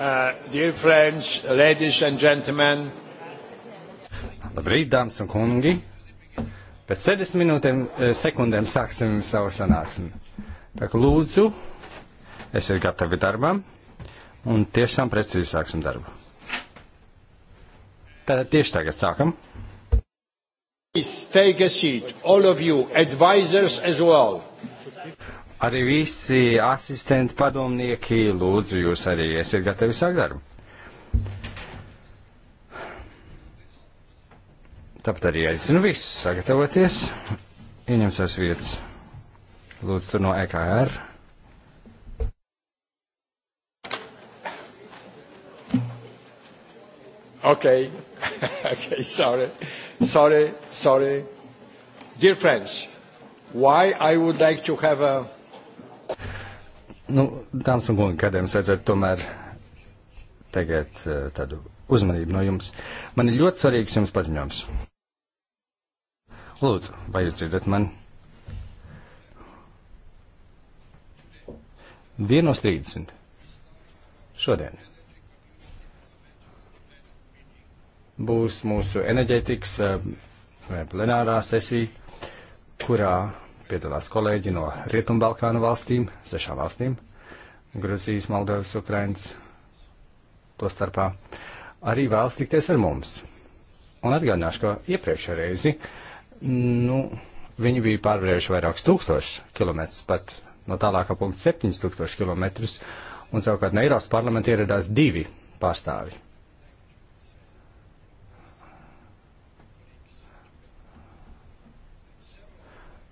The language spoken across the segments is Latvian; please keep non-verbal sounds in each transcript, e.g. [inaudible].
Uh, dear friends, ladies and gentlemen. Labrīt, dāmas un kungi. Pēc 60 minūtēm, eh, sekundēm sāksim savu sanāksmi. Tā kā lūdzu, esiet gatavi darbam un tiešām precīzi sāksim darbu. Tātad tieši tagad sākam. Please take a seat, all of you, advisors as well. Arī visi asistenti, padomnieki, lūdzu, jūs arī esiet gatavi sākt darbu. Tāpat arī aicinu visus sagatavoties, ieņemt savas vietas. Lūdzu, tur no EKR. Okay, [laughs] okay, sorry, sorry, sorry. Dear friends, why I would like to have a Nu, dāmas un kungi, kādiem sēdzētu tomēr tagad eh, tādu uzmanību no jums. Man ir ļoti svarīgs jums paziņojums. Lūdzu, vai jūs dzirdat mani? Vienos 30. Šodien. Būs mūsu enerģētikas eh, plenārā sesija, kurā piedalās kolēģi no Rietumbalkānu valstīm, sešām valstīm - Gruzijas, Moldovas, Ukrainas, to starpā, arī vēlas tikties ar mums. Un atgādināšu, ka iepriekšējā reizi, nu, viņi bija pārvarējuši vairākus tūkstošus kilometrus, pat no tālākā punkta 7000 kilometrus, un savukārt no Eiropas parlamenta ieradās divi pārstāvi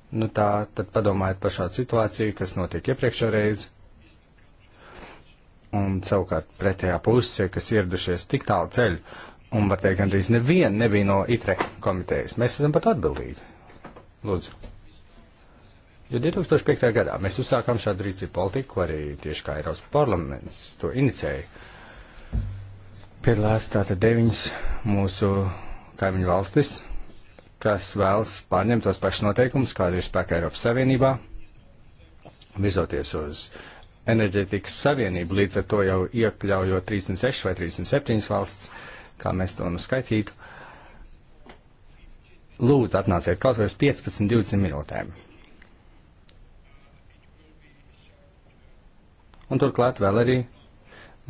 Nu tā, tad padomājiet par šādu situāciju, kas notiek iepriekšreiz. Un savukārt pretējā pusē, kas ieradušies tik tālu ceļu, un var teikt, gandrīz neviena nebija no ITRE komitejas. Mēs esam pat atbildīgi. Lūdzu. Jo 2005. gadā mēs uzsākām šādu rīcību politiku, arī tieši kā Eiropas parlaments to inicēja. Piedalās tātad deviņas mūsu kaimiņu valstis, kas vēlas pārņemt tos pašus noteikumus, kādi ir spēkā Eiropas Savienībā, vizoties uz enerģētikas savienību, līdz ar to jau iekļaujot 36 vai 37 valsts, kā mēs to nu skaitītu. Lūdzu, atnāciet kaut vai uz 15-20 minūtēm. Un turklāt vēl arī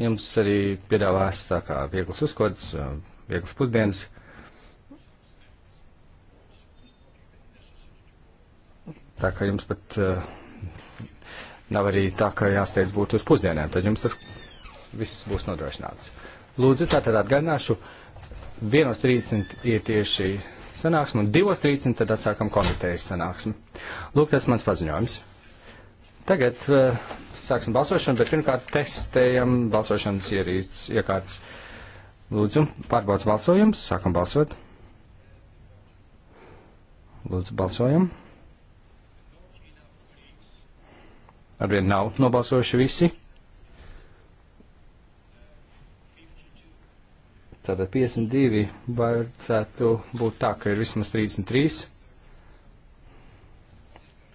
jums arī piedāvās tā kā vieglas uzkodas, vieglas pusdienas Tā kā jums pat uh, nav arī tā, ka jāsteidz būt uz pusdienām, tad jums tur viss būs nodrošināts. Lūdzu, tātad atgādināšu, 1.30 ir tieši sanāksme un 2.30 tad atsākam komitejas sanāksmi. Lūk, tas mans paziņojums. Tagad uh, sāksim balsošanu, bet pirmkārt testējam balsošanas ierīces iekārtas. Lūdzu, pārbaudas balsojums, sākam balsot. Lūdzu, balsojam. Arvien nav nobalsojuši visi. Tātad 52 vajadzētu būt tā, ka ir vismaz 33.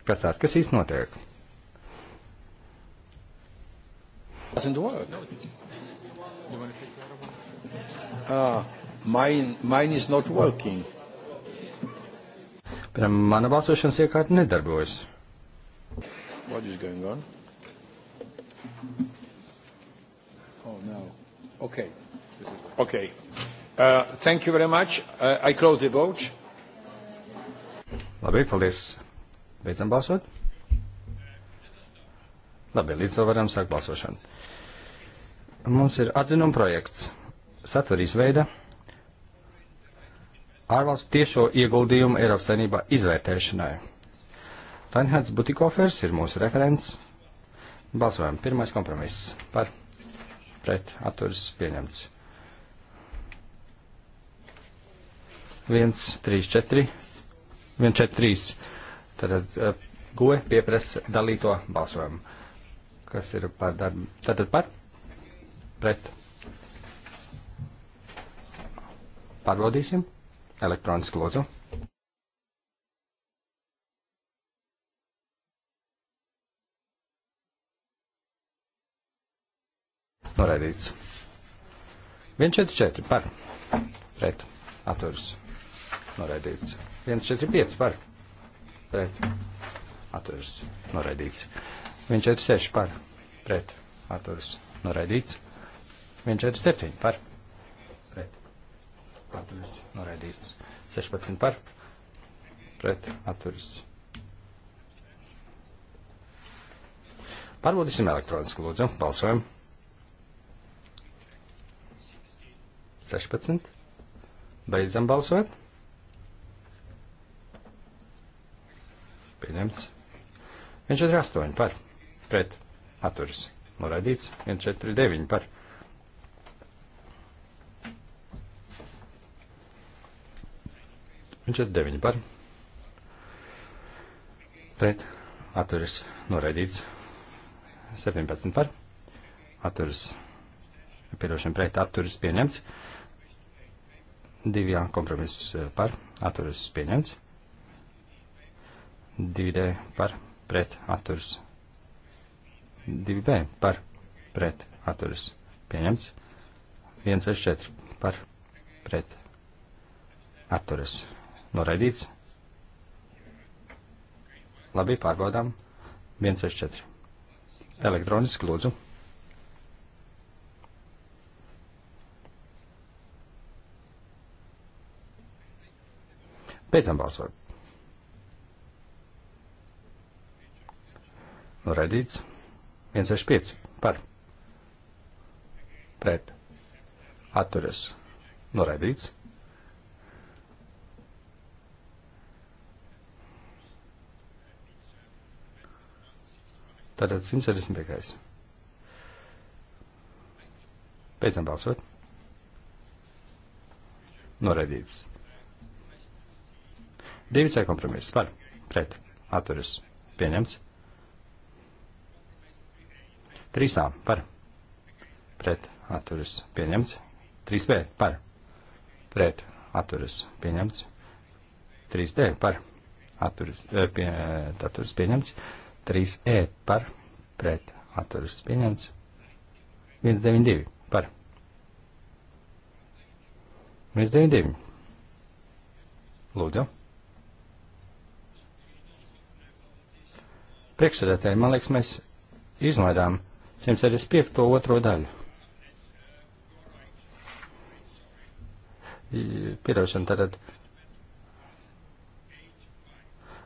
Kas tāds, kas īsti notiek? Ah, mine, mine is not working. Piemēram, mana balsošanas iekārta nedarbojas. What is going on? Oh, no. Okay. Okay. Uh, thank you very much. Uh, I close the vote. Labi, paldies. Beidzam balsot. Labi, līdz to varam sākt balsošanu. Mums ir atzinuma projekts. Satura izveida ārvalstu tiešo ieguldījumu Eiropas saimnībā izvērtēšanai. Reinhards Butikofers ir mūsu referents. Balsojam. Pirmais kompromiss par pret atturas pieņemts. 1, 3, 4, 1, 4, 3. Tātad uh, eh, goja pieprasa dalīto balsojumu. Kas ir par darbu? Tātad par pret. Pārbaudīsim elektronisku lūdzu. Noraidīts. 144 par. Pret. Atturas. Noraidīts. 145 par. Pret. Atturas. Noraidīts. 146 par. Pret. Atturas. Noraidīts. 147 par. Pret. Atturas. Noraidīts. 16 par. Pret. Atturas. Pārbaudīsim elektroniski, lūdzu. Balsojam. 16. Beidzam balsot. Pieņemts. 148 par. Pret. Atturis. Noraidīts. 149 par. Viņš ir 9 par. Pret. Atturis. Noraidīts. 17 par. Atturis. Piedošana pret. Atturis. Pieņemts. Divi jā, kompromiss eh, par, atturas pieņemts. Divi D par, pret, atturas. Divi B par, pret, atturas pieņemts. 164 par, pret, atturas noraidīts. Labi, pārbaudām. 164. Elektroniski lūdzu. Beidzam balsot. Noraidīts. 165 par. Pret. Atturas. Noraidīts. Tātad 165. Beidzam balsot. Noraidīts. 2C kompromiss par pret atturas pieņemts. 3A par pret atturas pieņemts. 3B par pret atturas pieņemts. 3D par atturas, e, pie, e, atturas pieņemts. 3E par pret atturas pieņemts. 192 par 192. Lūdzu. priekšsēdētāji, man liekas, mēs izlaidām 175. otro daļu. Piedošana tātad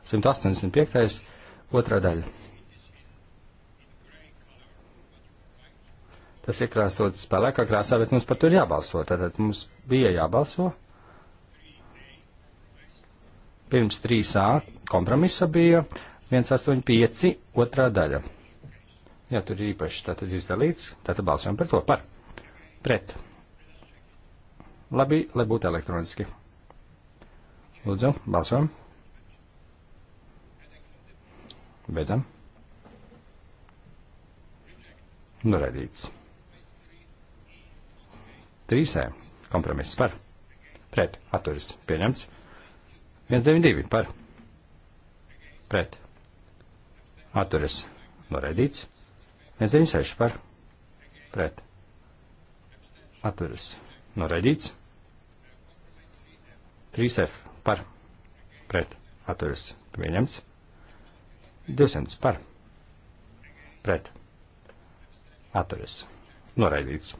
185. otrā daļa. Tas ir krāsots spēlēkā krāsā, bet mums par to ir jābalso. Tātad mums bija jābalso. Pirms 3A kompromisa bija 185, otrā daļa. Jā, tur ir īpaši tātad izdalīts, tātad balsojam par to, par, pret. Labi, lai būtu elektroniski. Lūdzu, balsojam. Beidzam. Noraidīts. 3. E. Kompromiss par. Pret. Atturis. Pieņemts. 192 par. Pret atturas noraidīts, 196 par pret atturas noraidīts, 3F par pret atturas pieņemts, 200 par pret atturas noraidīts.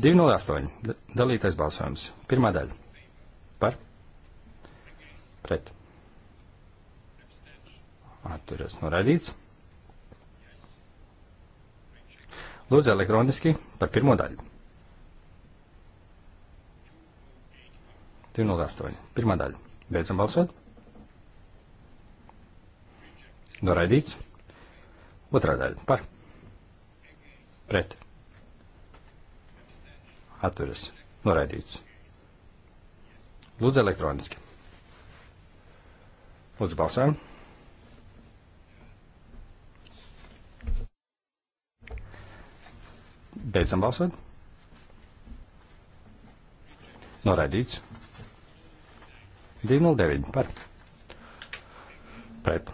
208. Dalītais balsojums. Pirmā daļa. Par. Pret. Atturies noraidīts. Lūdzu elektroniski par pirmo daļu. 208. Pirmā daļa. Beidzam balsot. Noraidīts. Otrā daļa. Par. Pret atturas noraidīts. Lūdzu elektroniski. Lūdzu balsojam. Beidzam balsot. Noraidīts. 209 par. Pret.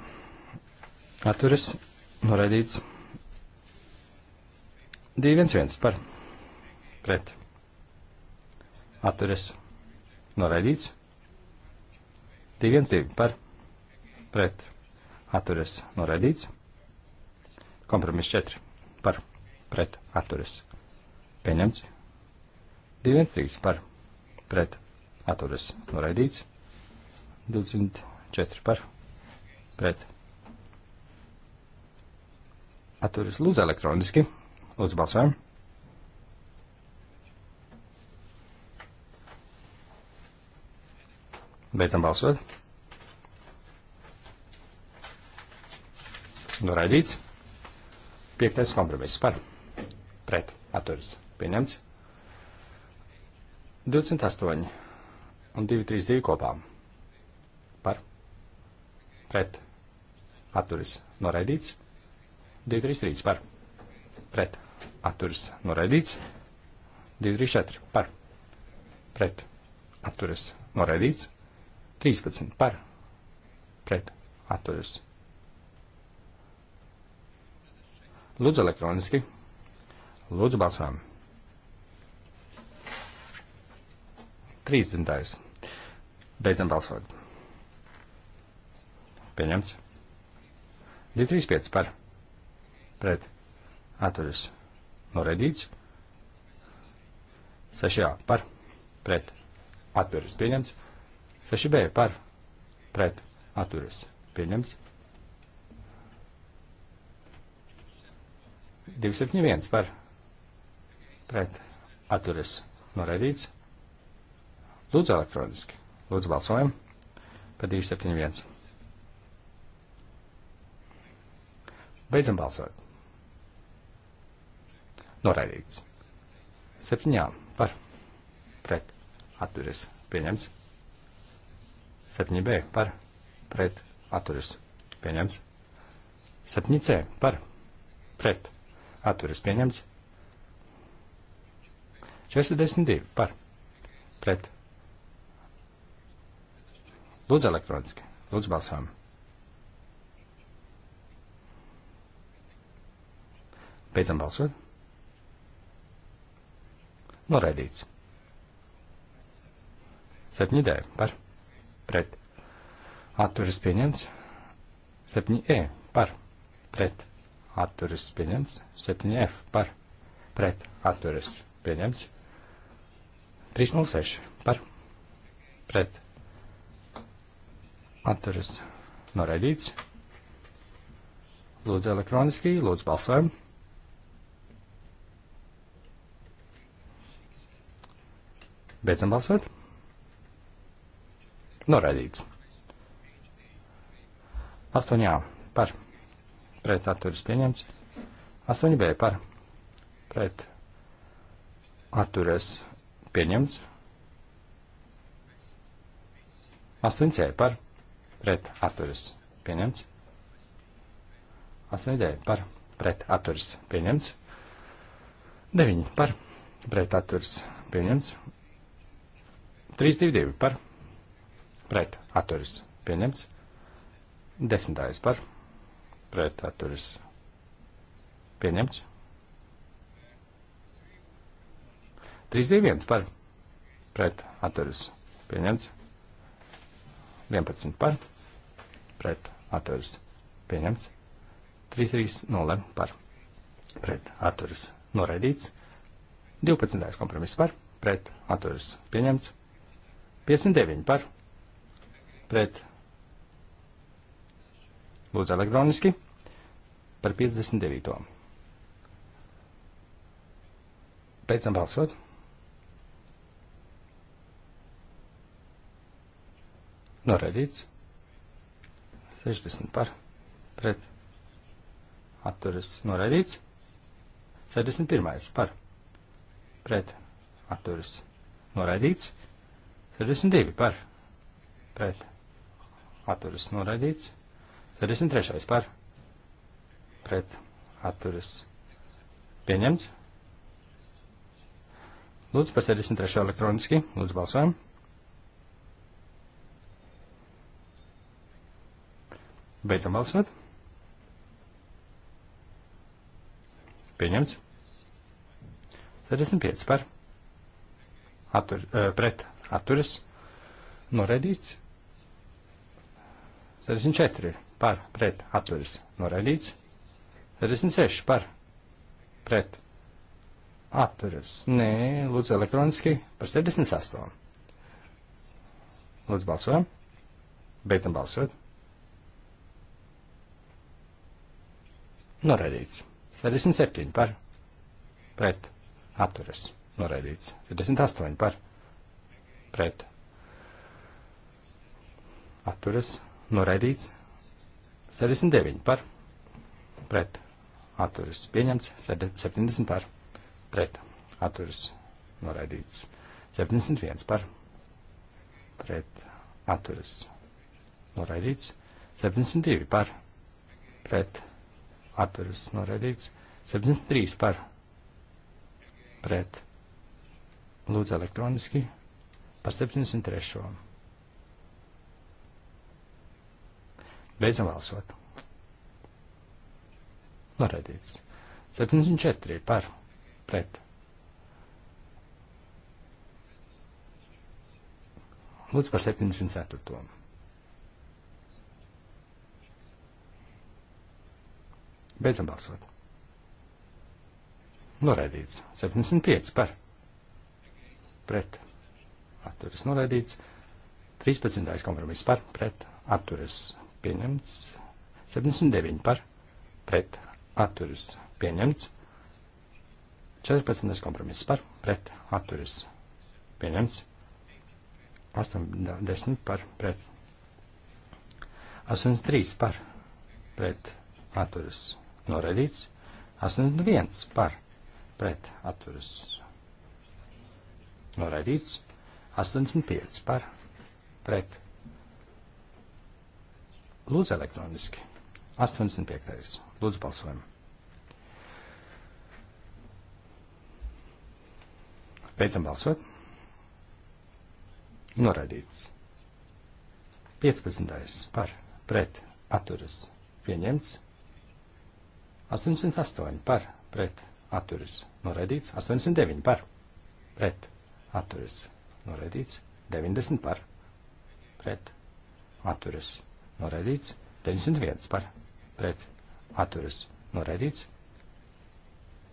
Atturis. Noraidīts. 211 par. Pret atturas noraidīts. 212 par pret atturas noraidīts. Kompromiss 4 par pret atturas pieņemts. 213 par pret atturas noraidīts. 24 par pret atturas lūdzu elektroniski. Lūdzu balsojam. Beidzam balsot. Noraidīts. Piektais kompromiss par. Pret. Atturis. Pieņemts. 28 un 232 kopā. Par. Pret. Atturis. Noraidīts. 233 par. Pret. Atturis. Noraidīts. 234 par. Pret. Atturis. Noraidīts. 13 par pret atturas. Lūdzu elektroniski. Lūdzu balsām. 30. Beidzam balsot. Pieņemts. 235 par pret atturas. Noredīts. 6 par pret atturas. Pieņemts. 6B par pret atturas pieņems. 271 par pret atturas noraidīts. Lūdzu elektroniski. Lūdzu balsojam par 271. Beidzam balsot. Noraidīts. 7 par pret atturas pieņems. 7b par pret atturas pieņemts. 7c par pret atturas pieņemts. 42 par pret. Lūdzu elektroniski. Lūdzu balsojam. Beidzam balsot. Noraidīts. 7D par pret pret, atturas pieņemts, 7e par, pret, atturas pieņemts, 7f par, pret, atturas pieņemts, 306 par, pret, atturas noraidīts. Lūdzu elektroniski, lūdzu balsojumu. Beidzam balsot. Noraidīts. 8. par pret atturas pieņemts. 8b par pret atturas pieņemts. 8c par pret atturas pieņemts. 8d par pret atturas pieņemts. 9 par pret atturas pieņemts. 322 par pret atturis pieņemts. Desmitais par pret atturis pieņemts. 321 par pret atturis pieņemts. 11 par pret atturis pieņemts. 330 par pret atturis noraidīts. 12. kompromiss par pret atturis pieņemts. 59 par pret pret lūdzu elektroniski par 59. Pēc tam balsot. Noraidīts. 60 par pret atturas noraidīts. 61 par pret atturas noraidīts. 62 par pret atturas atturas noraidīts. 63. par pret atturas pieņemts. Lūdzu, par 63. elektroniski. Lūdzu, balsojam. Beidzam balsot. Pieņemts. 65 par. Attur, eh, pret atturas. Noraidīts. 64 par pret atturas noraidīts. 66 par pret atturas. Nē, lūdzu elektroniski par 78. Lūdzu balsojam. Beidzam balsot. Noraidīts. 67 par pret atturas. Noraidīts. 68 par pret atturas noraidīts. 69 par, pret, atturas pieņemts. 70 par, pret, atturas noraidīts. 71 par, pret, atturas noraidīts. 72 par, pret, atturas noraidīts. 73 par, pret, lūdzu elektroniski par 73. Beidzam balsot. Noraidīts. 74 par pret. Lūdzu par 74. Beidzam balsot. Noraidīts. 75 par pret. Atturis noraidīts. 13. kompromiss par pret. Atturis pieņemts. 79 par pret atturas pieņemts. 14. kompromiss par pret atturas pieņemts. 80 par pret. 83 par pret atturas noraidīts. 81 par pret atturas noraidīts. 85 par pret atturas Lūdzu, elektroniski. 85. Lūdzu, balsojam. Beidzam balsot. Noraidīts. 15. par, pret, atturas. Pieņemts. 88 par, pret, atturas. Noraidīts. 89 par, pret, atturas. Noraidīts. 90 par, pret, atturas noraidīts, 91 par pret atturas noraidīts,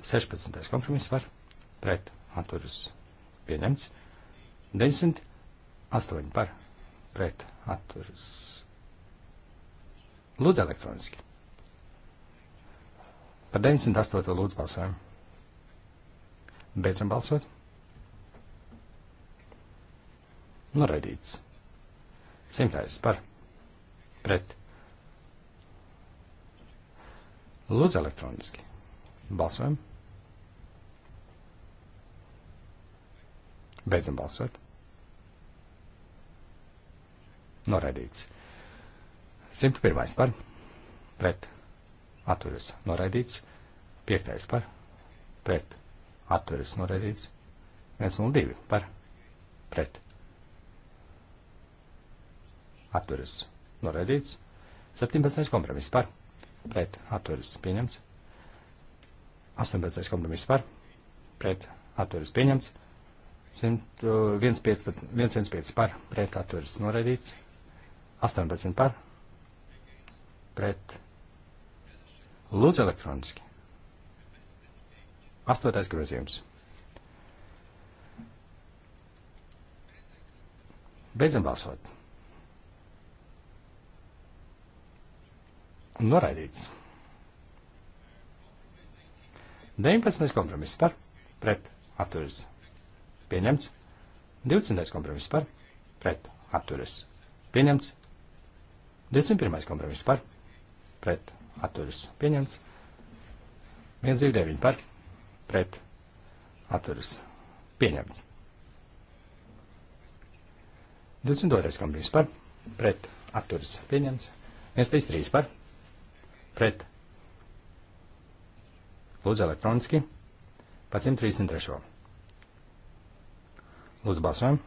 16. kompromiss par pret atturas pieņemts, 98 par pret atturas. Lūdzu elektroniski. Par 98. lūdzu balsojumu. Beidzam balsot. Noraidīts. Simtais par pret Pret. Lūdzu elektroniski. Balsojam. Beidzam balsot. Noraidīts. 101. par. Pret. Atturis. Noraidīts. 5. par. Pret. Atturis. Noraidīts. 102. par. Pret. Atturis. Noraidīts. 17. kompromiss par. Pret. Atturis. Pieņemts. 18. kompromiss par. Pret. Atturis. Pieņemts. 115 uh, par. Pret. Atturis. Noraidīts. 18 par. Pret. Lūdzu elektroniski. 8. grozījums. Beidzam balsot. noraidīts. 19. kompromiss par pret atturas pieņemts. 20. kompromiss par pret atturas pieņemts. 21. kompromiss par pret atturas pieņemts. 129 par pret atturas pieņemts. 22. kompromiss par pret atturas pieņemts. 133 par pret pret. Lūdzu elektroniski par 133. Lūdzu balsojam.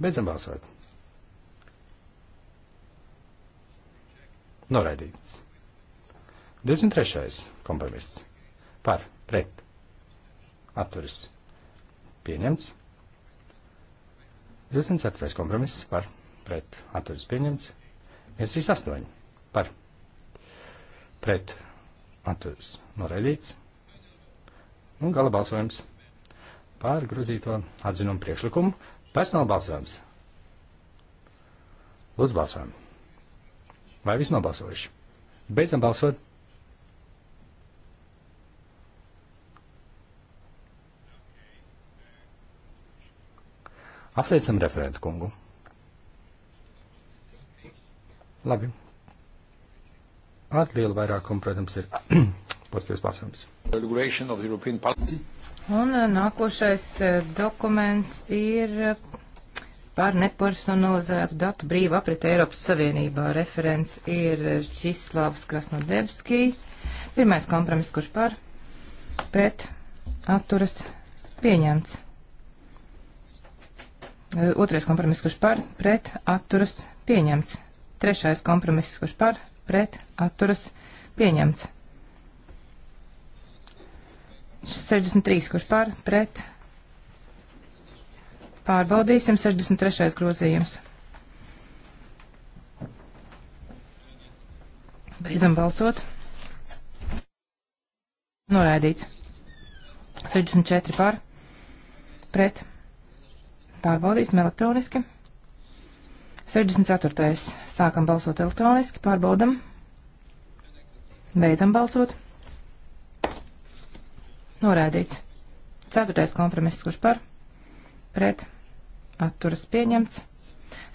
Beidzam balsot. Noraidīts. 23. kompromiss. Par, pret. Atturis. Pieņemts. 24. kompromiss par pret atturas pieņemts. 138. par pret atturas noraidīts. Un gala balsojums par grozīto atzinumu priekšlikumu. Personāla balsojums. Lūdzu balsojam. Vai viss nobalsojuši? Beidzam balsot. Apsveicam referentu kungu. Labi. Ar lielu vairākumu, protams, ir [clears throat] pozitīvs pasākums. Un eh, nākošais eh, dokuments ir eh, par nepersonalizētu datu brīvu apritu Eiropas Savienībā. Referents ir Čislavs Krasnodebskī. Pirmais kompromiss, kurš par pret atturas pieņemts. Eh, otrais kompromiss, kurš par, pret, atturas, pieņemts. Trešais kompromiss, kurš par, pret, atturas, pieņemts. 63, kurš par, pret. Pārbaudīsim 63. grozījums. Beidzam balsot. Noraidīts. 64 par, pret, Pārbaudīsim elektroniski. 64. Sākam balsot elektroniski, pārbaudam. Beidzam balsot. Norādīts. 4. kompromiss, kurš par? Pret. Atturas pieņemts.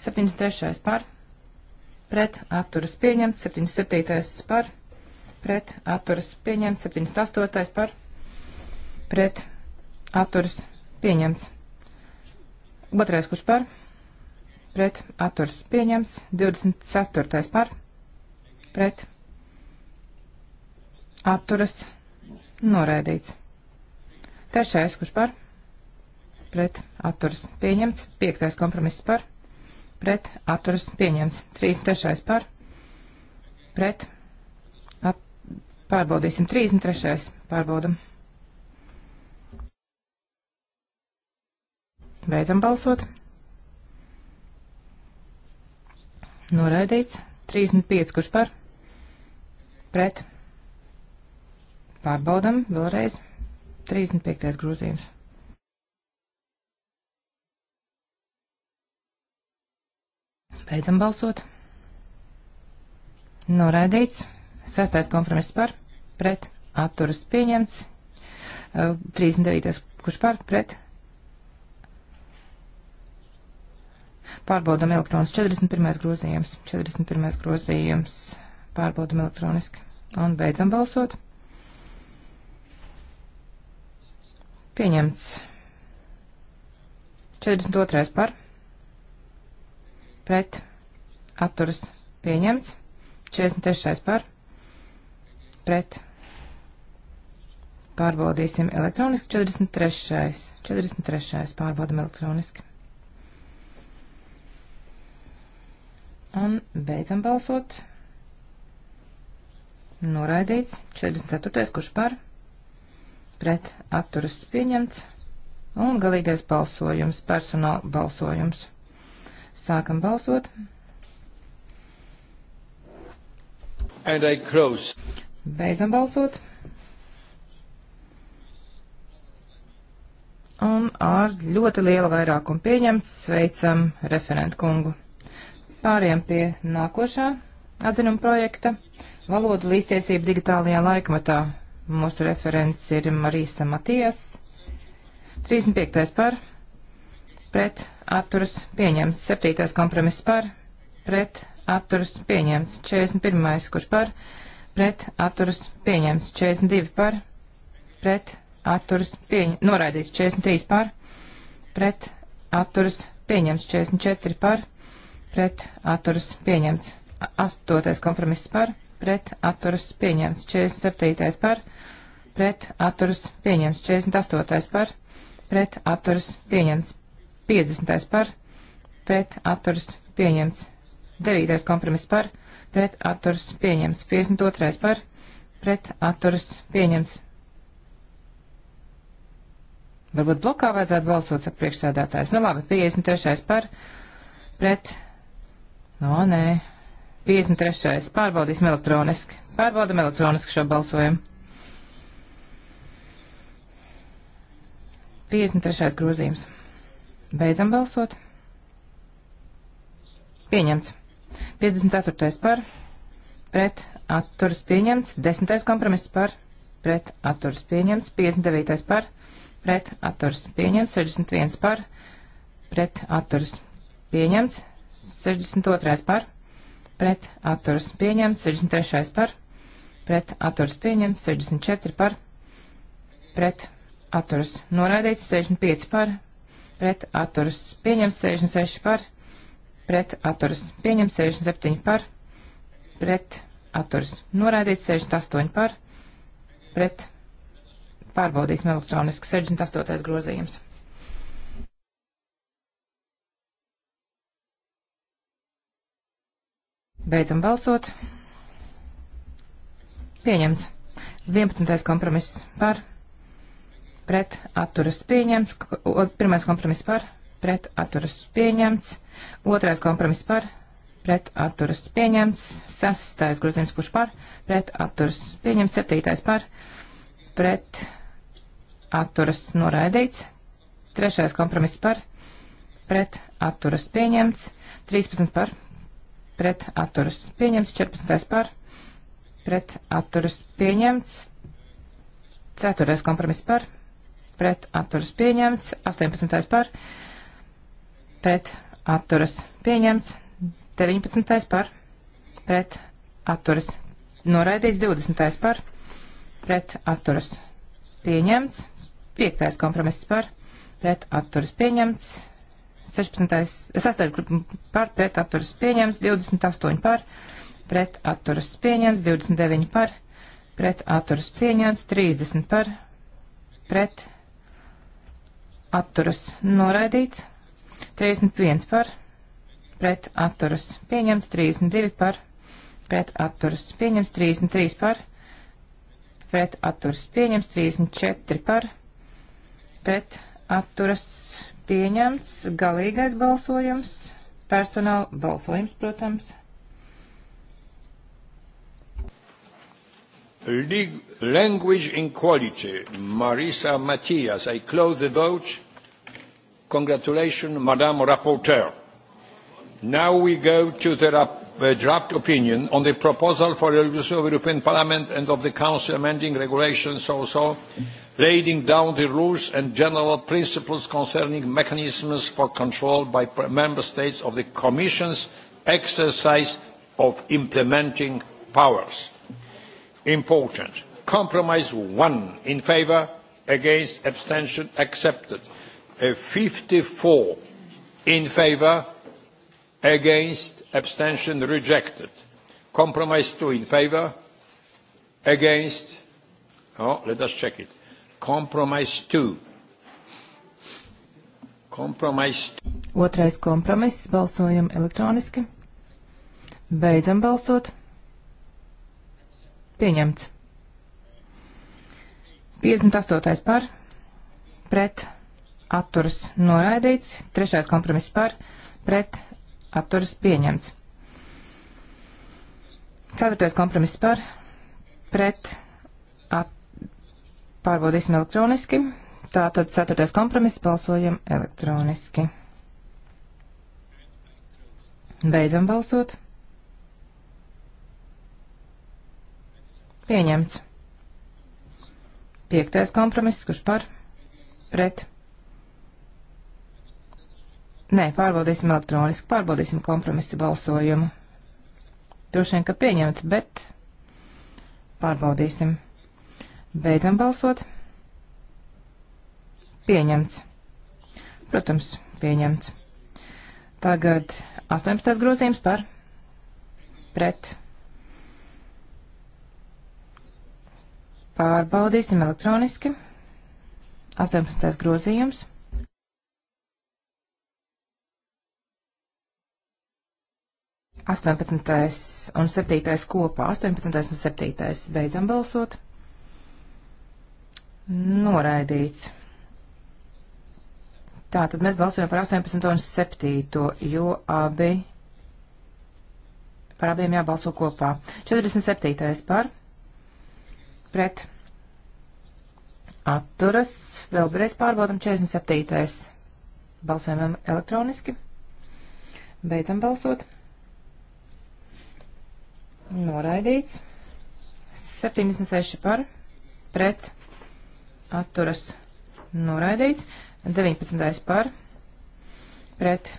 73. par? Pret. Atturas pieņemts. 77. par? Pret. Atturas pieņemts. 78. par? Pret. Atturas pieņemts. Otrais, kurš par? Pret. Atturs pieņems. 24. par? Pret. Atturas noraidīts. Trešais, kurš par? Pret. Atturas pieņemts. Piektais kompromiss par? Pret. Atturas pieņemts. Trīs trešais par? Pret. At... Pārbaudīsim. Trīs un trešais. Pārbaudam. Beidzam balsot. Noraidīts. 35, kurš par? Pret. Pārbaudam vēlreiz. 35. grozījums. Beidzam balsot. Noraidīts. Sastais kompromiss par, pret, atturas pieņemts. 39. kurš par, pret, Pārbaudam elektronis 41. grozījums. 41. grozījums. Pārbaudam elektroniski. Un beidzam balsot. Pieņemts. 42. par. Pret. Atturas. Pieņemts. 43. par. Pret. Pārbaudīsim elektroniski. 43. 43. pārbaudam elektroniski. Un beidzam balsot. Noraidīts. 44. kurš par? Pret atturas pieņemts. Un galīgais balsojums, personāla balsojums. Sākam balsot. And I close. Beidzam balsot. Un ar ļoti lielu vairākumu pieņemts sveicam referentu kungu. Pāriem pie nākošā atzinuma projekta - valodu līdztiesību digitālajā laikmatā. Mūsu referents ir Marīsa Matijas. 35. par, pret, atturas, pieņemts. 7. kompromiss par, pret, atturas, pieņemts. 41. kurš par, pret, atturas, pieņemts. 42 par, pret, atturas, pieņ... noraidīts. 43 par, pret, atturas, pieņemts. 44 par, pret pret atturas pieņemts. 8. kompromiss par pret atturas pieņemts. 47. par pret atturas pieņemts. 48. par pret atturas pieņemts. 50. par pret atturas pieņemts. 9. kompromiss par pret atturas pieņemts. 52. par pret atturas pieņemts. Varbūt blokā vajadzētu balsot, saka priekšsēdētājs. Nu labi, 53. par pret O, nē. 53. Pārbaudīsim elektroniski. Pārbaudam elektroniski šo balsojumu. 53. grozījums. Beidzam balsot. Pieņemts. 54. par. Pret. Atturas pieņemts. 10. kompromiss par. Pret. Atturas pieņemts. 59. par. Pret. Atturas pieņemts. 61. par. Pret. Atturas pieņemts. 62. par pret atturas pieņemts, 63. par pret atturas pieņemts, 64. par pret atturas noraidīts, 65. par pret atturas pieņemts, 66. par pret atturas pieņemts, 67. par pret atturas noraidīts, 68. par pret pārbaudīsim elektroniski 68. grozījums. Beidzam balsot. Pieņemts. 11. kompromiss par, pret atturas pieņemts. Pirmais kompromiss par, pret atturas pieņemts. Otrais kompromiss par, pret atturas pieņemts. Sastais grozījums, kurš par, pret atturas pieņemts. Septītais par, pret atturas noraidīts. Trešais kompromiss par, pret atturas pieņemts. 13 par, pret atturas pieņemts, 14. par pret atturas pieņemts, 4. kompromiss par pret atturas pieņemts, 18. par pret atturas pieņemts, 19. par pret atturas noraidīts, 20. par pret atturas pieņemts, 5. kompromiss par pret atturas pieņemts, 16. 6. par pret atturas pieņems, 28 par pret atturas pieņems, 29 par pret atturas pieņems, 30 par pret atturas noraidīts, 31 par pret atturas pieņems, 32 par pret atturas pieņems, 33 par pret atturas pieņems, 34 par pret atturas pieņemts galīgais balsojums, personāla balsojums, protams. Language Equality, Marisa Matias. I close the vote. Congratulations, Madame Rapporteur. Now we go to the rap uh, draft opinion on the proposal for the resolution of the European Parliament and of the Council amending regulations also. Mm -hmm laying down the rules and general principles concerning mechanisms for control by member states of the commission's exercise of implementing powers. important compromise one in favour against abstention accepted fifty four in favour against abstention rejected compromise two in favour against oh, let us check it Compromise 2. Compromise 2. Otrais kompromiss. Balsojam elektroniski. Beidzam balsot. Pieņemts. 58. par, pret, atturas noraidīts, trešais kompromiss par, pret, atturas pieņemts. Ceturtais kompromiss par, pret, atturas Pārbaudīsim elektroniski. Tātad ceturtais kompromiss balsojam elektroniski. Beidzam balsot. Pieņemts. Piektais kompromiss, kurš par? Pret. Nē, pārbaudīsim elektroniski, pārbaudīsim kompromisu balsojumu. Droši vien, ka pieņemts, bet pārbaudīsim. Beidzam balsot. Pieņemts. Protams, pieņemts. Tagad 18. grozījums par pret. Pārbaudīsim elektroniski. 18. grozījums. Astoņpadsmitais un septītais kopā, astoņpadsmitais un septītais beidzam balsot. Noraidīts. Tā, tad mēs balsojam par 18 un 7, jo abi, par abiem jābalso kopā. 47. par, pret, atturas, vēlreiz pārbaudam 47. Balsojam elektroniski. Beidzam balsot. Noraidīts. 76 par, pret, atturas noraidīts. 19. par pret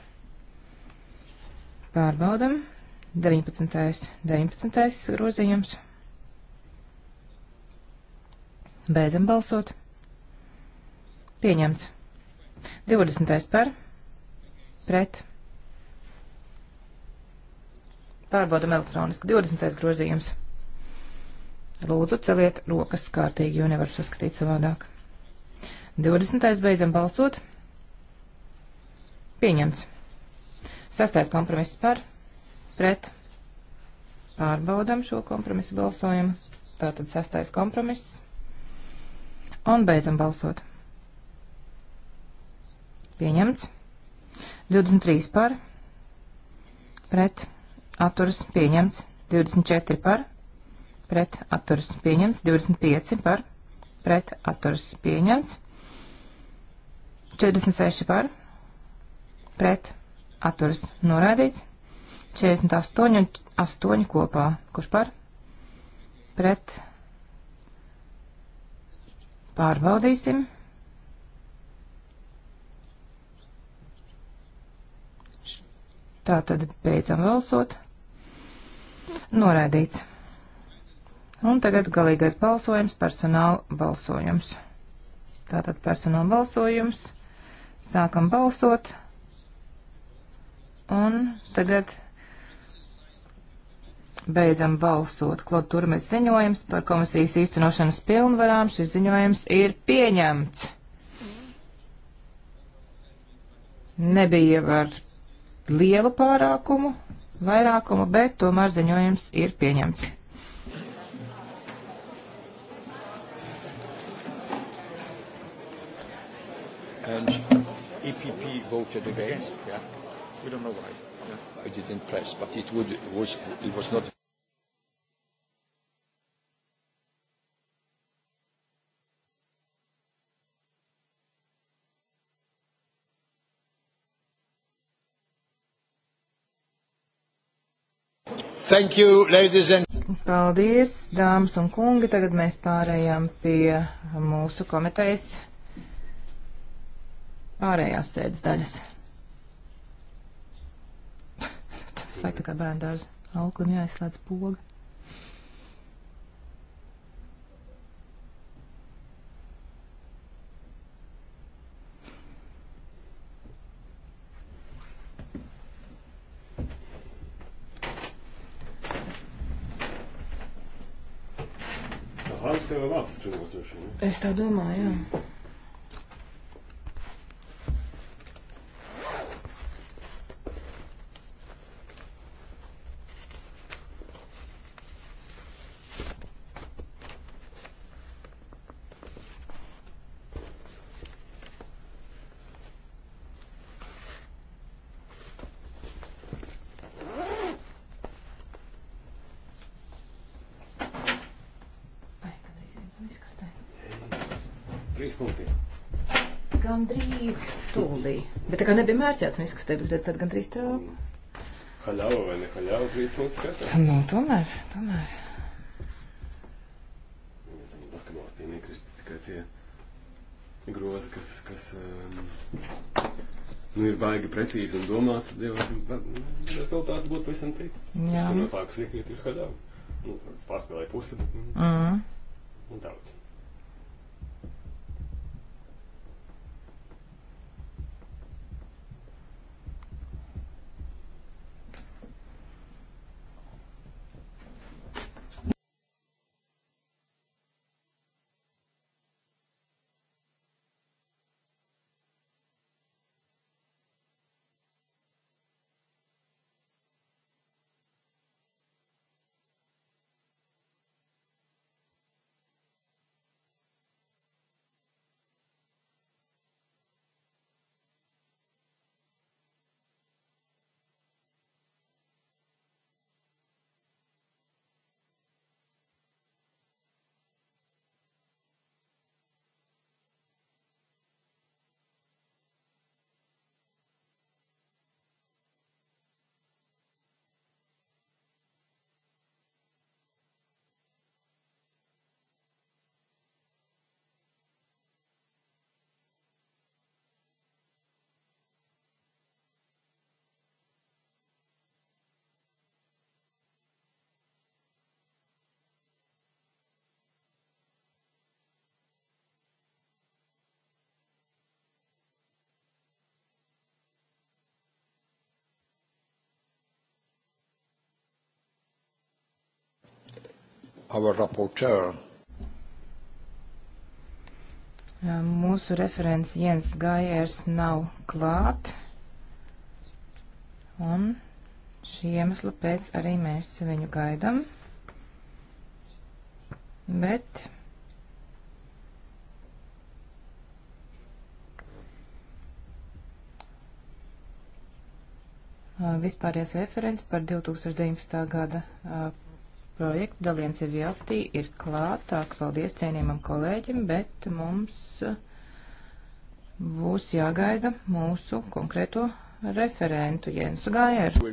pārbaudam. 19. 19. grozījums. Beidzam balsot. Pieņemts. 20. par pret. Pārbaudam elektroniski. 20. grozījums. Lūdzu, celiet rokas kārtīgi, jo nevaru saskatīt savādāk. 20. beidzam balsot. Pieņemts. Sastais kompromiss par, pret. Pārbaudam šo kompromisu balsojumu. Tātad sastais kompromiss. Un beidzam balsot. Pieņemts. 23 par, pret. Atturas pieņemts. 24 par pret atturas pieņemts, 25 par pret atturas pieņemts, 46 par pret atturas norādīts, 48 un 8 kopā, kurš par pret pārbaudīsim. Tā tad beidzam valsot. Noraidīts. Un tagad galīgais balsojums, personāla balsojums. Tātad personāla balsojums. Sākam balsot. Un tagad beidzam balsot. Klod Turmes ziņojums par komisijas īstenošanas pilnvarām. Šis ziņojums ir pieņemts. Nebija ar lielu pārākumu, vairākumu, bet tomēr ziņojums ir pieņemts. and EPP voted against. Yeah. We don't know why. Yeah. I didn't press, but it, would, it, was, it was not. Thank you, ladies and Paldies, dāmas un kungi. Tagad mēs pārējām pie mūsu komitejas ārējās sēdes daļas. [laughs] Tas vajag tā kā bērndārs. Auklim jāizslēdz poga. Es tā domāju, jā. vienmēr ķēts miskastības redz tad gan trīs trauku. Haļava vai ne haļava trīs punktus katrs? Nu, tomēr, tomēr. Viņi basketbolā tie nekrist tikai tie grozi, kas, kas um, nu, ir baigi precīzi un domāt, tad jau rezultāti būtu pavisam citi. Jā. Tas no tā, kas iekrīt, ir haļava. Nu, pārspēlēja pusi, bet nu, mm. daudz. our rapporteur. Mūsu referents Jens Gaiers nav klāt, un šī iemesla pēc arī mēs viņu gaidam. Bet vispārējais referents par 2019. gada projektu. Daliens Vjoftī ir klāt, tā ka paldies cienījumam kolēģim, bet mums uh, būs jāgaida mūsu konkrēto referentu Jensu Gājeru.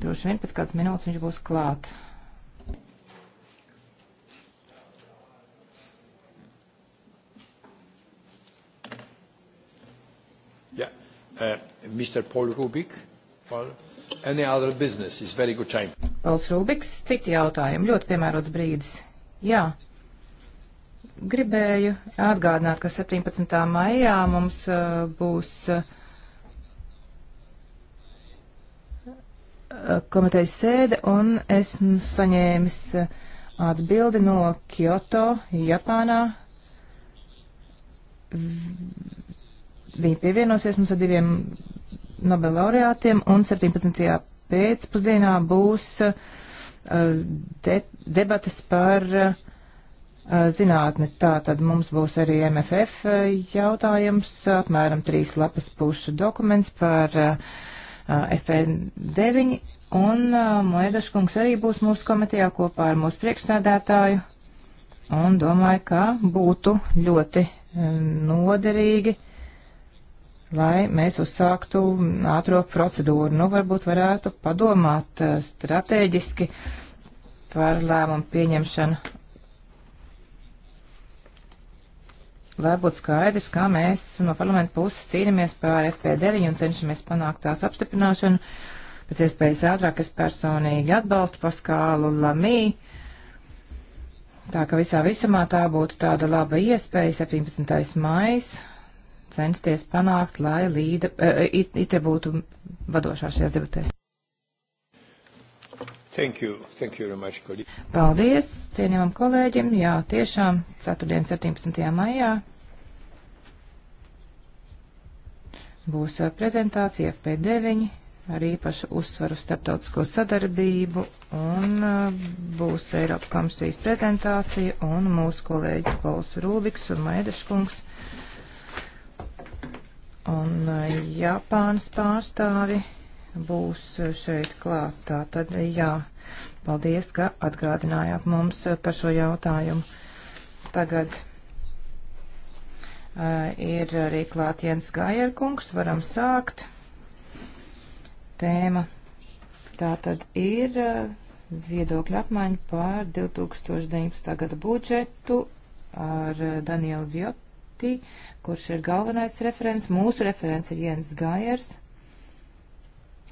Droši vien pēc kādas minūtes viņš būs klāt. Yeah. Uh, Mr. Paul Rubik, well, any other business is very good time. Valds Rūbiks, citi jautājumi. Ļoti piemērots brīdis. Jā. Gribēju atgādināt, ka 17. maijā mums uh, būs uh, komitejas sēde un es nu saņēmis uh, atbildi no Kyoto, Japānā. Viņi pievienosies mums ar diviem Nobel laureātiem un 17 pēcpusdienā būs uh, de, debatas par uh, zinātni. Tā tad mums būs arī MFF uh, jautājums, apmēram trīs lapas pušu dokuments par FN9, un Moedaškungs arī būs mūsu komitejā kopā ar mūsu priekšstādātāju, un domāju, ka būtu ļoti noderīgi lai mēs uzsāktu ātro procedūru. Nu, varbūt varētu padomāt eh, strateģiski par lēmumu pieņemšanu. Lai būtu skaidrs, kā mēs no parlamenta puses cīnāmies par FP9 un cenšamies panākt tās apstiprināšanu pēc iespējas ātrāk. Es personīgi atbalstu Paskālu Lamī. Tā ka visā visamā tā būtu tāda laba iespēja 17. maijs censties panākt, lai līda, uh, it, itre būtu vadošā šajās debatēs. Thank you. Thank you very much, kolēģi. Paldies cienījumam kolēģim. Jā, tiešām, 4. 17. maijā būs eh, prezentācija FP9 ar īpašu uzsvaru starptautisko sadarbību un būs Eiropas komisijas prezentācija un mūsu kolēģis Pols Rūbiks un Maideškungs Un eh, Japānas pārstāvi būs eh, šeit klāt. Tā tad jā, paldies, ka atgādinājāt mums eh, par šo jautājumu. Tagad uh, ir arī klāt Jens Gajerkungs, varam sākt. Tēma tā tad ir uh, viedokļa apmaiņa pār 2019. gada budžetu ar uh, Danielu Vjoti. Uh, kurš ir galvenais referents. Mūsu referents ir Jens Gājers.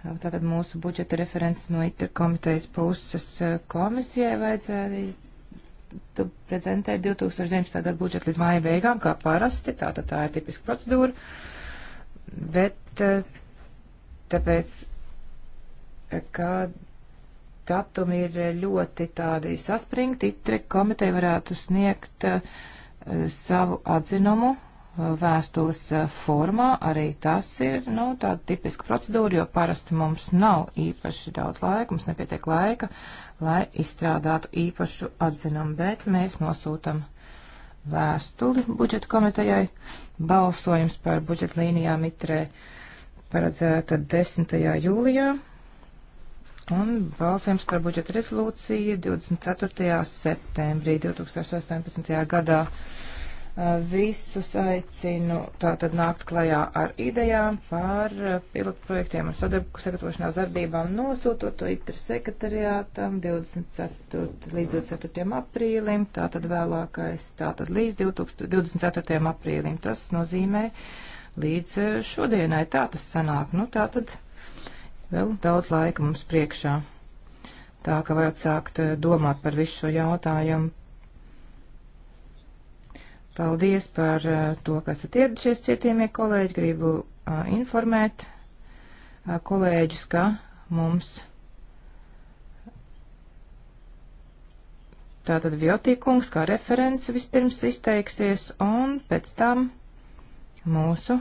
Tātad mūsu budžeta referents no ITR komitejas puses eh, komisijai vajadzēja prezentēt 2019. gadu budžetu līdz māja beigām, kā parasti. Tātad tā ir tipiska procedūra. Bet eh, tāpēc, eh, ka datumi ir ļoti tādi saspringti, ITR komiteja varētu sniegt uh, savu atzinumu vēstules eh, formā. Arī tas ir, nu, tāda tipiska procedūra, jo parasti mums nav īpaši daudz laika, mums nepietiek laika, lai izstrādātu īpašu atzinumu, bet mēs nosūtam vēstuli budžeta komitejai. Balsojums par budžeta līnijām itrē paredzēta 10. jūlijā. Un balsojums par budžeta rezolūciju 24. septembrī 2018. gadā. Visus aicinu tātad nākt klajā ar idejām par pilotprojektiem un sadarbu sagatavošanās darbībām nosūtot to ITR sekretariātam 24. līdz 24. aprīlim, tātad vēlākais, tātad līdz 24. aprīlim. Tas nozīmē līdz e, šodienai tā tas sanāk. Nu, tātad vēl daudz laika mums priekšā. Tā ka varat sākt e, domāt par visu šo jautājumu Paldies par uh, to, kas esat ieradušies, cietījumie kolēģi. Gribu uh, informēt uh, kolēģus, ka mums tātad Vjotīkungs kā referents vispirms izteiksies un pēc tam mūsu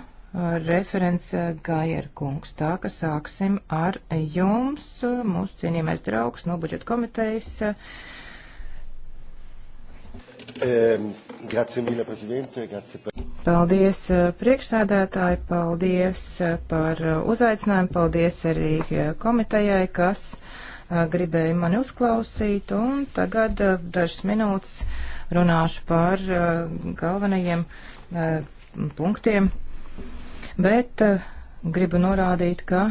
referents Gajerkungs. Tā ka sāksim ar jums, mūsu cienījamais draugs no budžeta komitejas. Ehm, paldies eh, priekšsēdētāji, paldies eh, par eh, uzaicinājumu, paldies arī komitejai, kas gribēja mani uzklausīt, un tagad dažas minūtes runāšu par galvenajiem punktiem, bet gribu norādīt, ka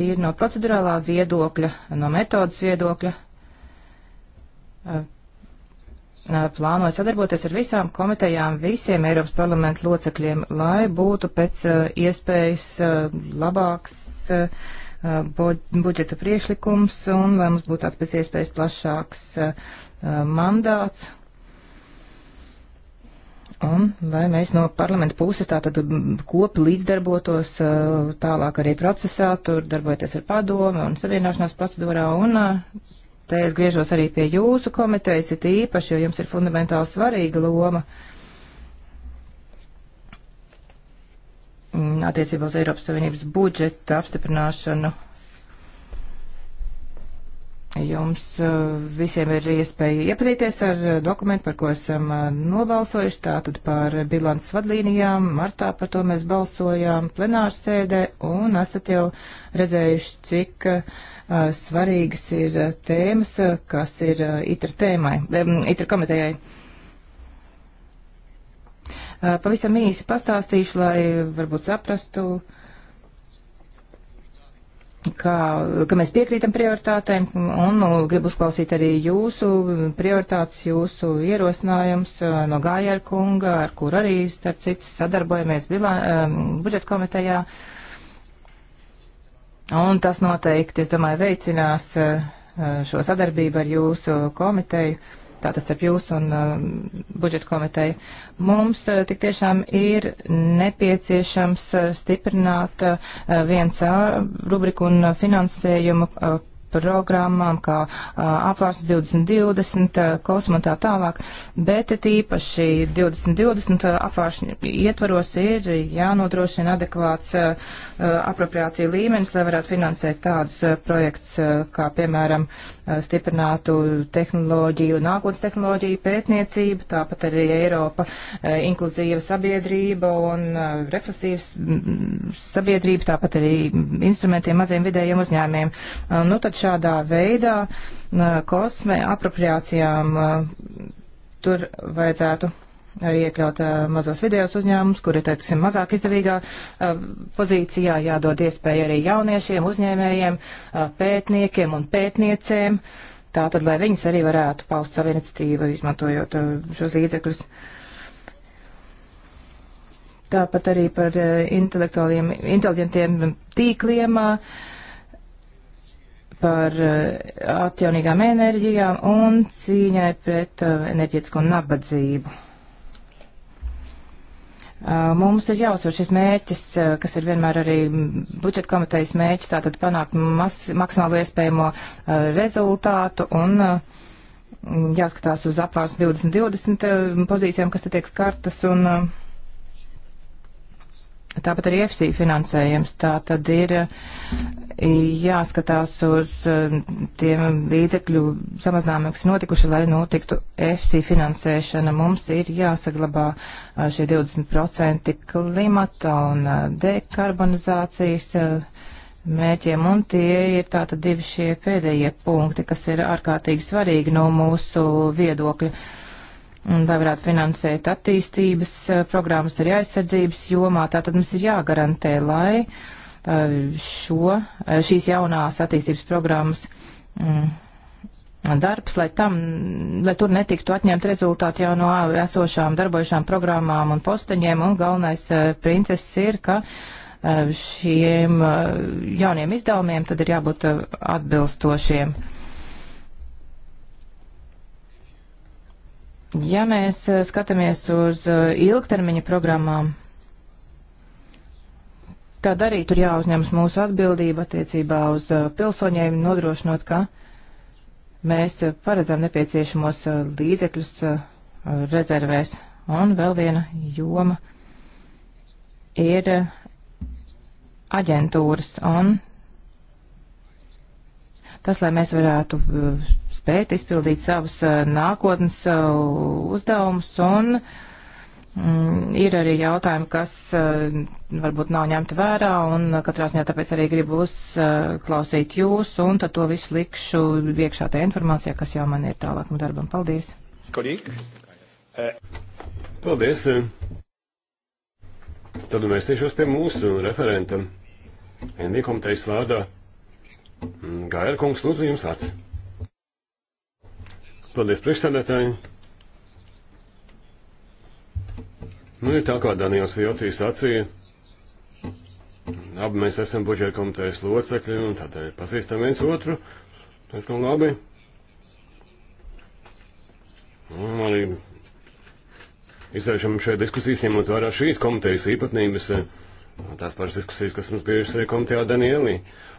tīri no procedurālā viedokļa, no metodas viedokļa, plānoja sadarboties ar visām komitejām, visiem Eiropas parlamenta locekļiem, lai būtu pēc iespējas labāks budžeta priešlikums un lai mums būtu tāds pēc iespējas plašāks mandāts. Un lai mēs no parlamenta puses tātad kopi līdzdarbotos tālāk arī procesā, tur darbojoties ar padomu un savienošanās procedūrā un Te es griežos arī pie jūsu komitejas, it īpaši, jo jums ir fundamentāli svarīga loma mm, attiecībā uz Eiropas Savienības budžeta apstiprināšanu. Jums eh, visiem ir iespēja iepazīties ar eh, dokumentu, par ko esam eh, nobalsojuši, tātad par bilances vadlīnijām. Martā par to mēs balsojām plenārsēdē un esat jau redzējuši, cik uh, svarīgas ir tēmas, kas ir itra tēmai, itra komitejai. Pavisam īsi pastāstīšu, lai varbūt saprastu, kā, ka mēs piekrītam prioritātēm un nu, gribu uzklausīt arī jūsu prioritātes, jūsu ierosinājums no Gājēra kunga, ar kur arī, starp citu, sadarbojamies bilā, budžeta komitejā. Uh, Un tas noteikti, es domāju, veicinās eh, šo sadarbību ar jūsu komiteju, tātad starp jūs un eh, budžeta komiteju. Mums eh, tik tiešām ir nepieciešams stiprināt viens rubriku un finansējumu programmām, kā apvārs 2020, kosmu un tā tālāk, bet tīpaši 2020 apvāršņu ietvaros ir jānodrošina adekvāts apropriācija līmenis, lai varētu finansēt tādus projekts, kā piemēram stiprinātu tehnoloģiju, nākotnes tehnoloģiju pētniecību, tāpat arī Eiropa inkluzīva sabiedrība un refleksīvas sabiedrība, tāpat arī instrumentiem maziem vidējiem uzņēmiem. Nu, tad šādā veidā kosmē apropriācijām tur vajadzētu arī iekļaut mazos vidējos uzņēmumus, kuri, teiksim, mazāk izdevīgā pozīcijā jādod iespēja arī jauniešiem, uzņēmējiem, pētniekiem un pētniecēm. Tātad, lai viņas arī varētu paust savu iniciatīvu, izmantojot šos līdzekļus. Tāpat arī par intelektuāliem, inteliģentiem tīkliem. Uh, par eh, atjaunīgām enerģijām un cīņai pret eh, enerģētisko nabadzību. Eh, mums ir jāuzsver šis mērķis, kas ir vienmēr arī budžeta komitejas mērķis, tātad panākt mas, maksimālu iespējamo rezultātu un jāskatās uz apārs 2020 pozīcijām, kas te tiek skartas un tāpat arī FC finansējums. Tā tad ir jāskatās uz eh, tiem līdzekļu samazinājumiem, kas notikuši, lai notiktu FC finansēšana. Mums ir jāsaglabā eh, šie 20% klimata un eh, dekarbonizācijas mērķiem, un tie ir tātad divi šie pēdējie punkti, kas ir ārkārtīgi svarīgi no mūsu viedokļa. Un, lai varētu finansēt attīstības programmas arī aizsardzības jomā, tātad mums ir jāgarantē, lai uh, šo, šīs jaunās attīstības programmas mm, darbs, lai, tam, lai tur netiktu atņemt rezultāti jau no esošām darbojušām programmām un posteņiem. Un galvenais princeses ir, ka šiem jauniem izdevumiem tad ir jābūt atbilstošiem. Ja mēs skatāmies uz ilgtermiņa programmām, Tad arī tur jāuzņemas mūsu atbildība attiecībā uz uh, pilsoņiem, nodrošinot, ka mēs uh, paredzam nepieciešamos uh, līdzekļus rezervēs. Un vēl viena joma ir aģentūras un tas, lai mēs varētu spēt izpildīt savus nākotnes uzdevumus un uh, Mm, ir arī jautājumi, kas eh, varbūt nav ņemti vērā, un eh, katrā ziņā tāpēc arī gribu uzklausīt jūs, un tad to visu likšu iekšā tajā informācijā, kas jau man ir tālākam darbam. Paldies! Kolīgi. Eh. Paldies! Tad nu mēs tiešos pie mūsu referenta. NV komitejas vārdā mm, Gaira kungs lūdzu jums vārds. Paldies priekšsēdētāji! Nu, ir tā kā Daniels Jotīs sacīja, abi mēs esam budžeta komitejas locekļi, un tādēļ pazīstam viens otru. Tas nu labi. Un arī izvēršam šajā diskusijas, ņemot vērā šīs komitejas īpatnības, tās pašas diskusijas, kas mums bijušas arī komitejā Danielī.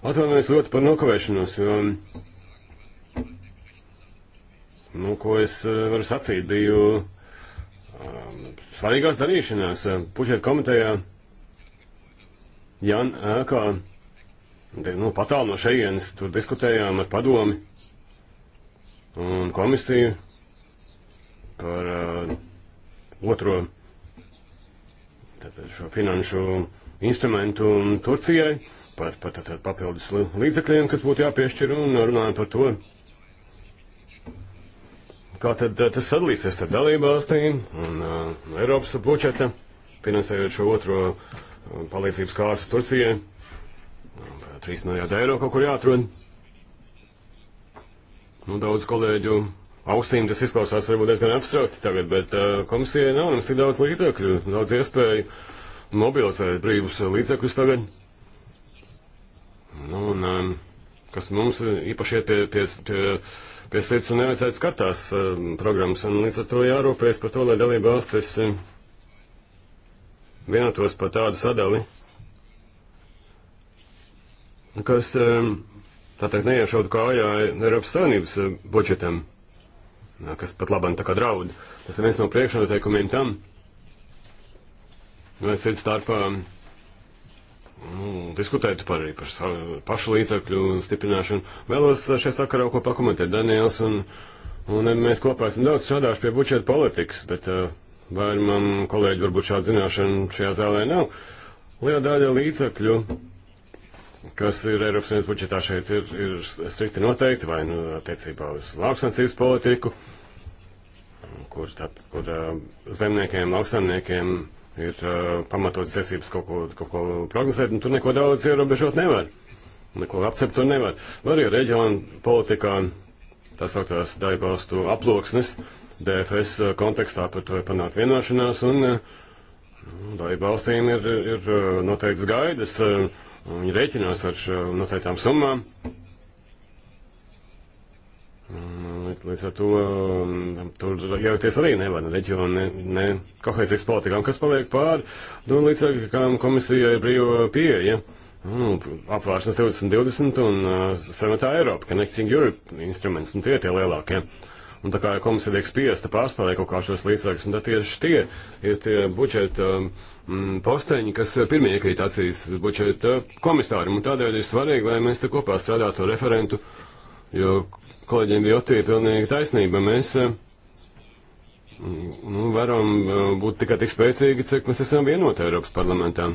Atvainojos ļoti par nokavēšanos, jo, nu, ko es eh, varu sacīt, biju. Uh, Um, svarīgās darīšanās budžeta komitejā Jan ēkā, nu, patālu no šejienes, tur diskutējām ar padomi un komisiju par uh, otro tātad, šo finanšu instrumentu Turcijai, par, par tātad, papildus līdzekļiem, kas būtu jāpiešķir, un runājam par to, Kā tad eh, tas sadalīsies ar dalībvalstīm un uh, Eiropas budžeta, finansējot šo otro uh, palīdzības kārtu Turcijai? 3 miljārdi eiro kaut kur jāatrod. Nu, daudz kolēģu austīm tas izklausās varbūt diezgan abstrakti tagad, bet uh, komisijai nav mums tik daudz līdzekļu, daudz iespēju mobilizēt brīvus līdzekļus tagad. Nu, un, um, kas mums īpaši iet pie, pie, pie pēc lietas un nevajadzētu skatās eh, programmas. Un līdz ar to jārūpējas par to, lai dalība valstis eh, vienotos par tādu sadali, kas eh, tātad neiešaut kājā Eiropas Savienības budžetam, kas pat labam tā kā draud. Tas ir viens no priekšnoteikumiem tam, lai cits starpā. Um, nu, diskutēt par, par pašu līdzakļu stiprināšanu. Vēlos šajā sakarā ko pakomentēt Daniels, un, un mēs kopā esam daudz strādājuši pie budžeta politikas, bet uh, eh, vairumam kolēģi varbūt šāda zināšana šajā zālē nav. Liela daļa līdzakļu, kas ir Eiropas Savienības budžetā šeit, ir, ir strikti noteikti, vai nu attiecībā uz lauksansības politiku, kur, tā, kur uh, zemniekiem, lauksaimniekiem ir uh, pamatotas tiesības kaut ko, kaut ko prognozēt, un tur neko daudz ierobežot nevar. Neko apcept tur nevar. Var arī reģionu politikā, tā sauktās daļbalstu aploksnes, DFS kontekstā par to ir panākt vienošanās, un uh, daļbalstīm ir, ir noteikts gaidas, uh, viņi rēķinās ar noteiktām summām. Līdz, līdz ar to um, tur jājoties arī nevar reģionu, ne, ne kohēzijas politikām, kas paliek pāri, nu, līdz ar kām komisijai brīva pieeja. Nu, apvāršanas 2020 un uh, senatā Eiropa, Connecting Europe instruments, un tie ir tie lielākie. Un tā kā komisija tiek spiesta pārspēlēt kaut kā šos līdzekļus, un tad tieši tie ir tie budžeta mm, posteņi, kas pirmie iekrīt acīs budžeta komisāram, un tādēļ ir svarīgi, lai mēs te kopā strādātu ar referentu, jo kolēģiem Jotī ir pilnīgi taisnība. Mēs eh, nu, varam eh, būt tikai tik spēcīgi, cik mēs esam vienoti Eiropas parlamentā.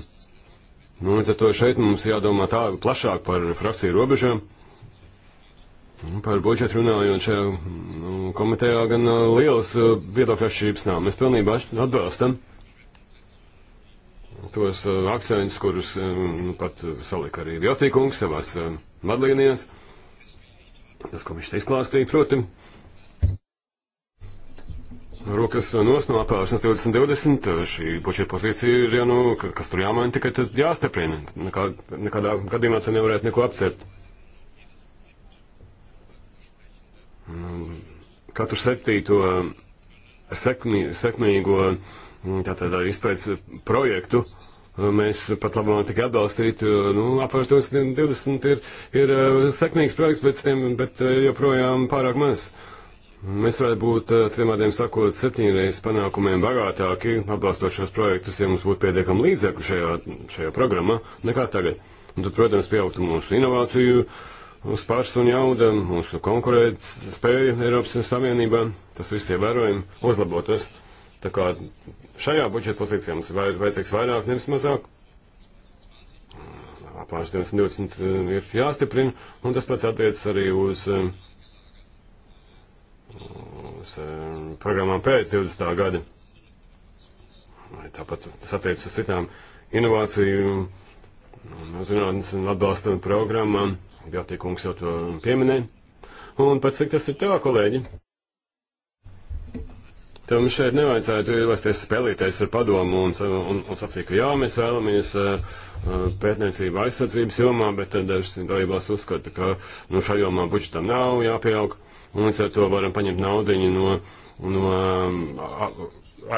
Nu, līdz ar to šeit mums jādomā tā plašāk par frakciju robežām. Nu, par budžetu runājot šajā nu, komitejā gan uh, lielas uh, viedokļu atšķirības nav. Mēs pilnībā atbalstam tos uh, akcentus, kurus um, pat salika arī Jotīkungs savās vadlīnijās tas, ko viņš te izklāstīja, proti. Rokas nos no apvērsnes 2020, šī šī pozīcija ir, ja, nu, kas tur jāmaina, tikai tad jāstiprina. Nekā, nekādā gadījumā te nevarētu neko apcert. Nu, katru septīto sekmī, sekmīgo tātad izpēc projektu uh, Mēs pat labāk tikai atbalstītu, nu, apvērtos 20 ir, ir eh, sekmīgs projekts, bet, tiem, bet eh, joprojām pārāk maz. Mēs varētu būt, eh, citiem vārdiem sakot, septiņreiz panākumiem bagātāki, atbalstot šos projektus, ja mums būtu pietiekami līdzekļu šajā, šajā programmā, nekā tagad. Un tad, protams, pieaugtu mūsu inovāciju spārs un jauda, mūsu konkurēt spēju Eiropas Savienībā, tas viss ievērojami uzlabotos. Ja Tā kā šajā budžeta pozīcijā mums ir vajadzīgs vairāk, nevis mazāk. Apmērs 2020 eh, ir jāstiprina, un tas pats attiec arī uz, eh, uz eh, programmām pēc 20. gada. Tāpat tas attiec uz citām inovāciju zinātnes un atbalsta programmām. Gatīkungs jau to pieminēja. Un pēc cik tas ir tā, kolēģi? Tam šeit nevajadzētu ielēsties spēlīties ar padomu un, un, un sacīt, ka jā, mēs vēlamies pētniecību aizsardzības jomā, bet tad dažas dalībās uzskata, ka nu, šajā jomā budžetam nav jāpieaug, un līdz ar to varam paņemt naudiņu no, no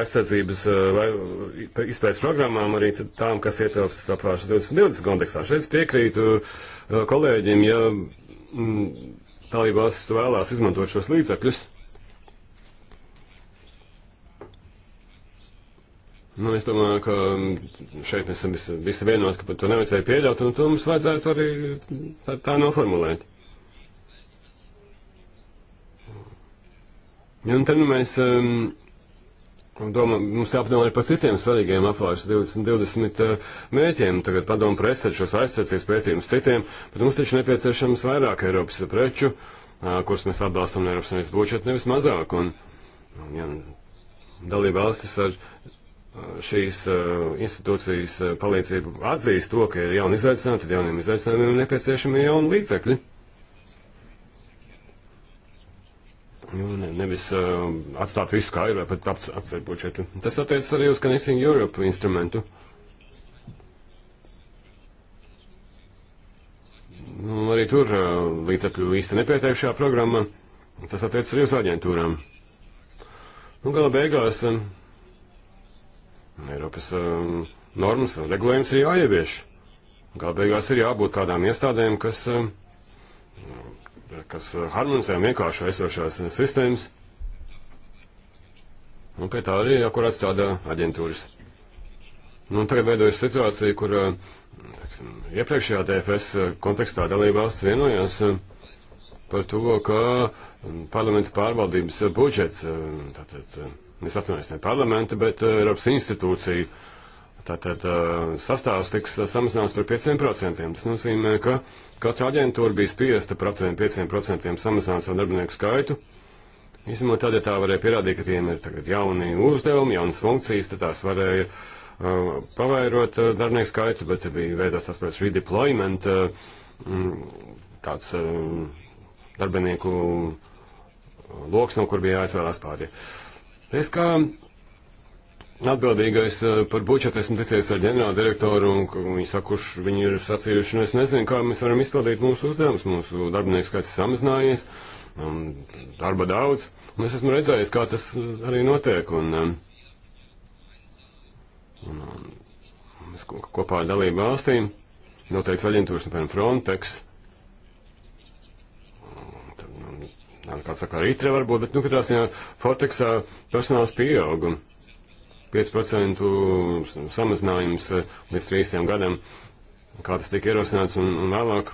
aizsardzības vai izpējas programmām, arī tām, kas ietilpst apvāršas 2020 kontekstā. Šeit es piekrītu kolēģim, ja mm, dalībās vēlās izmantot šos līdzekļus Nu, es domāju, ka mm, šeit mēs esam visi, visi vienoti, ka to nevajadzēja pieļaut, un to mums vajadzētu arī tā, tā noformulēt. Ja, un te nu mēs um, domā, mums jāpadomā arī par citiem svarīgiem apvārs 2020 uh, eh, mērķiem. Tagad padomu par aizsardzību, aizsardzības pētījumus citiem, bet mums taču nepieciešams vairāk Eiropas preču, uh, kurus mēs atbalstam no Eiropas Savienības budžeta, nevis mazāk. Un, un, ja, dalība valstis ar šīs institūcijas palīdzību atzīst to, ka ir jauni izaicinājumi, tad jauniem izaicinājumiem nepieciešami jauni līdzekļi. Nu, ne, nevis uh, atstāt visu kā ir, vai pat ap, apcēt budžetu. Tas attiecas arī uz Connecting Europe instrumentu. Nu, arī tur uh, līdzekļu īsti nepieteikti šajā programmā. Tas attiecas arī uz aģentūrām. Nu, gala beigās. Uh, Eiropas um, normas un regulējums ir jāievieš. Galbeigās ir jābūt kādām iestādēm, kas, um, kas harmonizē vienkārši aizsošās sistēmas. Un pie tā arī jākur atstāda aģentūras. Nu, tagad veidojas situācija, kur uh, teksim, iepriekšējā DFS uh, kontekstā dalībvalsts vienojās uh, par to, ka um, parlamenta pārvaldības budžets tātad, es atvainojos ne parlamenta, bet eh, Eiropas institūciju tātad eh, sastāvs tiks eh, samazināts par 5%. Tas nozīmē, ka katra aģentūra bija spiesta par aptuveni 5% samazināt savu darbinieku skaitu. Īsumā tad, ja tā varēja pierādīt, ka tiem ir tagad jauni uzdevumi, jaunas funkcijas, tad tās varēja uh, pavairot uh, darbinieku skaitu, bet bija veidās tās pēc redeployment, uh, tāds uh, darbinieku loks, no kur bija jāizvēlās pārējie. Uh, Es kā atbildīgais uh, par budžetu esmu ticies ar ģenerāla direktoru, un viņi sakuši, viņi ir sacījuši, nu es nezinu, kā mēs varam izpildīt mūsu uzdevumus, mūsu darbinieku skaits samazinājies, um, darba daudz, un es esmu redzējis, kā tas uh, arī notiek, un, um, un, un um, mēs kopā ar dalību valstīm, noteikti aģentūras, piemēram, Frontex, kā saka, arī tre varbūt, bet, nu, katrā ziņā Fortexā personāls pieaug. 5% samazinājums eh, līdz 30 gadam, kā tas tika ierosināts un, un vēlāk.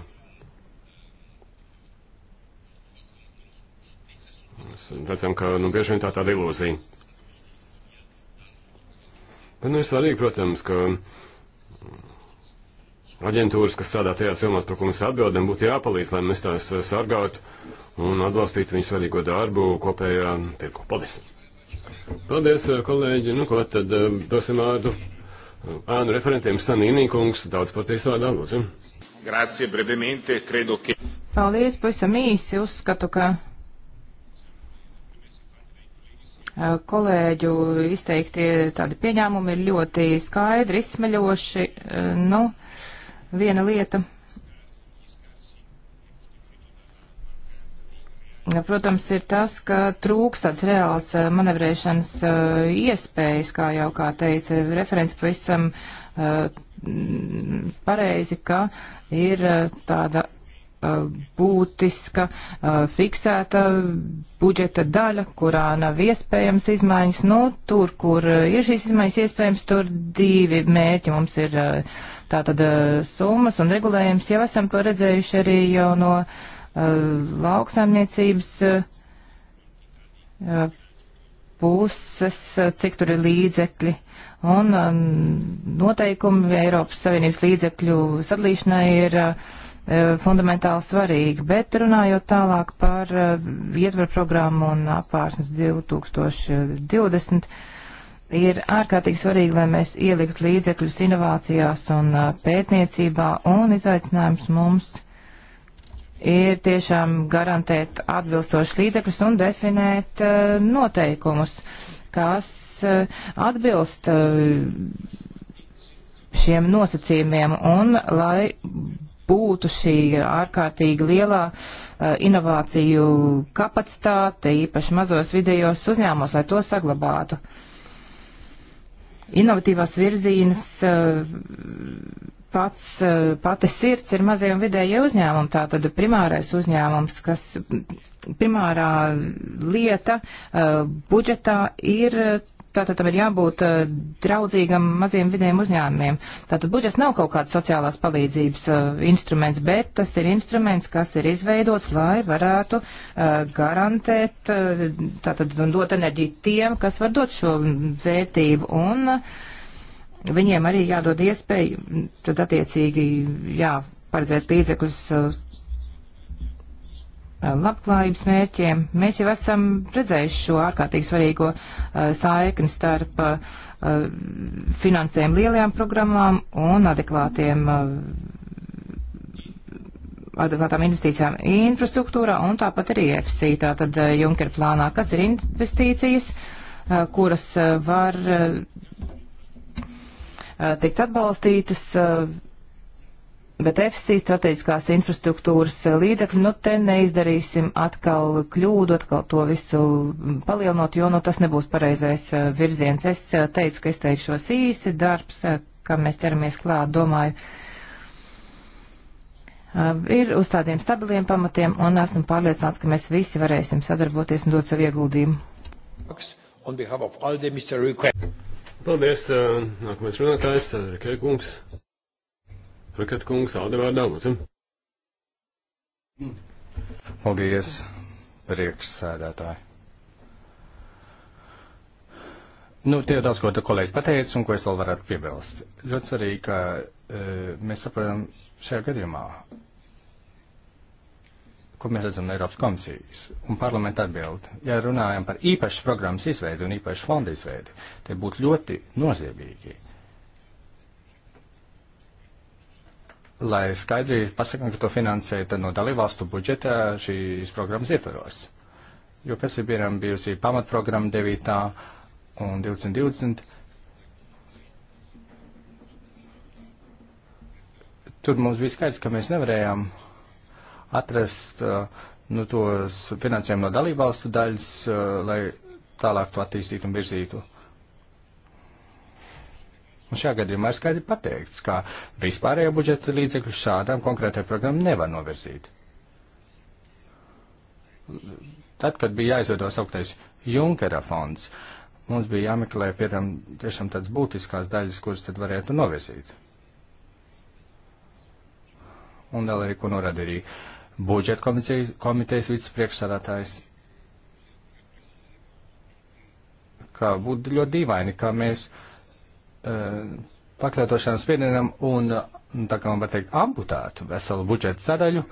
Mēs redzam, ka, nu, bieži vien tā tāda ilūzija. Bet, nu, ir svarīgi, protams, ka aģentūras, kas strādā tajās jomās, par ko mēs atbildam, būtu jāpalīdz, lai mēs tās eh, sargātu un atbalstīt viņu svarīgo darbu kopējā tirku. Paldies! Paldies, eh, kolēģi! Nu, ko tad eh, dosim vārdu eh, ēnu referentiem Sanīnī kungs, daudz paties vārdā, lūdzu. Grazie, brevemente, credo, ka. Paldies, pavisam īsi uzskatu, ka kolēģu izteikti tādi pieņēmumi ir ļoti skaidri, izsmeļoši. Nu, viena lieta protams, ir tas, ka trūks tāds reāls eh, manevrēšanas eh, iespējas, kā jau kā teica referents pavisam eh, pareizi, ka ir tāda būtiska fiksēta budžeta daļa, kurā nav iespējams izmaiņas. Nu, tur, kur ir šīs izmaiņas iespējams, tur divi mērķi mums ir tātad summas un regulējums. Jau esam to redzējuši arī jau no uh, Eh, lauksaimniecības eh, puses, eh, cik tur ir līdzekļi. Un noteikumi Eiropas Savienības līdzekļu sadalīšanai ir fundamentāli svarīgi, bet runājot tālāk par ietveru programmu un apvārsnes 2020, ir ārkārtīgi svarīgi, lai mēs ieliktu līdzekļus inovācijās un pētniecībā, un izaicinājums mums ir ir tiešām garantēt atbilstošas līdzekļus un definēt uh, noteikumus, kas uh, atbilst uh, šiem nosacījumiem un lai būtu šī ārkārtīgi lielā inovāciju kapacitāte, īpaši mazos vidējos uzņēmos, lai to saglabātu. Inovatīvās virzīnas pats, eh, pati sirds ir mazie un vidējie uzņēmumi, tātad primārais uzņēmums, kas primārā lieta eh, budžetā ir. Tātad tam ir jābūt uh, draudzīgam maziem vidiem uzņēmumiem. Tātad budžets nav kaut kāds sociālās palīdzības uh, instruments, bet tas ir instruments, kas ir izveidots, lai varētu uh, garantēt, tātad dot enerģiju tiem, kas var dot šo vērtību. Un, uh, viņiem arī jādod iespēju, tad attiecīgi jā, paredzēt līdzekļus uh, uh, labklājības mērķiem. Mēs jau esam redzējuši šo ārkārtīgi svarīgo uh, saikni starp finansējumu lielajām programmām un adekvātiem adekvātām investīcijām infrastruktūrā un tāpat arī EFSI, tātad Junker plānā, kas ir investīcijas, kuras var tikt atbalstītas, bet FC strateģiskās infrastruktūras līdzekļi, nu te neizdarīsim atkal kļūdu, atkal to visu palielinot, jo nu tas nebūs pareizais virziens. Es teicu, ka izteikšos īsi darbs, kam mēs ķeramies klāt, domāju ir uz tādiem stabiliem pamatiem, un esmu pārliecināts, ka mēs visi varēsim sadarboties un dot savu ieguldījumu. Paldies, nākamais runātājs, Rekai kungs. Rekai kungs, Alde vārdā, lūdzu. Paldies, priekšsēdētāji. Nu, tie ir daudz, ko tu kolēģi pateici un ko es vēl varētu piebilst. Ļoti svarīgi, ka e, mēs saprotam šajā gadījumā, ko mēs redzam Eiropas komisijas un parlamenta atbildi. Ja runājam par īpašas programmas izveidu un īpašu fondu izveidu, tie būtu ļoti nozīmīgi. Lai skaidri pasakām, ka to finansēta no dalībvalstu budžeta šīs programmas ietvaros. Jo pēc tam ir bijusi pamatprogramma 9. un 2020. Tur mums bija skaidrs, ka mēs nevarējām atrast eh, nu, tos finansējumu no dalībvalstu daļas, eh, lai tālāk to attīstītu un virzītu. Un šajā gadījumā ir skaidri pateikts, ka vispārējo budžeta līdzekļu šādām konkrētai programmai nevar novirzīt. Tad, kad bija jāizveido sauktais Junkera fonds, mums bija jāmeklē pie tam tiešām tādas būtiskās daļas, kuras tad varētu novirzīt. Un vēl arī, ko norada arī uh, budžeta komitejas vicepriekšsādātājs, ka būtu ļoti dīvaini, ka mēs uh, e, pakļautošanām spiedienam un, tā kā man var teikt, amputētu veselu budžeta sadaļu,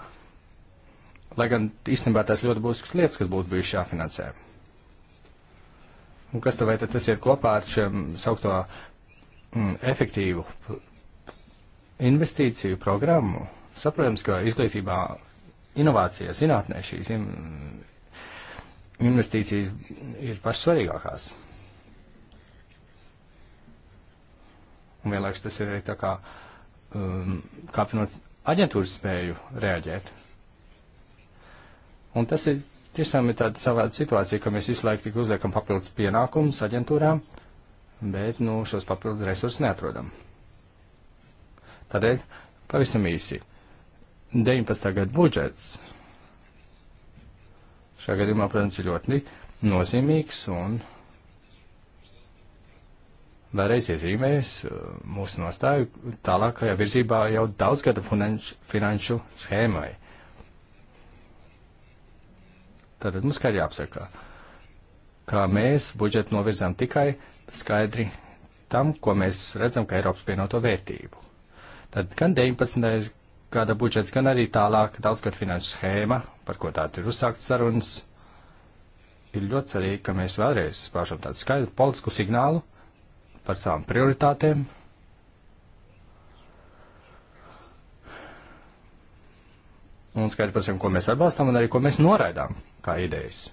lai gan īstenībā tās ļoti būtiskas lietas, kas būtu bijušas jāfinansē. Un kas tad vai tad tas iet kopā ar šiem saukto mm, efektīvu investīciju programmu? Saprotams, ka izglītībā inovācijas, zinātnē šīs investīcijas ir pašas svarīgākās. Un vienlaikus tas ir arī tā kā um, kāpinot aģentūras spēju reaģēt. Un tas ir tiešām ir tāda savāda situācija, ka mēs visu laiku tik uzliekam papildus pienākumus aģentūrām, bet nu, šos papildus resursus neatrodam. Tādēļ pavisam īsi. 19. gada budžets šā gadījumā, protams, ir ļoti nozīmīgs un vēlreiz iezīmēs uh, mūsu nostāju tālākajā virzībā jau daudzgada finanšu, finanšu schēmai. Tātad mums kā ir jāapsaka, ka mēs budžetu novirzām tikai skaidri tam, ko mēs redzam, ka Eiropas pienoto vērtību. Tad gan 19 gada budžets, gan arī tālāk daudzgad finanšu schēma, par ko tāda ir uzsākt sarunas, ir ļoti svarīgi, ka mēs vēlreiz spāršam tādu skaidru politisku signālu par savām prioritātēm. Un skaidri pasakām, ko mēs atbalstām un arī ko mēs noraidām kā idejas.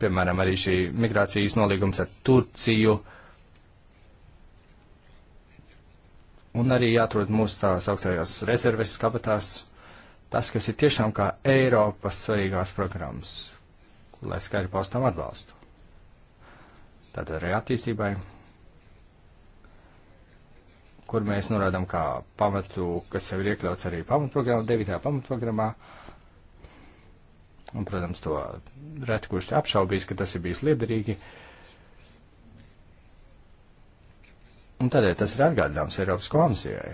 Piemēram, arī šī migrācijas nolīgums ar Turciju un arī jāatrod mūsu tā sauktajās rezerves kabatās tas, kas ir tiešām kā Eiropas svarīgās programmas, lai skaidri paustām atbalstu. Tātad arī attīstībai, kur mēs norādām kā pamatu, kas jau ir iekļauts arī pamatprogrammā, 9. pamatprogrammā. Un, protams, to reti kurš apšaubīs, ka tas ir bijis liederīgi. Uh, Un tādēļ tas ir atgādināms Eiropas komisijai.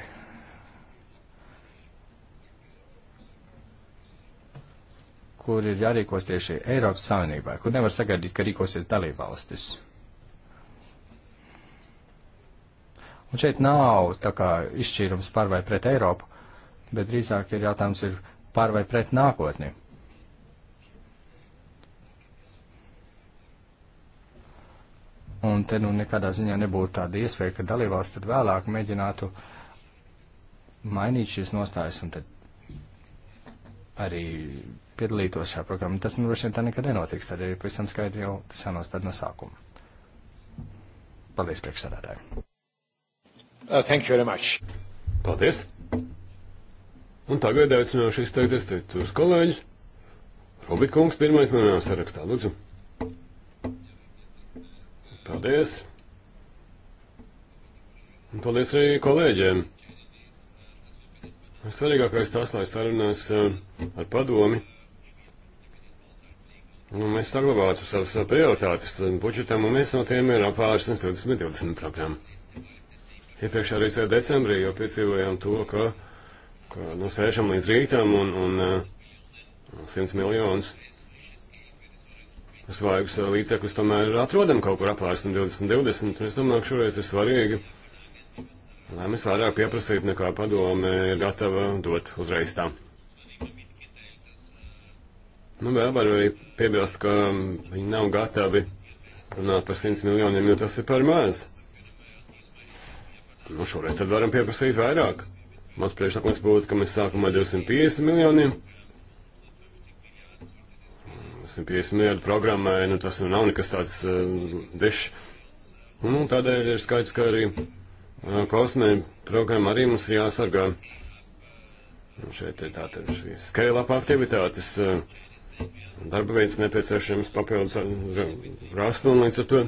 kur ir jārīkos tieši Eiropas Savienībā, kur nevar sagaidīt, ka rīkosies dalībvalstis. Un šeit nav tā kā izšķīrums par vai pret Eiropu, bet drīzāk ir jautājums ir par vai pret nākotni. Un te nu nekādā ziņā nebūtu tāda iespēja, ka dalībvalsts tad vēlāk mēģinātu mainīt šīs nostājas un tad arī piedalītos šajā programmā. Tas nu, droši vien tā nekad nenotiks, tad ir pavisam skaidri jau tas jānostāda no sākuma. Paldies, priekšsādātāji. Uh, thank you very much. Paldies. Un tagad aicināšu izteikties tur uz kolēģus. Rubikungs pirmais manā sarakstā, lūdzu. Paldies! Un paldies arī kolēģiem! Svarīgākais tas, lai sarunās eh, ar padomi, un mēs saglabātu savas eh, prioritātes eh, budžetam, un viens no tiem ir apvārsnes 2020 programma. Iepriekšā reizē decembrī jau piedzīvojām to, ka, ka nu, sēžam līdz rītam un, un, un 100 miljonus svaigus eh, līdzekļus tomēr atrodam kaut kur aplārstam 2020, un es domāju, ka šoreiz ir svarīgi, lai mēs vairāk pieprasītu nekā padome ir gatava dot uzreiz tā. Nu, vēl var arī piebilst, ka mm, viņi nav gatavi runāt par 100 miljoniem, jo tas ir par maz. Nu, šoreiz tad varam pieprasīt vairāk. Mans priekšlikums būtu, ka mēs sākam ar 250 miljoniem. 150 miljārdu programmai, nu tas nu nav nekas tāds uh, dešs. Nu, tādēļ ir skaidrs, ka arī uh, kosmē programma arī mums ir jāsargā. Nu, šeit ir tātad šī scale-up aktivitātes, uh, darba veids nepieciešams papildus rastu un līdz ar to.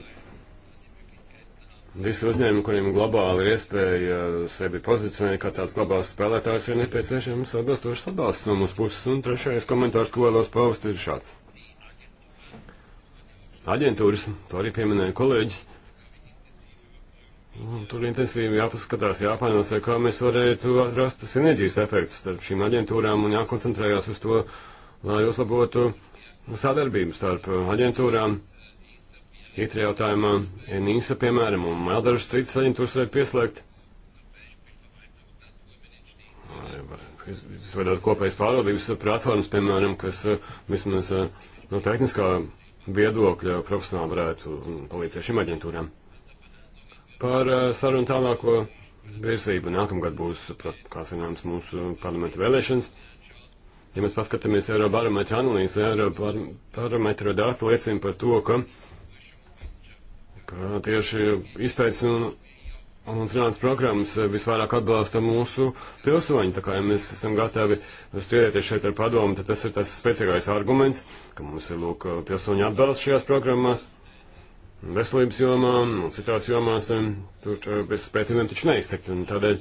Visi uzņēmumi, kuriem globāli ir iespēja sevi pozicionēt kā tāds globāls spēlētājs, ir nepieciešams atbilstošs atbalsts no mūsu puses. Un trešais komentārs, ko vēlos paust, ir šāds aģentūras, to arī pieminēja kolēģis. Tur intensīvi jāpaskatās, jāpanāsē, kā mēs varētu atrast sinerģijas efektus starp šīm aģentūrām un jākoncentrējās uz to, lai uzlabotu sadarbību starp aģentūrām. Itra jautājumā Nīsa, piemēram, un vēl dažas citas aģentūras vajag pieslēgt. Izveidot kopējas pārvaldības platformas, piemēram, kas uh, vismaz uh, no tehniskā viedokļa profesionāli varētu mm, palīdzēt šīm aģentūrām. Par eh, sarunu tālāko virzību nākamgad būs, kā zināms, mūsu parlamenta vēlēšanas. Ja mēs paskatāmies Eirobarometra analīzi, Eirobarometra dati liecina par to, ka, ka tieši izpētes un un zinātnes programmas eh, visvairāk atbalsta mūsu pilsoņi. Tā kā ja mēs esam gatavi strīdēties šeit ar padomu, tad tas ir tas spēcīgais arguments, ka mums ir lūk eh, pilsoņu atbalsts šajās programmās, veselības jomā un citās jomās, tur eh, bez pētījumiem taču neiztekt. Un tādēļ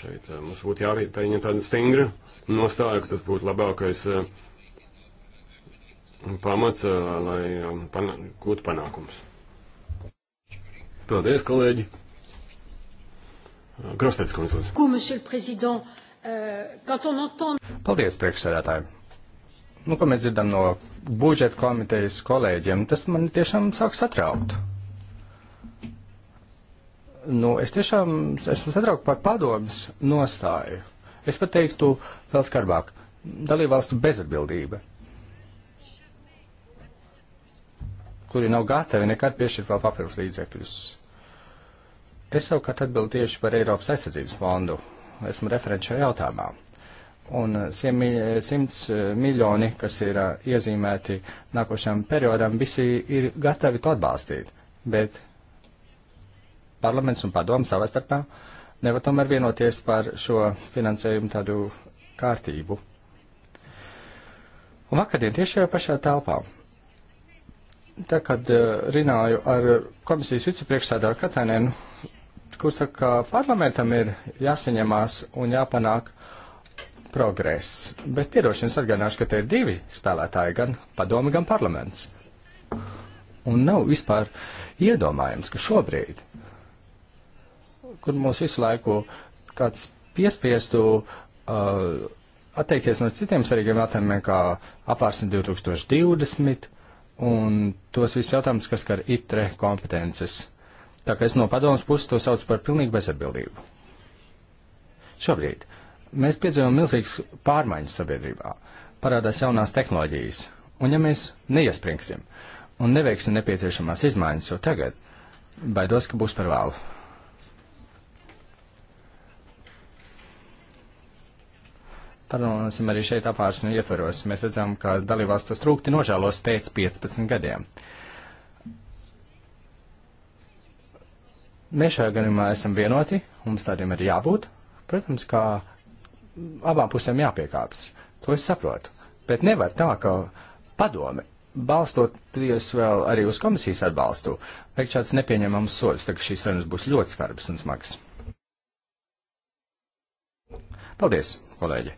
šeit mums būtu jāpieņem tāda stingra nostāja, ka tas būtu labākais pamats, lai gūtu panākumus. Paldies, kolēģi! Grostēts kundze. Ko, monsieur le président, euh, quand on entend. Paldies, priekšsēdētāji. Nu, ko mēs dzirdam no budžeta komitejas kolēģiem, tas man tiešām sāk satraukt. Nu, es tiešām esmu satraukts par padomas nostāju. Es pat teiktu vēl skarbāk - dalībvalstu bezatbildība, kuri nav gatavi nekad piešķirt vēl papildus līdzekļus. Es savukārt atbildu tieši par Eiropas aizsardzības fondu. Esmu referents šajā jautājumā. Un 100 eh, eh, eh, miljoni, kas ir iezīmēti nākošajam periodam, visi ir gatavi to atbalstīt. Bet parlaments un padomu savā starpā nevar tomēr vienoties par šo finansējumu tādu kārtību. Un vakardien tieši šajā pašā telpā, tā kad uh, runāju ar komisijas vicepriekšsēdā Katainēnu, kur saka, ka parlamentam ir jāsaņemās un jāpanāk progress. Bet piedošanas atgādināšu, ka te ir divi spēlētāji, gan padomi, gan parlaments. Un nav vispār iedomājams, ka šobrīd, kur mūs visu laiku kāds piespiestu uh, atteikties no citiem svarīgiem jautājumiem, kā apārsni 2020 un tos visus jautājumus, kas skar itre kompetences Tā kā es no padomas puses to saucu par pilnīgu bezatbildību. Šobrīd mēs piedzīvojam milzīgas pārmaiņas sabiedrībā, parādās jaunās tehnoloģijas, un ja mēs neiespringsim un neveiksim nepieciešamās izmaiņas jau tagad, baidos, ka būs par vēlu. Parunāsim arī šeit apāršņu ietvaros. Mēs redzam, ka dalībvalstu strūkti nožēlos pēc 15 gadiem. Mēs šajā gadījumā esam vienoti, mums tādiem ir jābūt. Protams, kā abām pusēm jāpiekāpjas. To es saprotu. Bet nevar tā, ka padome, balstoties vēl arī uz komisijas atbalstu, veikt šāds nepieņemams solis, tā ka šīs sarunas būs ļoti skarbas un smagas. Paldies, kolēģi!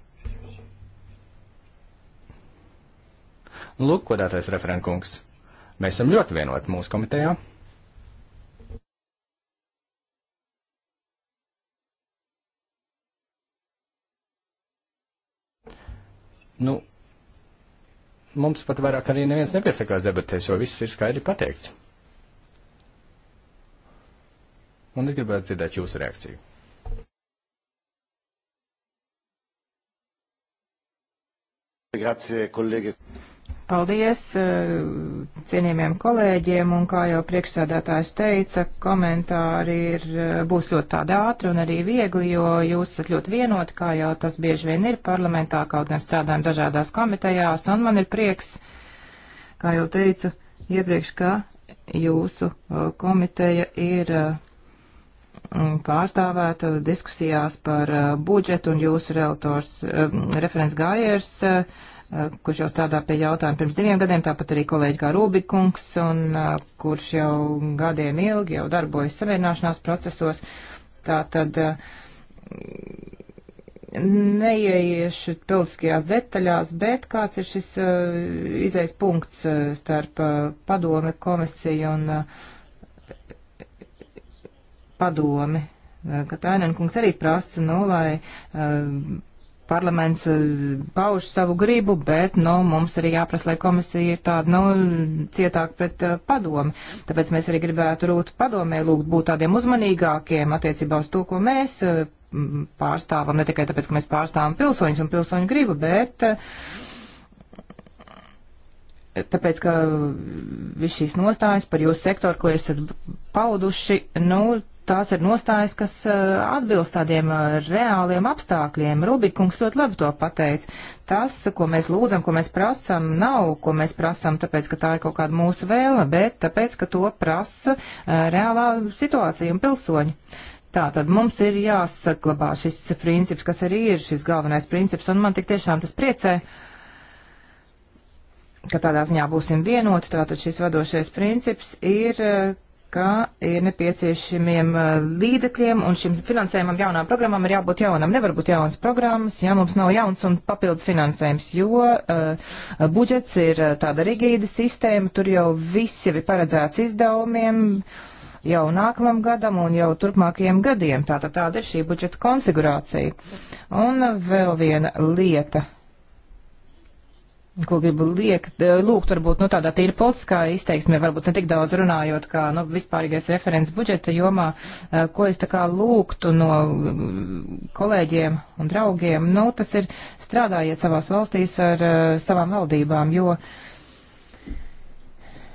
Lūk, kodātais referentkungs. Mēs esam ļoti vienoti mūsu komitejā. Nu, mums pat vairāk arī neviens nepiesakās debatēs, jo viss ir skaidri pateikts. Un es gribētu dzirdēt jūsu reakciju. Grazie, kolēģi. Paldies eh, cienījumiem kolēģiem, un kā jau priekšsēdētājs teica, komentāri ir, eh, būs ļoti tādi ātri un arī viegli, jo jūs esat ļoti vienoti, kā jau tas bieži vien ir parlamentā, kaut gan strādājam dažādās komitejās, un man ir prieks, kā jau teicu iepriekš, ka jūsu eh, komiteja ir pārstāvēta diskusijās par budžetu, un jūsu relators, referents Gājers Eh, kurš jau strādā pie jautājuma pirms diviem gadiem, tāpat arī kolēģi kā Rūbikungs, un eh, kurš jau gadiem ilgi jau darbojas savienāšanās procesos. Tā tad eh, neieiešu pildiskajās detaļās, bet kāds ir šis izējas punkts starp padomi, komisiju un padomi. Katainen kungs arī prasa, nu, lai parlaments eh, pauž savu gribu, bet, nu, mums arī jāprasa, lai komisija ir tāda, nu, cietāk pret uh, padomi. Tāpēc mēs arī gribētu rūt padomē, lūgt būt tādiem uzmanīgākiem attiecībā uz to, ko mēs uh, pārstāvam, ne tikai tāpēc, ka mēs pārstāvam pilsoņus un pilsoņu gribu, bet. Uh, tāpēc, ka viss šīs nostājas par jūsu sektoru, ko esat pauduši, nu, tās ir nostājas, kas eh, atbilst tādiem eh, reāliem apstākļiem. Rubikungs ļoti labi to pateica. Tas, ko mēs lūdzam, ko mēs prasam, nav, ko mēs prasam, tāpēc, ka tā ir kaut kāda mūsu vēla, bet tāpēc, ka to prasa eh, reālā situācija un pilsoņi. Tātad mums ir jāsaglabā šis princips, kas arī ir šis galvenais princips, un man tik tiešām tas priecē ka tādā ziņā būsim vienoti, tātad šis vadošais princips ir ka ir nepieciešamiem uh, līdzekļiem un šim finansējumam jaunām programmām ir jābūt jaunam. Nevar būt jauns programmas, ja mums nav jauns un papildus finansējums, jo uh, budžets ir uh, tāda rigīda sistēma, tur jau viss jau ir paredzēts izdevumiem jau nākamam gadam un jau turpmākajiem gadiem. Tātad tāda ir šī budžeta konfigurācija. Un vēl viena lieta. Uh, ko gribu liekt, lūgt, varbūt nu, tādā tīri politiskā izteiksmē, varbūt ne tik daudz runājot, kā nu, vispārīgais referents budžeta jomā, e, ko es tā kā lūgtu no mm, kolēģiem un draugiem. Nu, tas ir strādājiet savās valstīs ar e, savām valdībām, jo.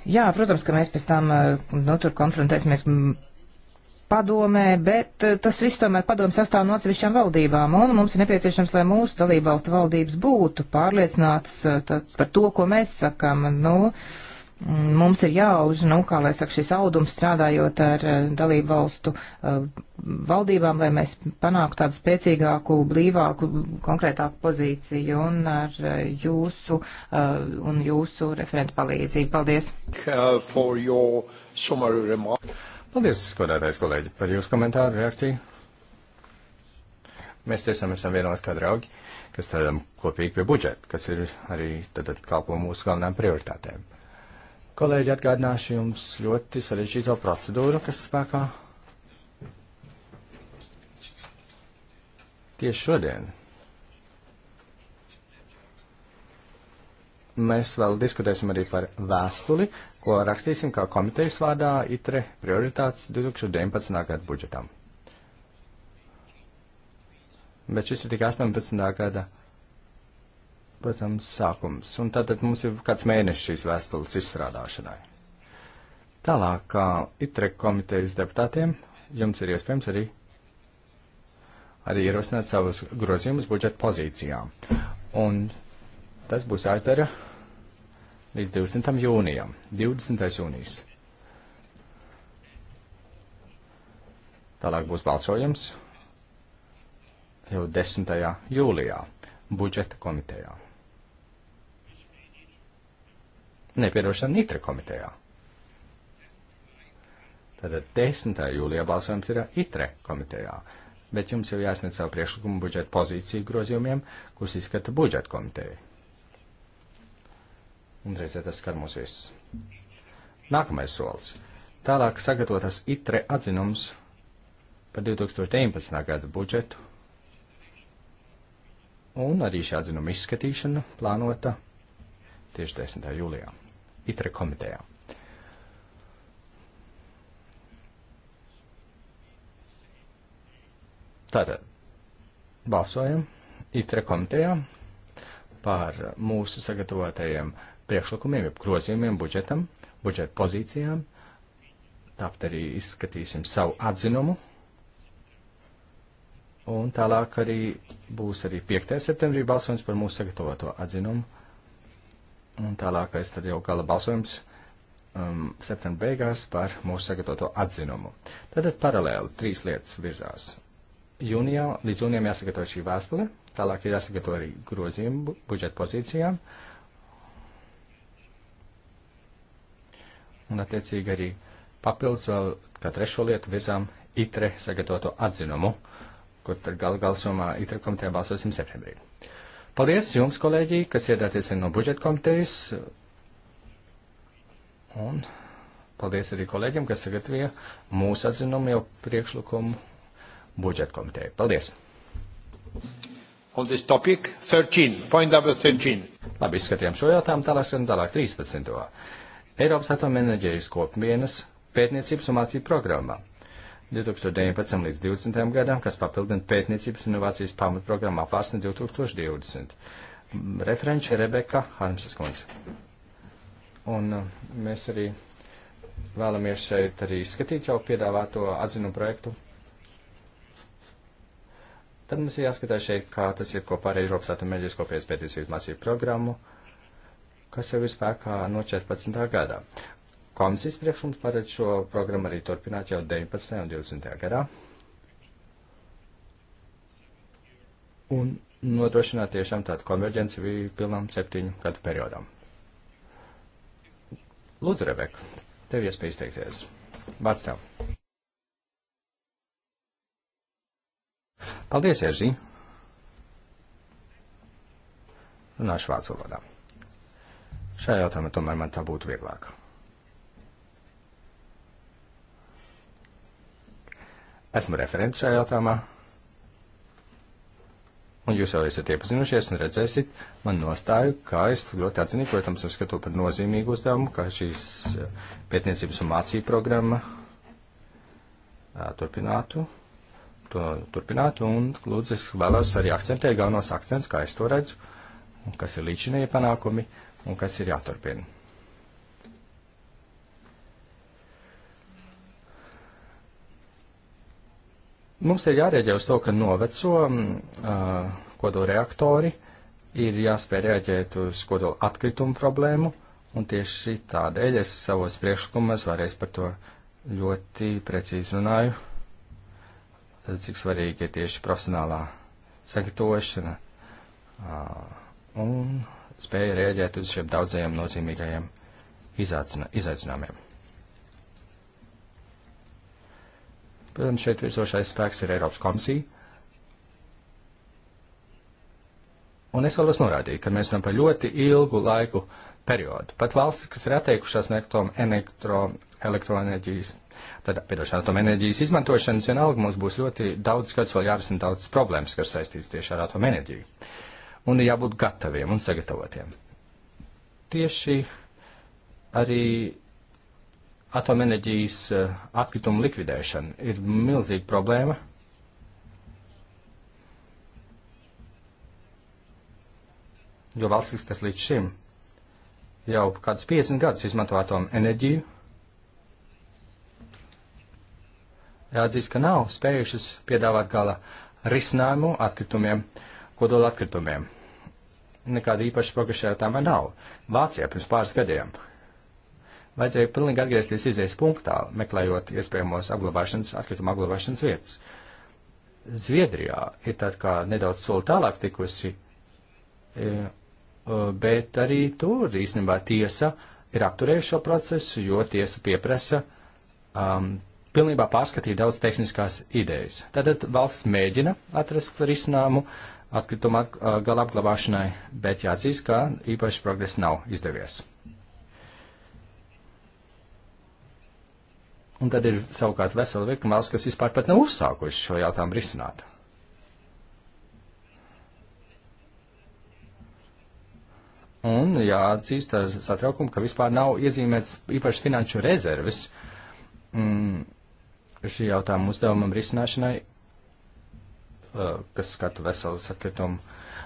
Jā, protams, ka mēs pēc tam e, nu, tur konfrontēsimies padomē, bet eh, tas viss tomēr padomē sastāv no atsevišķām valdībām, un mums ir nepieciešams, lai mūsu dalībvalstu valdības būtu pārliecinātas eh, par to, ko mēs sakam. Nu, mm, mums ir jāuž, nu, kā lai saka, šis audums strādājot ar eh, dalībvalstu valdībām, lai mēs panāktu tādu spēcīgāku, blīvāku, konkrētāku pozīciju un ar jūsu un jūsu referentu palīdzību. Paldies! Uh, Paldies, godātais kolēģi, par jūsu komentāru, reakciju. Mēs tiešām esam vienoti kā draugi, kas strādājam kopīgi pie budžeta, kas ir arī tad kalpo mūsu galvenām prioritātēm. Kolēģi, atgādināšu jums ļoti sarežģīto procedūru, kas spēkā tieši šodien. Mēs vēl diskutēsim arī par vēstuli, ko rakstīsim kā komitejas vārdā ITRE prioritātes 2019. gada budžetam. Bet šis ir tikai 18. gada, protams, sākums. Un tātad mums ir kāds mēnešs šīs vēstules izstrādāšanai. Tālāk, kā ITRE komitejas deputātiem, jums ir iespējams arī, arī ierosināt savus grozījumus budžeta pozīcijām. Un tas būs jāizdara līdz 20. jūnijam, 20. jūnijas. Tālāk būs balsojums jau 10. jūlijā budžeta komitejā. Nepiedošana Nitra komitejā. Tātad 10. jūlijā balsojums ir ITRE komitejā, bet jums jau jāsniedz savu priekšlikumu budžeta pozīciju grozījumiem, kurus izskata budžeta komiteja. Un reizē tas skar mūs visus. Nākamais solis. Tālāk sagatavotas ITRE atzinums par 2019. gada budžetu. Un arī šī atzinuma izskatīšana plānota tieši 10. jūlijā ITRE komitejā. Tātad balsojam ITRE komitejā par mūsu sagatavotajiem uh, priekšlikumiem, jeb grozījumiem budžetam, budžeta pozīcijām. Tāpat arī izskatīsim savu atzinumu. Un tālāk arī būs arī 5. septembrī balsojums par mūsu sagatavoto atzinumu. Un tālākais tad jau gala balsojums um, septembra beigās par mūsu sagatavoto atzinumu. Tātad paralēli trīs lietas virzās. Jūnijā līdz jūnijam jāsagatavo šī vēstule, tālāk ir jāsagatavo arī grozījumi budžeta pozīcijām. Uh, un attiecīgi arī papildus vēl kā trešo lietu virzām ITRE sagatavoto atzinumu, kur tad gal galsumā ITRE komiteja balsosim septembrī. Paldies jums, kolēģi, kas iedāties no budžeta komitejas, un paldies arī kolēģiem, kas sagatavoja mūsu atzinumu jau priekšlikumu budžeta komiteja. Paldies! On this topic, 13, point number 13. Labi, izskatījām šo jautājumu, tālāk, tālāk 13. Eiropas atomenerģijas kopienas pētniecības un mācību programmā 2019 līdz 2020 gadam, kas papildina pētniecības un inovācijas pamatprogrammu apvārsni 2020. Mm, Referenča Rebeka Harmsas kundze. Un uh, mēs arī vēlamies šeit arī izskatīt jau piedāvāto atzinu projektu. Tad mums ir jāskatās šeit, kā tas ir kopā ar Eiropas atomenerģijas kopējas pētniecības mācību programmu kas jau ir spēkā no 14. gadā. Komisijas priekšums paredz šo programmu arī turpināt jau 19. un 20. gadā. Un nodrošināt tiešām tādu konverģenci pilnām septiņu gadu periodam. Lūdzu, Rebeka, tev iespēja izteikties. Vārds tev. Paldies, Ježī. Runāšu vācu valodā. Šajā jautājumā tomēr man tā būtu vieglāk. Esmu referents šajā jautājumā. Un jūs jau esat iepazinušies un redzēsiet man nostāju, kā es ļoti atzinīgi, protams, uzskatu par nozīmīgu uzdevumu, kā šīs eh, pētniecības un mācību programma eh, turpinātu. To turpināt, un lūdzu, es vēlos arī akcentēt galvenos akcents, kā es to redzu, un kas ir līdzinēja panākumi, uh, un kas ir jāturpina. Mums ir jārēģē uz to, ka noveco uh, mm, kodolreaktori ir jāspēj rēģēt uz kodola atkritumu problēmu, un tieši tādēļ es savos priekšlikumos vēlreiz par to ļoti precīzi runāju, cik svarīgi ir tieši profesionālā sagatavošana uh, un spēja rēģēt uz šiem daudzajiem nozīmīgajiem izaicinājumiem. Protams, šeit virzošais spēks ir Eiropas komisija. Un es vēlos norādīt, ka mēs runājam par ļoti ilgu laiku periodu. Pat valstis, kas ir atteikušās no elektroenerģijas, tad, piedošanā, atomenerģijas izmantošanas, vienalga mums būs ļoti daudz gads vēl jārisina daudz problēmas, kas saistīts tieši ar atomenerģiju. Uh, un ir jābūt gataviem un sagatavotiem. Tieši arī atomenerģijas eh, atkritumu likvidēšana ir milzīga problēma. Jo valstis, kas līdz šim jau kādus 50 gadus izmanto atomenerģiju, jāatzīst, ka nav spējušas piedāvāt gala risinājumu atkritumiem. Uh, kodola atkritumiem. Nekāda īpaša pagājušajā tēmā nav. Vācijā pirms pāris gadiem vajadzēja pilnīgi atgriezties izējas punktā, meklējot iespējamos apglabāšanas, atkrituma apglabāšanas vietas. Zviedrijā ir tā kā nedaudz soli tālāk tikusi, e, bet arī tur īstenībā tiesa ir apturējuši šo procesu, jo tiesa pieprasa um, pilnībā pārskatīt daudz tehniskās idejas. Tātad valsts mēģina atrast risinājumu, atkrituma at, gala apglabāšanai, bet jāatzīst, ka īpaši progress nav izdevies. Un tad ir savukārt vesela virkne valsts, kas vispār pat nav uzsākuši šo jautājumu risināt. Un jāatzīst ar satraukumu, ka vispār nav iezīmēts īpaši finanšu rezerves mm, šī jautājuma uzdevumam risināšanai kas skata veselu sakritumu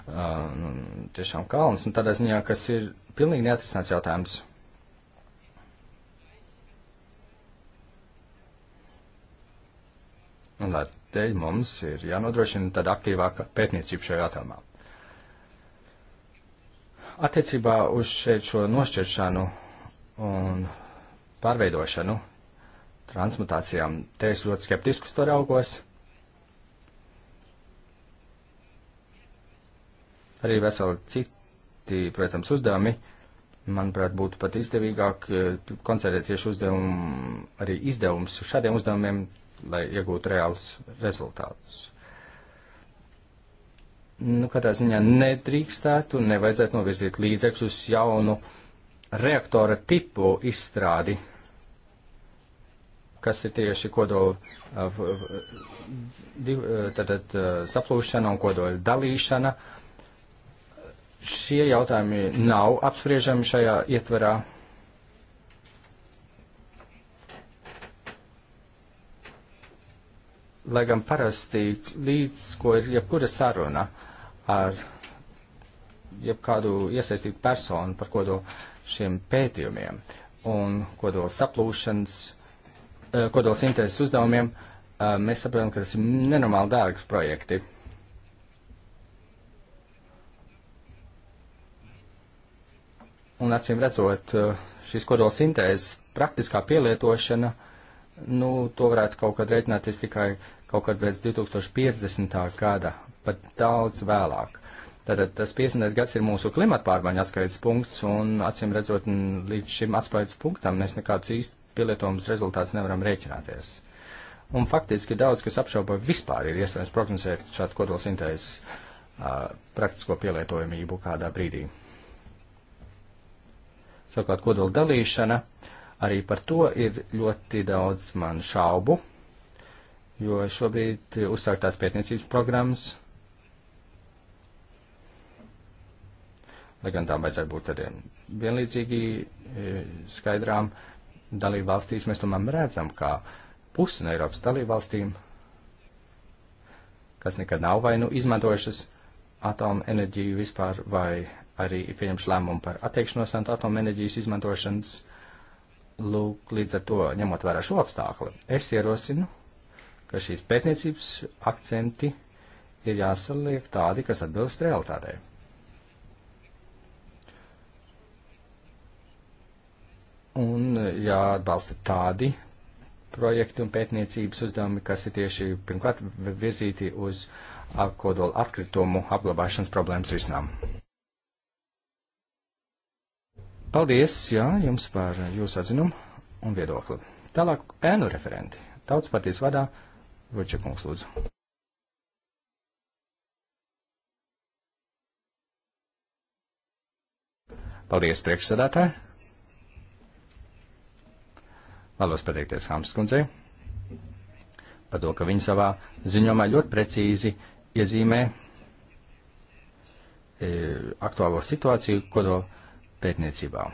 nu, tiešām kalnus, un nu, tādā ziņā, kas ir pilnīgi neatrisināts jautājums. Un tādēļ mums ir jānodrošina tāda aktīvāka pētniecība šajā jautājumā. Attiecībā uz šeit šo nošķiršanu un pārveidošanu transmutācijām, te es ļoti skeptisku to raugos. arī veseli citi, protams, uzdevumi. Manuprāt, būtu pat izdevīgāk eh, koncentrēt tieši uzdevumu, arī izdevumus šādiem uzdevumiem, lai iegūtu reālus rezultātus. Nu, katrā ziņā nedrīkstētu, nevajadzētu novirzīt līdzekļus jaunu reaktora tipu izstrādi, kas ir tieši kodola eh, eh, tātad, saplūšana un kodola dalīšana. Šie jautājumi nav apspriežami šajā ietverā. Lai gan parasti līdz, ko ir jebkura saruna ar jebkādu iesaistītu personu par kodu šiem pētījumiem un kodola saplūšanas, eh, kodola sintēzes uzdevumiem, eh, mēs saprotam, ka tas ir nenormāli dārgs projekti. Un acīm redzot, eh, šīs kodola sintēzes praktiskā pielietošana, nu, to varētu kaut kad rēķināties tikai kaut kad pēc 2050. gada, pat daudz vēlāk. Tātad tas 50. gads ir mūsu klimata pārmaiņa atskaites punkts, un acīm redzot, līdz šim atskaites punktam mēs nekādus īsti pielietojumus rezultātus nevaram rēķināties. Un faktiski daudz, kas apšauba vispār ir iespējams prognozēt šādu kodolsintēzes uh, praktisko pielietojamību kādā brīdī. Savukārt kodola dalīšana, arī par to ir ļoti daudz man šaubu, jo šobrīd uzsāktās pētniecības programmas, lai gan tām vajadzētu būt arī vienlīdzīgi e, skaidrām dalību valstīs, mēs tomēr redzam, ka pusi no Eiropas dalību valstīm, kas nekad nav vai nu izmantojušas atomu enerģiju vispār vai arī ir pieņemts lēmumu par atteikšanos no atomenerģijas izmantošanas. Lūk, līdz ar to ņemot vērā šo apstākli, es ierosinu, ka šīs pētniecības akcenti ir jāsaliek tādi, kas atbilst realitātei. Un jāatbalsta tādi projekti un pētniecības uzdevumi, kas ir tieši pirmkārt virzīti uz kodola atkritumu apglabāšanas problēmas risinām. Paldies, jā, jums par jūsu atzinumu un viedokli. Tālāk ēnu referenti. Tautas partijas vadā Ročekungs lūdzu. Paldies, priekšsēdētāji! Vēlos pateikties Hamskundzei par to, ka viņa savā ziņomā ļoti precīzi iezīmē e, aktuālo situāciju, kodola pētniecībā.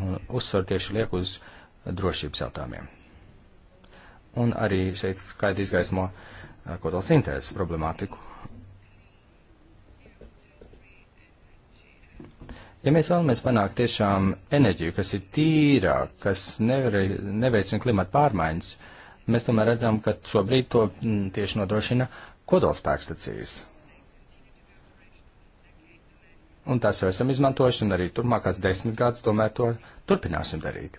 Un uzsver tieši liek uz drošības jautājumiem. Un arī šeit skaidri izgaismo eh, kodola sintēzes problemātiku. Ja mēs vēlamies panākt tiešām enerģiju, kas ir tīrā, kas nevar, neveicina klimata pārmaiņas, mēs tomēr redzam, ka šobrīd to mm, tieši nodrošina kodolspēkstacijas un tās jau esam izmantojuši, un arī turpmākās desmit gadus tomēr to turpināsim darīt.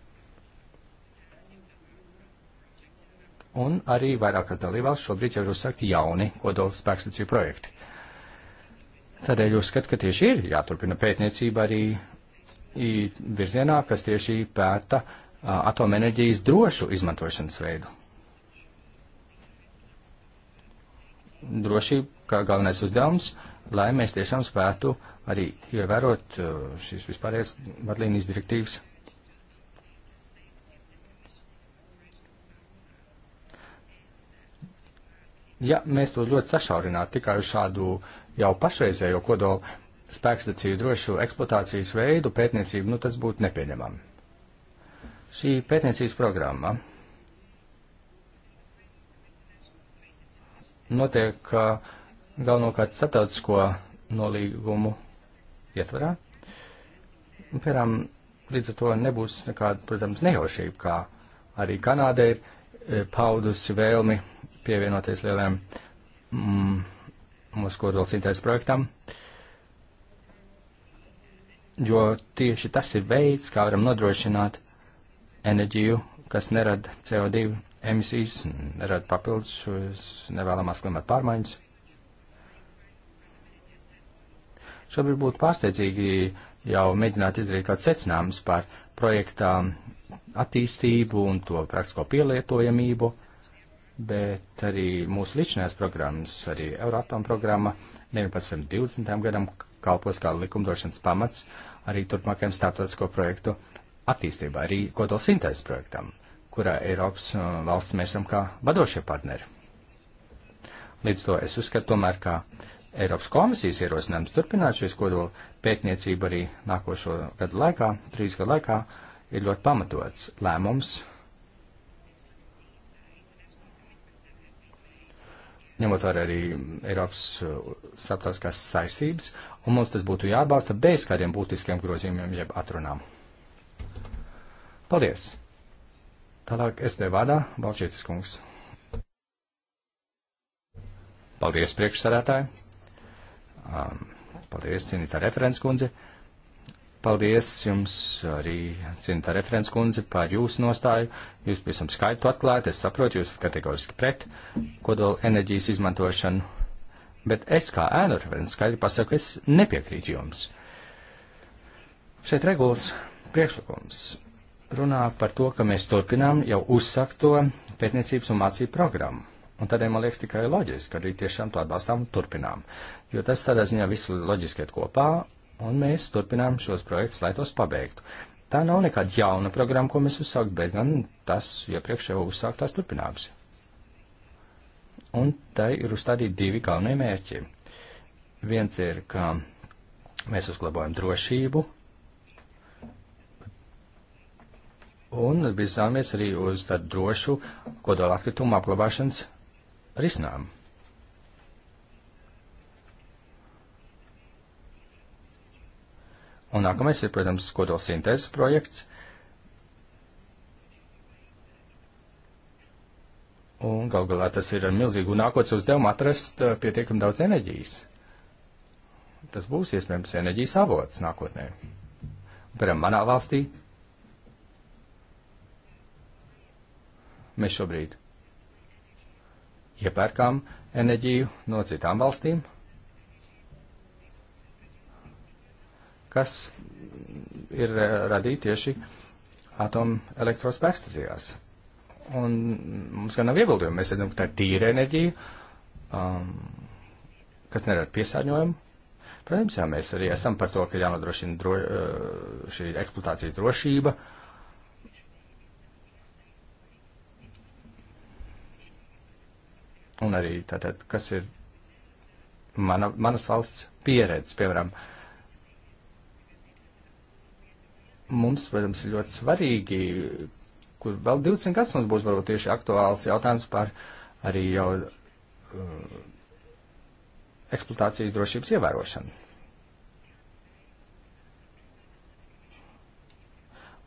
Un arī vairākas dalībvalsts šobrīd jau ir uzsākti jauni kodola spēkstacīju projekti. Tādēļ uzskat, ka tieši ir jāturpina pētniecība arī virzienā, kas tieši pēta atomenerģijas drošu izmantošanas veidu. drošība kā galvenais uzdevums, lai mēs tiešām spētu arī ievērot uh, šīs vispārējās vadlīnijas direktīvas. Ja mēs to ļoti sašaurinātu tikai uz šādu jau pašreizējo kodolu spēkstacīju drošu eksploatācijas veidu pētniecību, nu tas būtu nepieņemami. Šī pētniecības programma notiek galvenokārt starptautisko nolīgumu ietvarā. Piemēram, līdz ar to nebūs nekāda, protams, nejaušība, kā arī Kanāda ir e, paudusi vēlmi pievienoties lieliem mm, mūsu kodolsītais projektam, jo tieši tas ir veids, kā varam nodrošināt enerģiju, kas nerada CO2 emisijas, rada papildus nevēlamās klimata pārmaiņas. Šobrīd būtu pārsteidzīgi jau mēģināt izdarīt kāds secinājums par projektā attīstību un to praktisko pielietojamību, bet arī mūsu ličinās programmas, arī Euratom programma 19.20. gadam kalpos kā likumdošanas pamats arī turpmākajam starptautisko projektu attīstībai, arī kodola sintēzes projektam kurā Eiropas uh, valsts mēs esam kā vadošie partneri. Līdz to es uzskatu tomēr, ka Eiropas komisijas ierosinājums turpināt šīs kodola pētniecību arī nākošo gadu laikā, trīs gadu laikā, ir ļoti pamatots lēmums. ņemot vērā arī Eiropas uh, starptautiskās saistības, un mums tas būtu jāatbalsta bez kādiem būtiskiem grozījumiem jeb atrunām. Paldies! Tālāk es tev vārdā, Balčītis kungs. Paldies, priekšsarētāji. Um, paldies, cienītā referents kundze. Paldies jums arī, cienītā referents kundze, par jūsu nostāju. Jūs visam skaitu atklājat, es saprotu, jūs kategoriski pret kodola enerģijas izmantošanu. Bet es kā ēnu referents skaidri pasaku, es nepiekrītu jums. Šeit regulas priekšlikums runā par to, ka mēs turpinām jau uzsakto pētniecības un mācību programmu. Un tādēļ man liekas tikai loģiski, ka arī tiešām to atbalstām un turpinām. Jo tas tādā ziņā visu loģiski iet kopā, un mēs turpinām šos projektus, lai tos pabeigtu. Tā nav nekāda jauna programma, ko mēs uzsākt, bet gan tas iepriekš jau uzsāktās turpinājums. Un tai ir uzstādīti divi galvenie mērķi. Viens ir, ka mēs uzglabājam drošību un virzāmies arī uz tādu drošu kodola atkritumu apglabāšanas risinājumu. Un nākamais ir, protams, kodola sintēzes projekts. Un gal galā tas ir ar milzīgu nākotnes uzdevumu atrast uh, pietiekami daudz enerģijas. Tas būs iespējams enerģijas avots nākotnē. Piemēram, manā valstī mēs šobrīd iepērkam enerģiju no citām valstīm, kas ir eh, radīti tieši atomelektrospēkstacijās. Un mums gan nav iebildījumi. Mēs redzam, ka tā ir tīra enerģija, um, kas nerada piesārņojumu. Protams, jā, mēs arī esam par to, ka jānodrošina dro, eh, šī eksploatācijas drošība. Uh, un arī tātad, kas ir mana, manas valsts pieredze, piemēram. Mums, protams, ir ļoti svarīgi, kur vēl 20 gadus mums būs varbūt tieši aktuāls jautājums par arī jau uh, eksploatācijas drošības ievērošanu.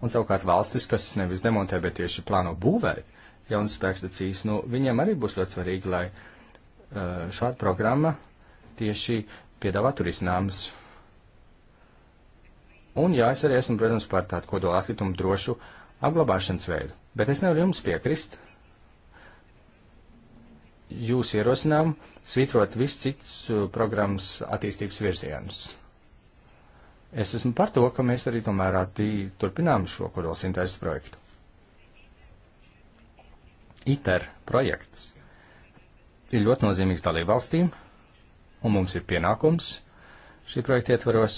Un savukārt valstis, kas nevis demontē, bet tieši plāno būvēt, jaunas spēkstacijas, nu, viņiem arī būs ļoti svarīgi, lai uh, šāda programma tieši piedāvātu risinājumus. Un jā, es arī esmu, protams, par tādu kodola atkritumu drošu apglabāšanas veidu, bet es nevaru jums piekrist. Jūs ierosinām svitrot viss cits uh, programmas attīstības virzienus. Es esmu par to, ka mēs arī tomēr attī turpinām šo kodolsintēzes projektu. ITER projekts ir ļoti nozīmīgs dalību valstīm, un mums ir pienākums šī projekta ietvaros.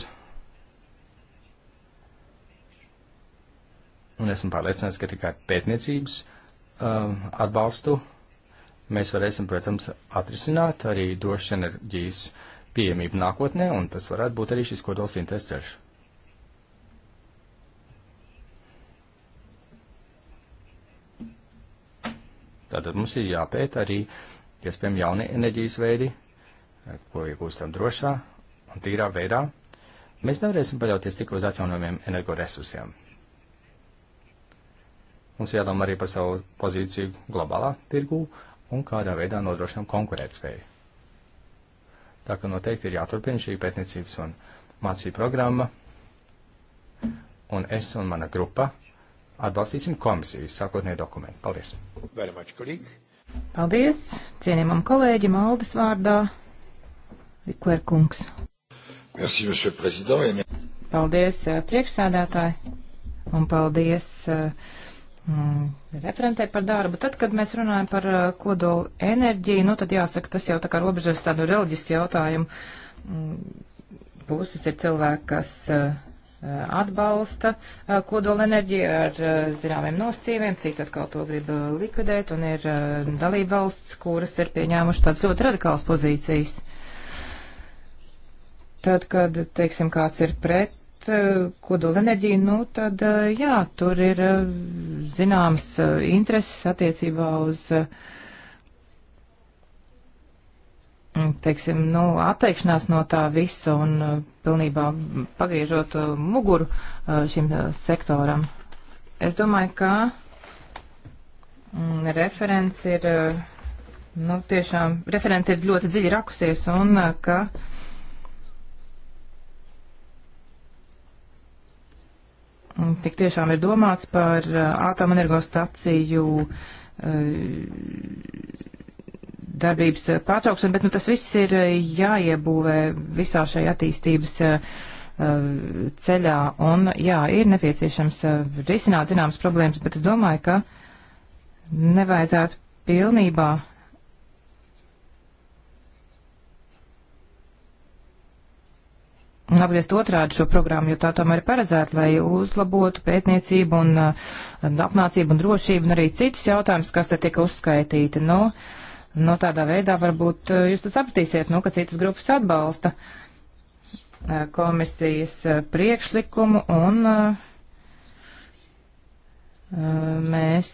Un esmu pārliecināts, ka tikai pētniecības um, atbalstu mēs varēsim, protams, atrisināt arī droši enerģijas pieejamību nākotnē, un tas varētu būt arī šis kodols interesu ceļš. Tātad mums ir jāpēta arī, iespējami, jauni enerģijas veidi, ko iegūstam drošā un tīrā veidā. Mēs nevarēsim paļauties tikai uz atjaunojumiem energoresursiem. Mums jādomā arī par savu pozīciju globālā tirgū un kādā veidā nodrošinām konkurētspēju. Tā ka noteikti ir jāturpina šī pētniecības un mācību programma, un es un mana grupa atbalstīsim komisijas sākotnējo dokumentu. Paldies! Much, Paldies! Cienījumam kolēģim Aldis vārdā Rikverkungs. Merci, monsieur prezident. Paldies, eh, priekšsēdētāji, un paldies eh, mm, referentē par darbu. Tad, kad mēs runājam par eh, kodolu enerģiju, nu tad jāsaka, tas jau tā kā robežas tādu reliģisku jautājumu. Mm, puses ir cilvēki, kas uh, Eh, atbalsta eh, kodolenerģiju ar eh, zināmiem nosacījumiem, cik atkal to grib likvidēt, un ir dalība valsts, kuras ir pieņēmuši tāds ļoti radikāls pozīcijas. Tad, kad, teiksim, kāds ir pret kodolenerģiju, nu tad, jā, tur ir zināms intereses attiecībā uz uh, Mm, teiksim, nu, atteikšanās no tā visa un uh, pilnībā pagriežot uh, muguru uh, šim uh, sektoram. Es domāju, ka mm, referents ir, uh, nu, tiešām, referenti ir ļoti dziļi rakusies un uh, ka. Un, mm, tik tiešām ir domāts par atomenergostaciju darbības eh, pārtraukšanu, bet nu, tas viss ir eh, jāiebūvē visā šajā attīstības eh, ceļā. Un jā, ir nepieciešams risināt zināmas problēmas, bet es domāju, ka nevajadzētu pilnībā apgriezt otrādi šo programmu, jo tā tomēr ir paredzēta, lai uzlabotu pētniecību un apmācību un drošību un arī citus jautājumus, kas te tika uzskaitīti. Nu, no, Nu, no tādā veidā varbūt eh, jūs tad sapratīsiet, nu, ka citas grupas atbalsta eh, komisijas eh, priekšlikumu un mēs,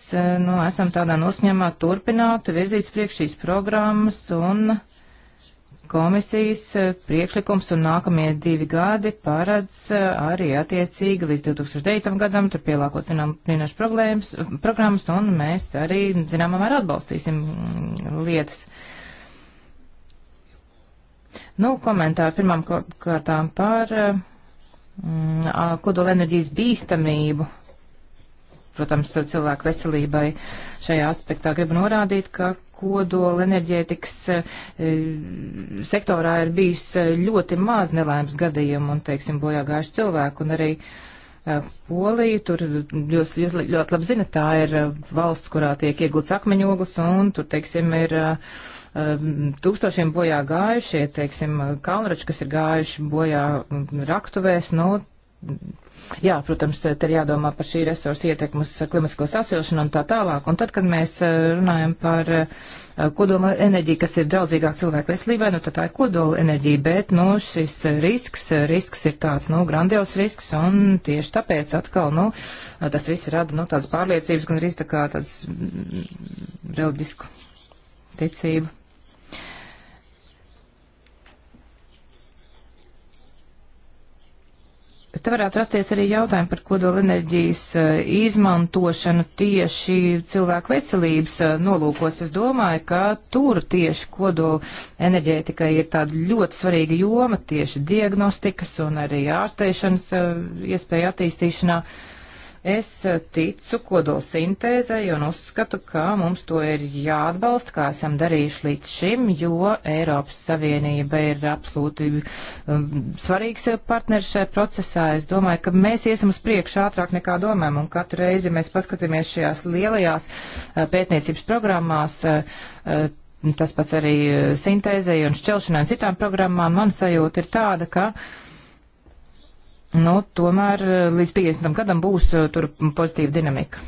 nu, esam tādā nosņemā turpināt virzīt priekš šīs programmas un Komisijas eh, priekšlikums un nākamie divi gadi paredz eh, arī attiecīgi līdz 2009. gadam, tur pielāgot finanšu programmas, un mēs arī, zināmā mērā, atbalstīsim mm, lietas. Nu, komentāri pirmām kārtām par eh, mm, kodolenerģijas bīstamību protams, cilvēku veselībai. Šajā aspektā gribu norādīt, ka kodola enerģētikas eh, sektorā ir bijis eh, ļoti maz nelaimes gadījumu un, teiksim, bojā gājuši cilvēku un arī eh, Polija, tur jūs, jūs ļoti labi zinat, tā ir valsts, kurā tiek iegūts akmeņoglis un tur, teiksim, ir tūkstošiem bojā gājušie, teiksim, kalnrači, kas ir gājuši bojā mm, raktuvēs, nu, jā, protams, te ir jādomā par šī resursa ietekmus klimatisko sasilšanu un tā tālāk. Un tad, kad mēs eh, runājam par eh, kodola enerģiju, kas ir draudzīgāk cilvēku veselībai, nu tad tā ir kodola enerģija, bet, nu, šis risks, risks ir tāds, nu, grandios risks, un tieši tāpēc atkal, nu, tas viss rada, nu, tādas pārliecības, gan arī tā kā tāds mm, reliģisku ticību. Te varētu rasties arī jautājumi par kodolenerģijas eh, izmantošanu tieši cilvēku veselības eh, nolūkos. Es domāju, ka tur tieši kodolenerģētika ir tāda ļoti svarīga joma tieši diagnostikas un arī ārsteišanas eh, iespēja attīstīšanā. Uh, Es ticu kodolsintēzei un uzskatu, ka mums to ir jāatbalsta, kā esam darījuši līdz šim, jo Eiropas Savienība ir absolūti um, svarīgs partners šajā procesā. Es domāju, ka mēs iesim uz priekšu ātrāk nekā domājam, un katru reizi mēs paskatāmies šajās lielajās uh, pētniecības programmās. Uh, uh tas pats arī uh, sintēzei un šķelšanai un citām programmām. Man sajūta ir tāda, ka uh, nu, tomēr eh, līdz 50. gadam būs eh, tur pozitīva dinamika.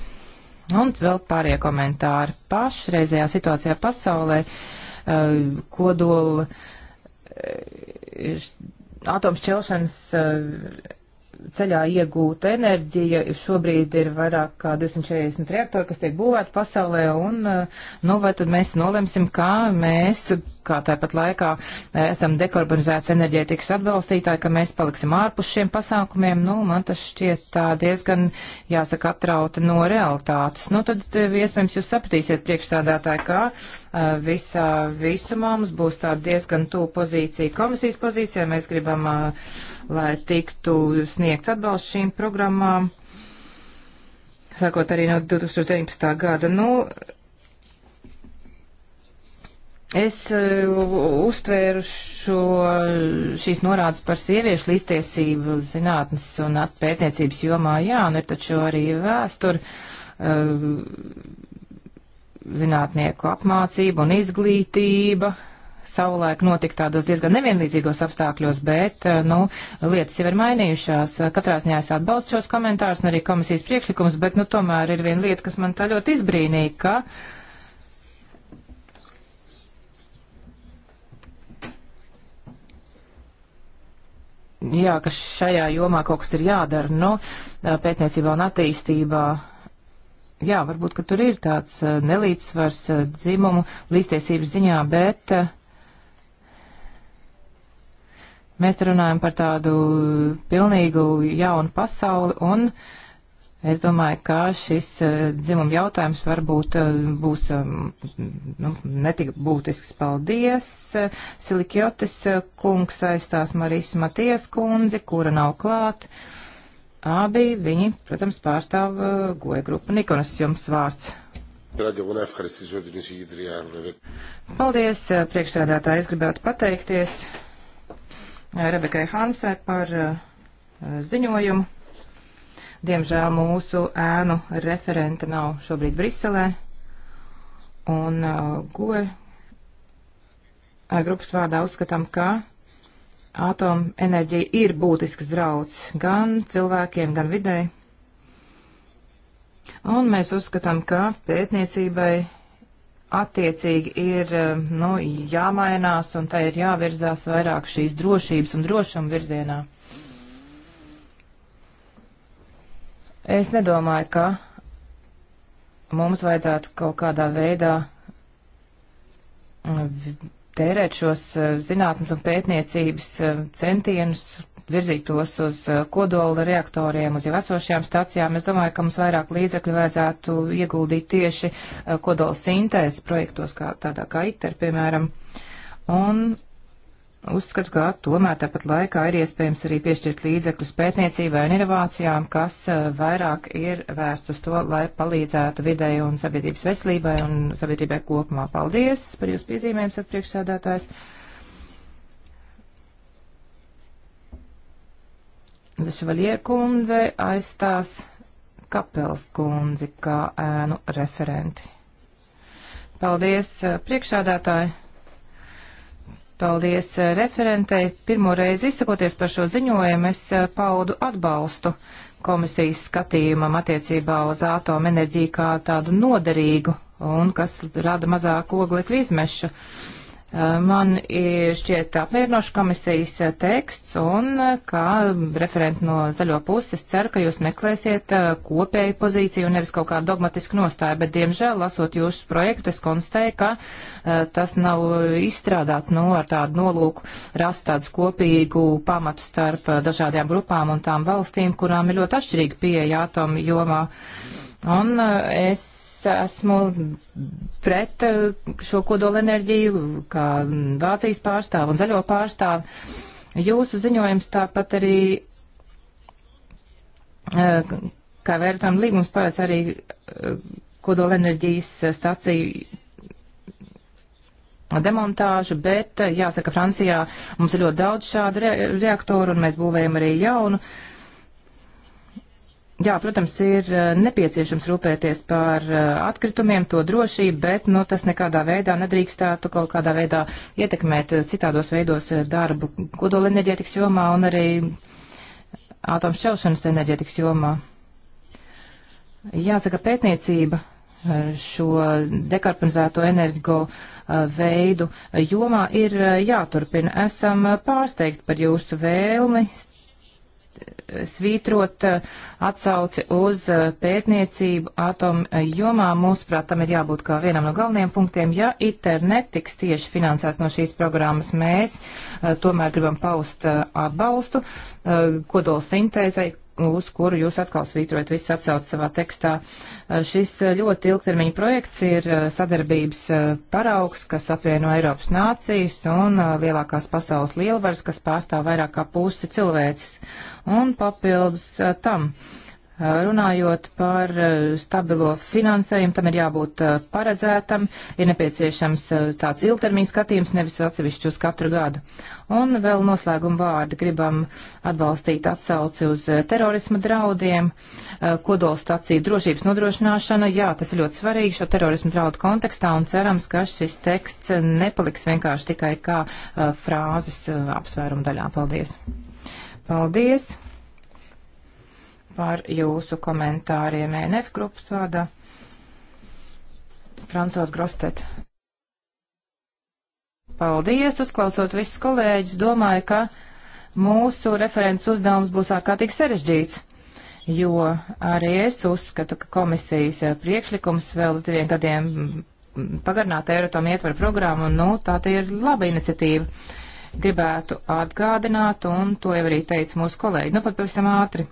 Un vēl pārējie komentāri. Pašreizējā situācijā pasaulē eh, kodola atomšķelšanas ceļā iegūta enerģija. Šobrīd ir vairāk kā 240 reaktori, kas tiek būvēti pasaulē, un eh, nu, vai tad mēs nolemsim, kā mēs, kā tāpat laikā eh, esam dekarbonizēts enerģētikas atbalstītāji, ka mēs paliksim ārpus šiem pasākumiem. Nu, man tas šķiet tā diezgan, jāsaka, atrauta no realitātes. Nu, tad eh, iespējams jūs sapratīsiet priekšsādātāji, kā visā visumā mums būs tāda diezgan tū pozīcija komisijas pozīcijā. Mēs gribam uh, lai tiktu sniegts atbalsts šīm programmām, sākot arī no 2019. gada. Nu, Es uh, uztvēru šo, šīs norādes par sieviešu līdztiesību zinātnes un pētniecības jomā, jā, un ir taču arī vēstur uh, e, zinātnieku apmācība un izglītība. Uh, savulaik notika tādos diezgan nevienlīdzīgos apstākļos, bet, eh, nu, lietas jau ir mainījušās. Katrā ziņā es atbalstu šos komentārus un arī komisijas priekšlikumus, bet, nu, tomēr ir viena lieta, kas man tā ļoti izbrīnīja, ka. Jā, ka šajā jomā kaut kas ir jādara, nu, pētniecībā un attīstībā jā, varbūt, ka tur ir tāds eh, nelīdzsvars eh, dzimumu līdztiesības ziņā, bet uh, Mēs te runājam par tādu pilnīgu jaunu pasauli, un es domāju, ka šis eh, dzimuma jautājums varbūt eh, būs eh, nu, netik būtisks. Paldies! Silikjotis kungs aizstās Marijas Matijas kundzi, kura nav klāt. Abi viņi, protams, pārstāv goja grupu. Nikonas jums vārds. Paldies, priekšsēdētāji, es gribētu pateikties Rebekai Hansai par uh, ziņojumu. Diemžēl mūsu ēnu referente nav šobrīd Briselē. Un uh, goja uh, grupas vārdā uzskatām, ka atomenerģija ir būtisks drauds gan cilvēkiem, gan videi. Un mēs uzskatām, ka pētniecībai attiecīgi ir eh, nu, jāmainās un tai ir jāvirzās vairāk šīs drošības un drošuma virzienā. Es nedomāju, ka mums vajadzētu kaut kādā veidā mm, tērēt šos eh, zinātnes un pētniecības eh, centienus virzīt tos uz eh, kodola reaktoriem, uz jau esošajām stācijām. Es domāju, ka mums vairāk līdzekļu vajadzētu ieguldīt tieši eh, kodola sintēzes projektos, kā tādā kā ITER, piemēram. Un Uzskatu, ka tomēr tāpat laikā ir iespējams arī piešķirt līdzekļus pētniecībai un inovācijām, kas eh, vairāk ir vērsts uz to, lai palīdzētu videi un sabiedrības veselībai un sabiedrībai kopumā. Paldies par jūsu piezīmēm, saka priekšsēdētājs. Dešvalie kundze aizstās Kapels kundzi kā ēnu referenti. Paldies priekšādātāji! Paldies referentei. Pirmoreiz izsakoties par šo ziņojumu, es paudu atbalstu komisijas skatījumam attiecībā uz atomenerģiju kā tādu noderīgu un kas rada mazāku oglekļu izmešu. Uh, Eh, man šķiet apmierinoši komisijas eh, teksts un eh, kā referenti no zaļo puses ceru, ka jūs meklēsiet kopēju pozīciju un nevis kaut kādu dogmatisku nostāju, bet diemžēl lasot jūsu projektu, es konstēju, ka tas nav izstrādāts no nu, ar tādu nolūku rast tādus kopīgu pamatu starp dažādajām grupām un tām valstīm, kurām ir ļoti atšķirīga pieeja atomu jomā. Un es esmu pret uh, šo kodolenerģiju, kā Vācijas pārstāvu un zaļo pārstāvu. Jūsu ziņojums tāpat arī, uh, kā vērtām līgums paredz arī uh, kodolenerģijas staciju demontāžu, bet jāsaka, Francijā mums ir ļoti daudz šādu re reaktoru un mēs būvējam arī jaunu. Uh, Jā, protams, ir eh, nepieciešams rūpēties par eh, atkritumiem, to drošību, bet nu, tas nekādā veidā nedrīkstētu kaut kādā veidā ietekmēt eh, citādos veidos darbu kodola enerģētikas jomā un arī atomšķelšanas enerģētikas jomā. Jāsaka, pētniecība šo dekarbonizēto energo veidu jomā ir jāturpina. Esam pārsteigti par jūsu vēlmi svītrot eh, atsauci uz eh, pētniecību atomu eh, jomā. Mūsuprāt, tam ir jābūt kā vienam no galvenajiem punktiem. Ja ITER netiks tieši finansēts no šīs programmas, mēs tomēr gribam paust atbalstu kodola sintēzai, uz kuru jūs atkal svītrojat visu atsaucu savā tekstā. Eh, šis eh, ļoti ilgtermiņa projekts ir eh, sadarbības paraugs, kas apvieno Eiropas nācijas un lielākās pasaules lielvaras, kas pārstāv vairāk kā pusi cilvēces. Un papildus tam. Uh, Runājot par eh, stabilo finansējumu, tam ir jābūt eh, paredzētam, ir nepieciešams eh, tāds ilgtermiņa skatījums, nevis atsevišķi uz katru gadu. Un vēl noslēguma vārdi gribam atbalstīt atsauci uz terorisma draudiem, kodolstācija drošības nodrošināšana. Jā, tas ir ļoti svarīgi šo terorismu draudu kontekstā un cerams, ka šis teksts nepaliks vienkārši tikai kā frāzes apsvērumu daļā. Paldies! Paldies! par jūsu komentāriem ENF grupas vārdā. Francos Grostet. Paldies, uzklausot visus kolēģis, domāju, ka mūsu referents uzdevums būs ārkārtīgi sarežģīts, jo arī es uzskatu, ka komisijas priekšlikums vēl uz diviem gadiem pagarināt Eirotom ietvaru programmu, un, nu, tā tie ir laba iniciatīva. Gribētu atgādināt, un to jau arī teica mūsu kolēģi, nu pat pavisam ātri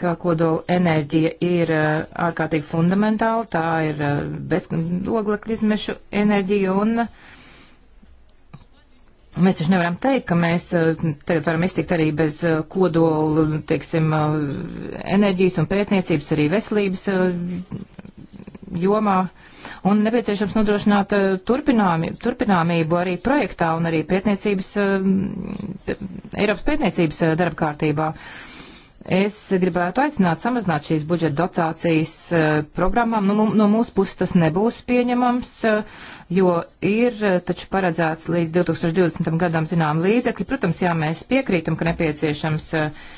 ka kodola enerģija ir eh, ārkārtīgi fundamentāla, tā ir eh, bezoglekļa izmešu enerģija un mēs taču nevaram teikt, ka mēs eh, tagad varam iztikt arī bez kodola, teiksim, enerģijas un pētniecības arī veselības jomā. Un nepieciešams nodrošināt turpināmi, turpināmību arī projektā un arī pētniecības, Eiropas pētniecības darbkārtībā. kārtībā. Es gribētu aicināt samazināt šīs budžeta dotācijas uh, programmām. Nu, no mūsu puses tas nebūs pieņemams, uh, jo ir uh, taču paredzēts līdz 2020. gadam zinām līdzekļi. Protams, jā, mēs piekrītam, ka nepieciešams. Uh,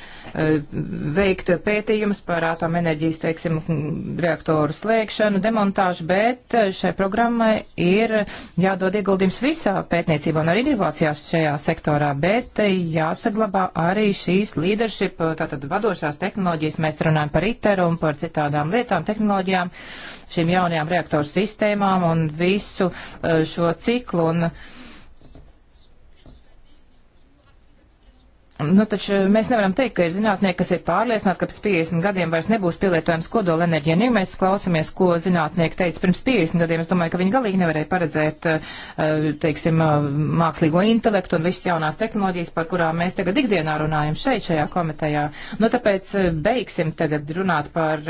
veikt pētījumus par atomenerģijas, teiksim, reaktoru slēgšanu, demontāžu, bet šai programmai ir jādod ieguldījums visā pētniecībā un arī inovācijās šajā sektorā, bet jāsaglabā arī šīs leadership, tātad vadošās tehnoloģijas, mēs runājam par ITERu un par citādām lietām, tehnoloģijām, šīm jaunajām reaktoru sistēmām un visu eh, šo ciklu. Un, uh, Nu, taču mēs nevaram teikt, ka ir zinātnieki, kas ir pārliecināti, ka pēc 50 gadiem vairs nebūs pielietojams kodola enerģija. Nu, ja mēs klausamies, ko zinātnieki teica pirms 50 gadiem, es domāju, ka viņi galīgi nevarēja paredzēt, eh, eh, teiksim, eh, mākslīgo intelektu un visas jaunās tehnoloģijas, par kurām mēs tagad ikdienā runājam šeit, šajā komitejā. Nu, tāpēc beigsim tagad runāt par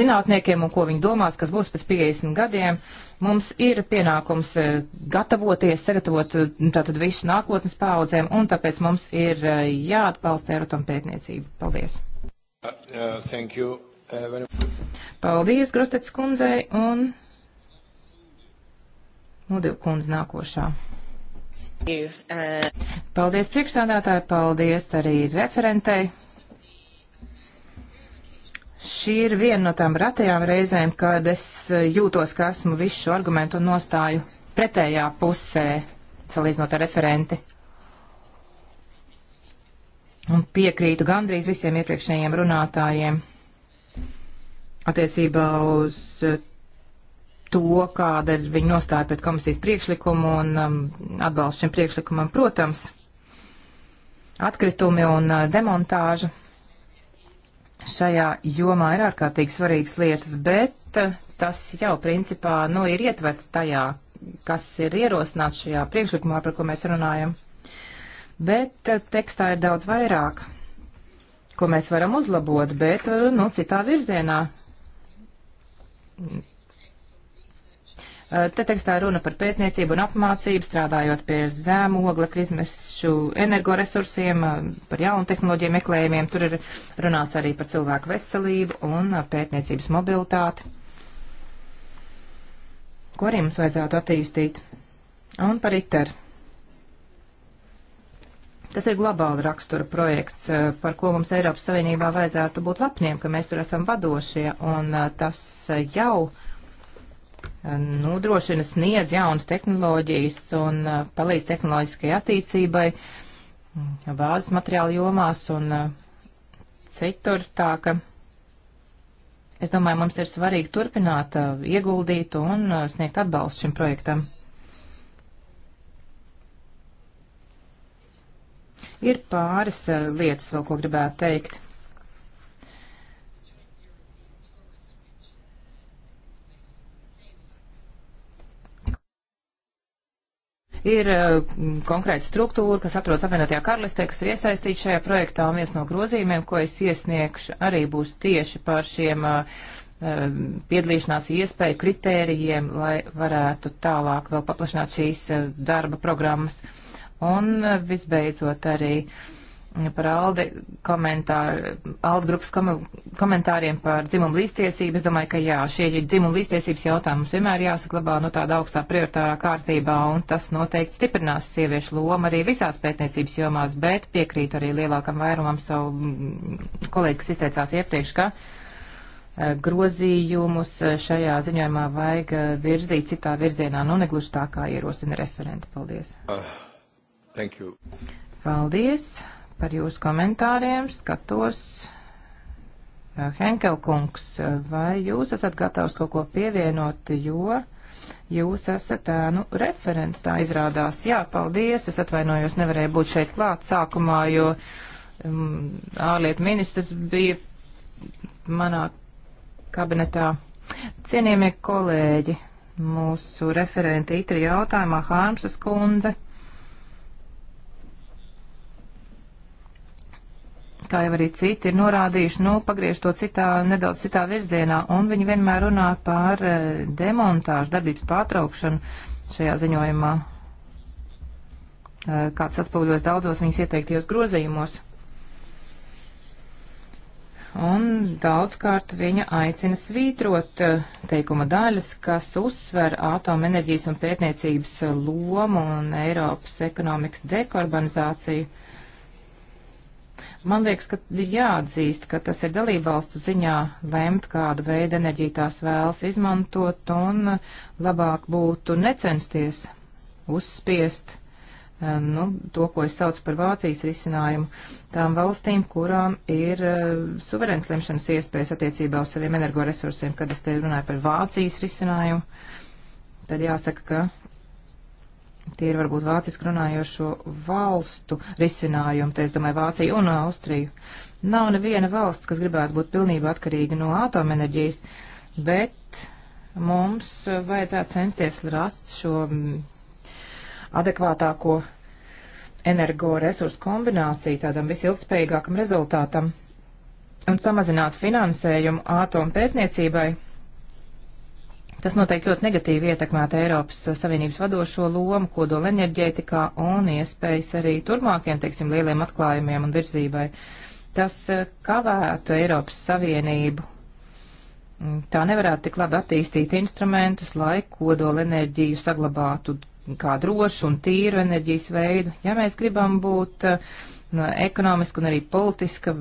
zinātniekiem un ko viņi domās, kas būs pēc 50 gadiem. Uh, Mums ir pienākums eh, gatavoties, sagatavot eh, tātad visu nākotnes paudzēm, un tāpēc mums ir eh, jāatbalsta Eirotam pētniecību. Paldies! Uh, uh, thank you. Uh, Paldies, Grostets kundzei, un Mudiv kundze nākošā. Uh, paldies priekšsādātāji, paldies arī referentei Šī ir viena no tām ratajām reizēm, kad es eh, jūtos, ka esmu visu šo argumentu un nostāju pretējā pusē, salīdzinot ar referenti. Un piekrītu gandrīz visiem iepriekšējiem runātājiem attiecībā uz eh, to, kāda ir viņa nostāja pret komisijas priekšlikumu un um, atbalsts šim priekšlikumam, protams, atkritumi un uh, demontāža šajā jomā ir ārkārtīgi svarīgas lietas, bet eh, tas jau principā nu, ir ietverts tajā, kas ir ierosināts šajā priekšlikumā, par ko mēs runājam. Bet eh, tekstā ir daudz vairāk, ko mēs varam uzlabot, bet eh, nu, citā virzienā. Eh, te tekstā runa par pētniecību un apmācību, strādājot pie zēmu oglekļa izmešu energoresursiem, eh, par jaunu tehnoloģiju meklējumiem. Tur ir runāts arī par cilvēku veselību un eh, pētniecības mobilitāti, ko arī mums vajadzētu attīstīt. Un par ITER. Tas ir globāla rakstura projekts, par ko mums Eiropas Savienībā vajadzētu būt lepniem, ka mēs tur esam vadošie, un tas jau nodrošina, sniedz jaunas tehnoloģijas un uh, palīdz tehnoloģiskai attīstībai mm, bāzes materiālu jomās un uh, citur. Tā ka es domāju, mums ir svarīgi turpināt uh, ieguldīt un sniegt atbalstu šim projektam. Ir pāris lietas vēl, ko gribētu teikt. Ir eh, konkrēta struktūra, kas atrodas apvienotajā karalistē, kas ir iesaistīta šajā projektā, un viens no grozījumiem, ko es iesniegšu, arī būs tieši par šiem eh, eh, piedalīšanās iespēju kritērijiem, lai varētu tālāk vēl paplašināt šīs darba programmas. Un visbeidzot arī uh, par Alde komentāru, Alde grupas komentāriem par dzimumu līdztiesību. Es domāju, ka jā, šie dzimumu līdztiesības jautājums vienmēr jāsaglabā no nu, tāda augstā prioritārā kārtībā, un tas noteikti stiprinās sieviešu lomu arī visās pētniecības jomās, bet piekrītu arī lielākam vairumam savu mm, kolēģi, kas izteicās iepriekš, ka e, grozījumus e, šajā ziņojumā vajag e, virzīt citā virzienā, nu negluži tā kā ierosina referenti. Paldies. Uh, thank you. Paldies par jūsu komentāriem. Skatos, eh, Henkelkungs, eh, vai jūs esat gatavs kaut ko pievienot, jo jūs esat ēnu referents, tā izrādās. Jā, paldies, es atvainojos, nevarēju būt šeit klāt sākumā, jo um, ārlietu ministrs bija manā kabinetā. Cienījamie kolēģi, mūsu referenti Itri jautājumā Hārmsas kundze kā jau arī citi ir norādījuši, nu, pagriež to citā, nedaudz citā virzienā, un viņi vienmēr runā par eh, demontāžu, darbības pārtraukšanu šajā ziņojumā, eh, kāds atspoguļos daudzos viņas ieteiktajos grozījumos. Un daudzkārt viņa aicina svītrot eh, teikuma daļas, kas uzsver atomenerģijas un pētniecības lomu un Eiropas ekonomikas dekarbonizāciju Man liekas, ka ir jāatzīst, ka tas ir dalībvalstu ziņā lemt, kādu veidu enerģiju tās vēlas izmantot, un labāk būtu necensties uzspiest eh, nu, to, ko es saucu par Vācijas risinājumu, tām valstīm, kurām ir eh, suverēns lemšanas iespējas attiecībā uz saviem energoresursiem. Kad es te runāju par Vācijas risinājumu, tad jāsaka, ka Tie ir varbūt vāciski runājošo valstu risinājumi, te es domāju Vāciju un Austriju. Nav neviena valsts, kas gribētu būt pilnībā atkarīga no atomenerģijas, bet mums vajadzētu censties rast šo adekvātāko energoresursu kombināciju tādam visilgspējīgākam rezultātam un samazināt finansējumu atomu pētniecībai Tas noteikti ļoti negatīvi ietekmētu Eiropas Savienības vadošo lomu kodolenerģētikā un iespējas arī turmākiem, teiksim, lieliem atklājumiem un virzībai. Tas eh, kavētu Eiropas Savienību. Mm, tā nevarētu tik labi attīstīt instrumentus, lai kodolenerģiju saglabātu kā drošu un tīru enerģijas veidu. Ja mēs gribam būt uh, ekonomiska un arī politiska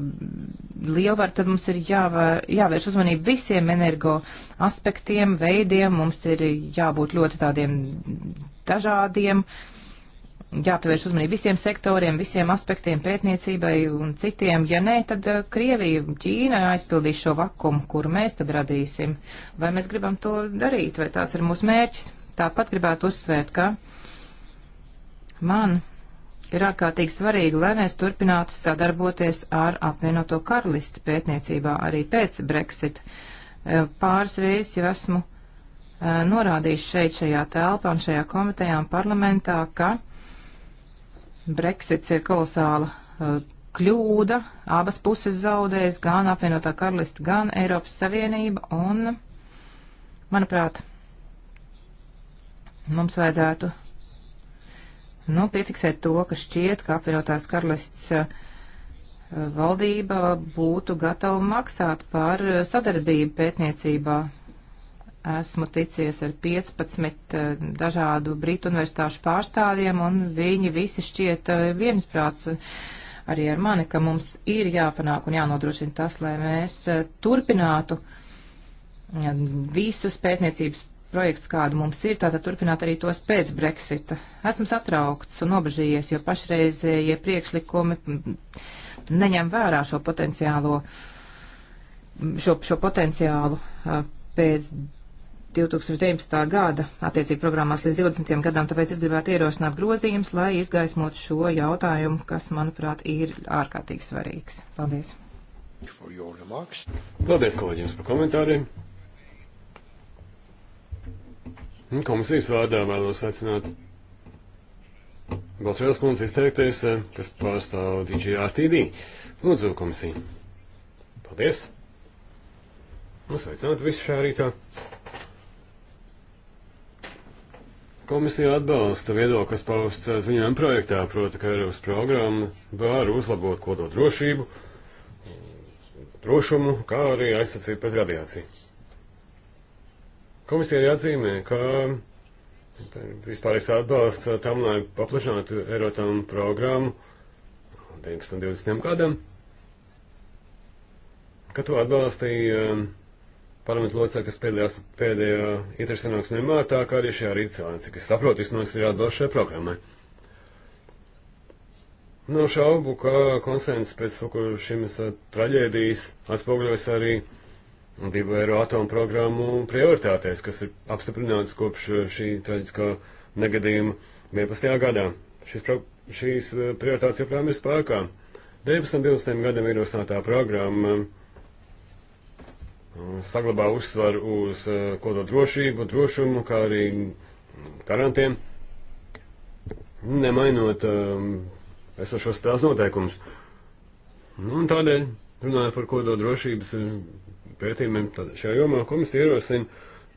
lielvara, tad mums ir jāvē, jāvērš uzmanība visiem energo aspektiem, veidiem, mums ir jābūt ļoti tādiem dažādiem, jāpievērš uzmanība visiem sektoriem, visiem aspektiem, pētniecībai un citiem. Ja nē, tad eh, Krievija, Ķīna aizpildīs šo vakumu, kuru mēs tad radīsim. Vai mēs gribam to darīt, vai tāds ir mūsu mērķis? Tāpat gribētu uzsvērt, ka man ir ārkārtīgi svarīgi, lai mēs turpinātu sadarboties ar apvienoto karalistu pētniecībā arī pēc Brexit. E, pāris reizes jau esmu e, norādījis šeit, šajā telpā un šajā komitejā un parlamentā, ka Brexits ir kolosāla e, kļūda, abas puses zaudēs gan apvienotā karalista, gan Eiropas Savienība, un, manuprāt, mums vajadzētu nu, piefiksēt to, ka šķiet, ka apvienotās karalists eh, valdība būtu gatava maksāt par eh, sadarbību pētniecībā. Esmu ticies ar 15 eh, dažādu Britu universitāšu pārstāvjiem, un viņi visi šķiet viensprāts arī ar mani, ka mums ir jāpanāk un jānodrošina tas, lai mēs turpinātu visus pētniecības projekts, kādu mums ir, tātad turpināt arī tos pēc Brexita. Esmu satraukts un nobežījies, jo pašreizējie ja priekšlikumi neņem vērā šo potenciālo, šo, šo potenciālu pēc 2019. gada, attiecīgi programmās līdz 20. gadam, tāpēc es gribētu ierosināt grozījumus, lai izgaismot šo jautājumu, kas, manuprāt, ir ārkārtīgi svarīgs. Paldies! Paldies, kolēģiem, par komentāriem! Nu, komisijas vārdā vēlos aicināt Balčēlas kundze izteikties, eh, kas pārstāv DGRTD. Lūdzu, komisija. Paldies! Mums aicināt visu šā rītā. Komisija atbalsta viedokli, kas pausts eh, ziņām projektā, proti, ka Eiropas programma var uzlabot kododrošību, drošumu, kā arī aizsardzību pret radiāciju. Komisija arī atzīmē, ka vispārējais atbalsts uh, tam, lai paplašinātu Eirotam programmu 19 un 20 gadam, ka to atbalstīja um, parlamentu locekļus pēdējās, pēdējā ietrasanāksmē mārtā, kā arī šajā rīcēlēnā, cik es saprotu, vismaz ir atbalsts šajai programmai. Nav šaubu, ka konsens pēc Fukushimas uh, traģēdijas atspoguļojas arī divu eiro atomu programmu prioritātēs, kas ir apstiprināts kopš eh, šī traģiskā negadījuma 11. gadā. Šis, pro, šīs eh, prioritātes joprojām ir spēkā. 19. un 20. gadam ierosinātā programma eh, saglabā uzsvaru uz kodo drošību, drošumu, kā arī karantiem, mm, nemainot um, esošos tās noteikumus. Nu, un tādēļ, runājot par kodo drošības pētījumiem šajā jomā, komisija ierosina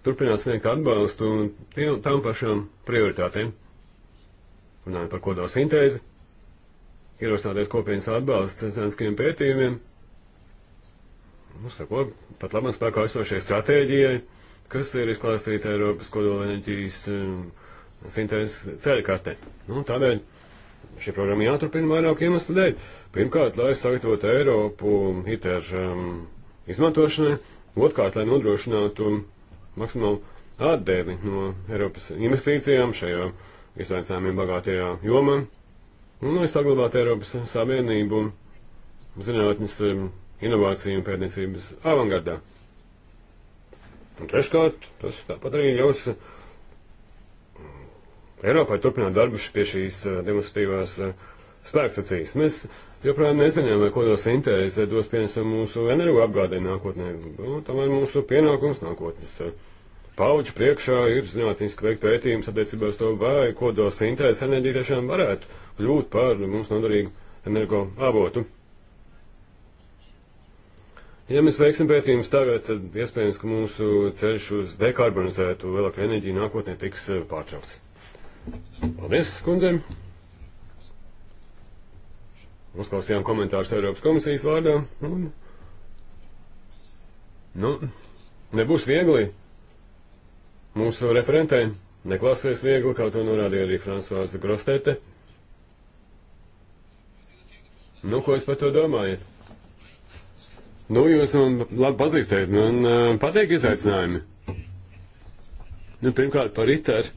turpināt sniegt atbalstu tiem, tām pašām prioritātēm. Runājot par kodola sintēzi, ierosināties kopienas atbalsts zinātniskiem pētījumiem, mums nu, sako, pat labam spēkā esošajai stratēģijai, kas ir izklāstīta Eiropas kodola enerģijas um, sintēzes ceļkartē. Nu, tādēļ šī programma jāturpina vairāk iemeslu dēļ. Pirmkārt, lai sagatavotu Eiropu, it ar um, izmantošanai, otrkārt, lai nodrošinātu maksimālu atdevi no Eiropas investīcijām šajā izaicinājumiem bagātajā jomā, un lai saglabātu Eiropas Savienību zinātnes um, inovāciju un pētniecības avangardā. Un treškārt, tas tāpat arī ļaus um, Eiropai turpināt darbu pie šīs uh, demonstratīvās uh, spēkstacijas. Mēs joprojām nezinām, vai kodols sintēze dos pienesumu mūsu energoapgādē nākotnē. Nu, tomēr mūsu pienākums nākotnes eh, pauģu priekšā ir zinātniski veikt pētījums attiecībā uz to, vai kodols sintēze enerģija tiešām varētu kļūt par mums noderīgu energo avotu. Ja mēs veiksim pētījumus tagad, tad iespējams, ka mūsu ceļš uz dekarbonizētu elektroenerģiju nākotnē tiks eh, pārtraukts. Paldies, kundzēm! Uzklausījām komentārus Eiropas komisijas vārdā. Un, nu, nebūs viegli mūsu referentē. Neklāsies viegli, kā to norādīja arī Fransvāza Grostete. Nu, ko es par to domāju? Nu, jūs man labi pazīstat, man uh, patīk izaicinājumi. Nu, pirmkārt, par itāru.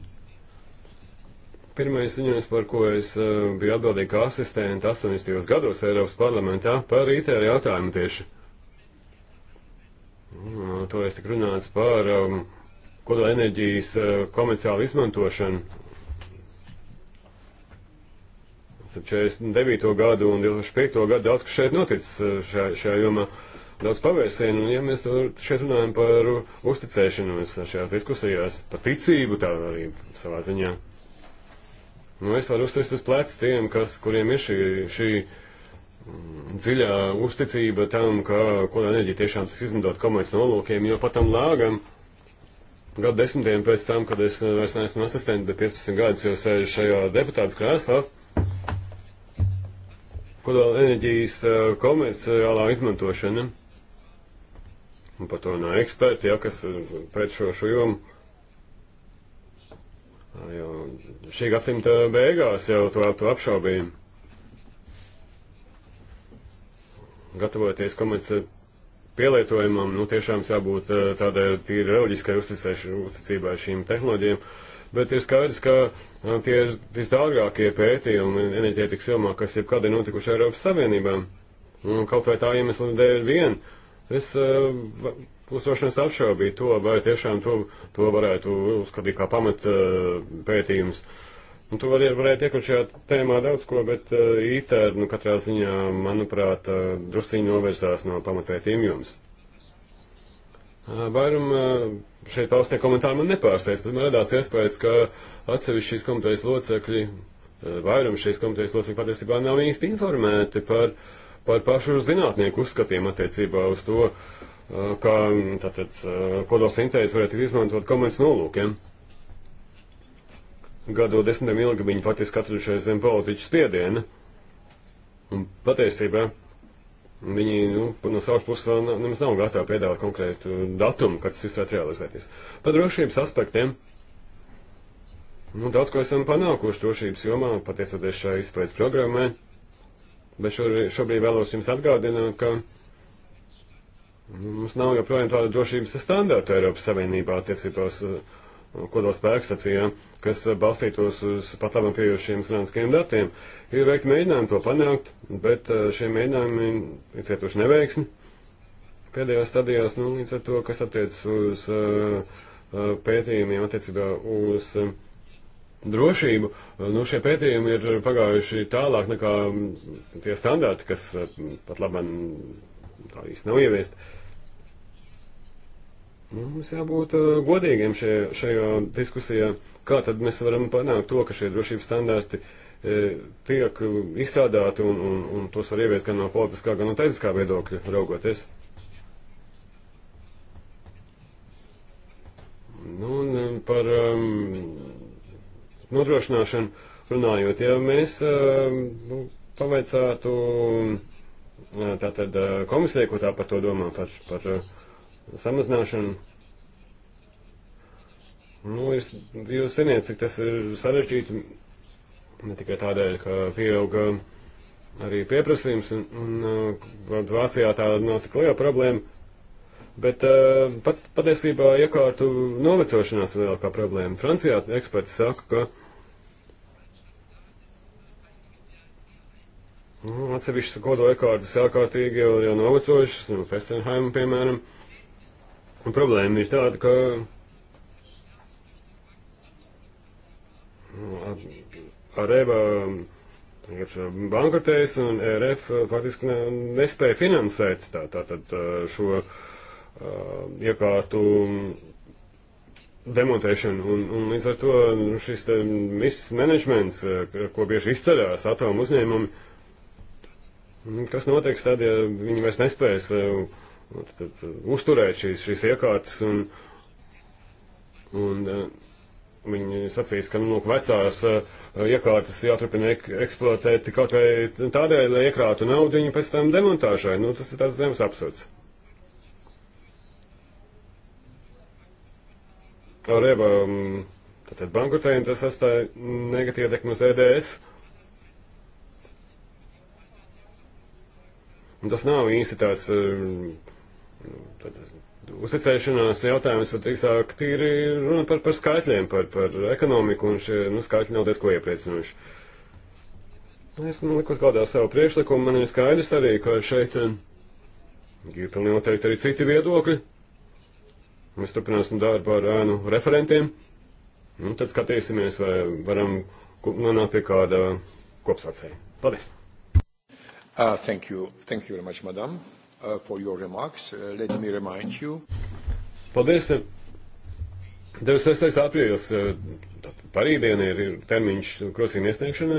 Pirmais ziņojums, par ko es uh, biju atbildīgi kā asistenti 80. gados Eiropas parlamentā, par ITR e jautājumu tieši. Uh, nu, Toreiz tik runāts par um, kodola enerģijas uh, komerciālu izmantošanu. 49. gadu un 2005. gadu daudz, kas šeit noticis eh, šajā, šajā jomā, daudz pavērsienu, un ja mēs šeit runājam par uzticēšanos šajās diskusijās, par ticību tā arī savā ziņā. Nu, es varu uzsist uz pleca tiem, kas, kuriem ir šī, šī mm, dziļā uzticība tam, ka kodola enerģija tiešām tiks izmantot komerc nolūkiem, jo pat tam lāgam gadu desmitiem pēc tam, kad es eh, vairs neesmu asistents, bet 15 gadus jau sēžu šajā deputātas krēslā, kodola enerģijas eh, komerciālā izmantošana. Un par to no eksperti, ja, kas eh, pēc šo, šo jomu Jo šī gadsimta beigās jau to, to apšaubīju. Gatavoties komerci pielietojumam, nu tiešām jābūt eh, tādai tīri reliģiskai uzticībai šīm tehnoloģijām, bet ir skaidrs, ka eh, tie ir visdārgākie pētījumi enerģētikas jomā, kas jebkad ir notikuši Eiropas Savienībā. Un kaut vai tā iemesla dēļ vien. Es uh, Pusošanas apšaubīja to, vai tiešām to, to varētu uzskatīt kā pamat eh, pētījums. Un nu, tu vari, varētu iekļūt šajā tēmā daudz ko, bet uh, eh, ITER, nu, katrā ziņā, manuprāt, uh, drusciņi novērsās no pamatpētījuma jums. Uh, Vairum uh, šeit paustie komentāri man nepārsteidz, bet man radās iespējas, ka atsevišķi šīs komitejas locekļi, uh, vairum šīs komitejas locekļi patiesībā nav īsti informēti par, par pašu zinātnieku uzskatiem attiecībā uz to, uh, Eh, ka tātad eh, kodolsintēzi varētu izmantot komerc nolūkiem. Gado desmitiem ilgi viņi faktiski atradušies zem politiķu spiediena. Un patiesībā viņi nu, no savas puses vēl nemaz nav gatavi piedāvāt konkrētu datumu, kad tas viss varētu realizēties. Par drošības aspektiem. Nu, daudz ko esam panākuši drošības jomā, pateicoties šai izpētes programmai. Bet šobrīd vēlos jums atgādināt, ka Mums nav joprojām tāda drošības standarta Eiropas Savienībā attiecībos uh, kodolspēkstacijām, kas uh, balstītos uz pat labam pieejušiem zinātniskiem datiem. Ir veikti mēģinājumi to panākt, bet uh, šie mēģinājumi ir cietuši neveiksmi. Pēdējās stadijās, nu, līdz ar to, kas attiecas uz uh, pētījumiem attiecībā uz uh, drošību, nu, šie pētījumi ir pagājuši tālāk nekā mm, tie standarti, kas uh, pat labam tā īsti nav ieviesti. Nu, mums jābūt uh, godīgiem šajā, šajā diskusijā, kā tad mēs varam panākt to, ka šie drošības standarti uh, tiek izstrādāti un, un, un tos var ieviest gan no politiskā, gan no tehniskā viedokļa raugoties. Nu, un um, par um, nodrošināšanu runājot, ja mēs uh, nu, pavaicātu uh, tātad uh, komisijai, ko tā par to domā, par, par uh, samazināšanu. Nu, jūs, jūs ziniet, cik tas ir sarežģīti, ne tikai tādēļ, ka pieauga arī pieprasījums, un, un uh, Vācijā tā nav tik liela problēma, bet uh, pat, patiesībā iekārtu novecošanās ir lielākā problēma. Francijā eksperti saka, ka nu, atsevišķas kodola iekārtas ārkārtīgi jau, jau novecojušas, nu, Festenheim, piemēram, uh, Un problēma ir tāda, ka nu, ar, ar EVA ir uh, bankrotējis un e RF uh, faktiski nespēja finansēt tā, tā, tad, uh, šo uh, iekārtu demontēšanu. Un, un līdz ar to nu, šis viss menedžments, ko bieži izceļās atomu uzņēmumi, nu, kas notiks tad, ja viņi vairs nespēs. Uh, tad, tad, uh, uzturēt šīs, šīs iekārtas. Un, un, uh, Viņi sacīs, ka nu, vecās uh, iekārtas jāturpina eksploatēt kaut vai tādēļ, lai iekrātu naudu viņu pēc tam demontāžai. Nu, tas ir tāds zemes absurds. Reba um, tātad bankrotēja, un tas atstāja negatīvu ietekmi uz EDF. Un tas nav īsti tāds. Uh, Nu, uzticēšanās jautājums, bet drīzāk tīri runa par, par skaitļiem, par, par ekonomiku, un šie nu, skaitļi nav diezko iepriecinoši. Es nu, liku uz galdā savu priekšlikumu, man ir skaidrs arī, ka šeit eh, ir pilnīgi noteikti arī citi viedokļi. Mēs turpināsim darbu ar ēnu referentiem, un nu, tad skatīsimies, vai varam nonākt pie kāda kopsacēja. Paldies! Uh, thank you. Thank you very much, madam uh, for your remarks. Uh, let me remind you. Paldies. 26. aprīlis parīdien ir termiņš krosījuma iesniegšanai.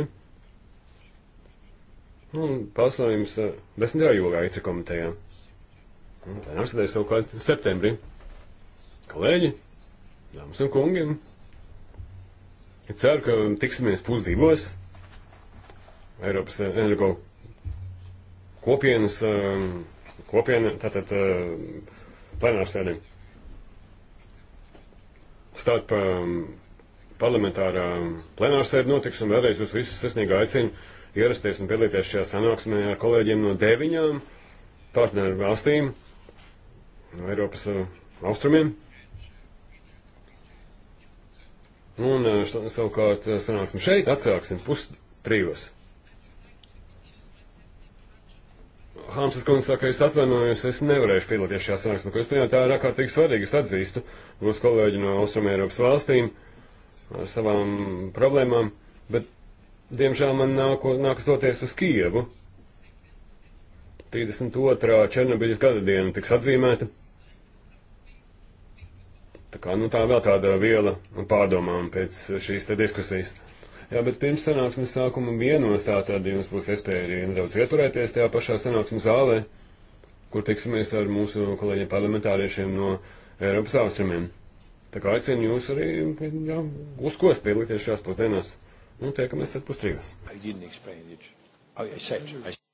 Un pārslājums 10. Uh, jūlijā itra komitejā. Un tā nāksatēja savukārt septembrī. Kolēģi, dāmas un kungi, ceru, ka tiksimies pusdivos Eiropas uh, energo kopienas um, kopiena, tātad eh, plenārsēdēm. Starp mm, parlamentārā plenārsēde notiks un vēlreiz jūs visus sasniegā aicinu ierasties un piedalīties šajā sanāksmē ar kolēģiem no deviņām partneru valstīm, no Eiropas eh, austrumiem. Un eh, savukārt sanāksim šeit, atsāksim pus trījos. Hamsas kundze saka, es atvainojos, es nevarēšu piedalīties šajā sanāksmē, ko jūs pieņemat, tā ir ārkārtīgi svarīgi, es atzīstu mūsu kolēģi no Austrumēropas valstīm ar savām problēmām, bet, diemžēl, man nāko, nākas doties uz Kievu. 32. Černobiļas gada diena tiks atzīmēta. Tā kā, nu, tā vēl tāda viela pārdomām pēc šīs te diskusijas. Jā, bet pirms sanāksmes sākuma vienos tā tad jums būs iespēja arī nedaudz ieturēties tajā pašā sanāksmes zālē, kur tiksimies ar mūsu kolēģiem parlamentāriešiem no Eiropas austrumiem. Tā kā aicinu jūs arī jā, uzkost piedalīties šajās pusdienās. Un nu, tiekamies ar pustrīgas. I didn't explain it. Oh, I said, I said.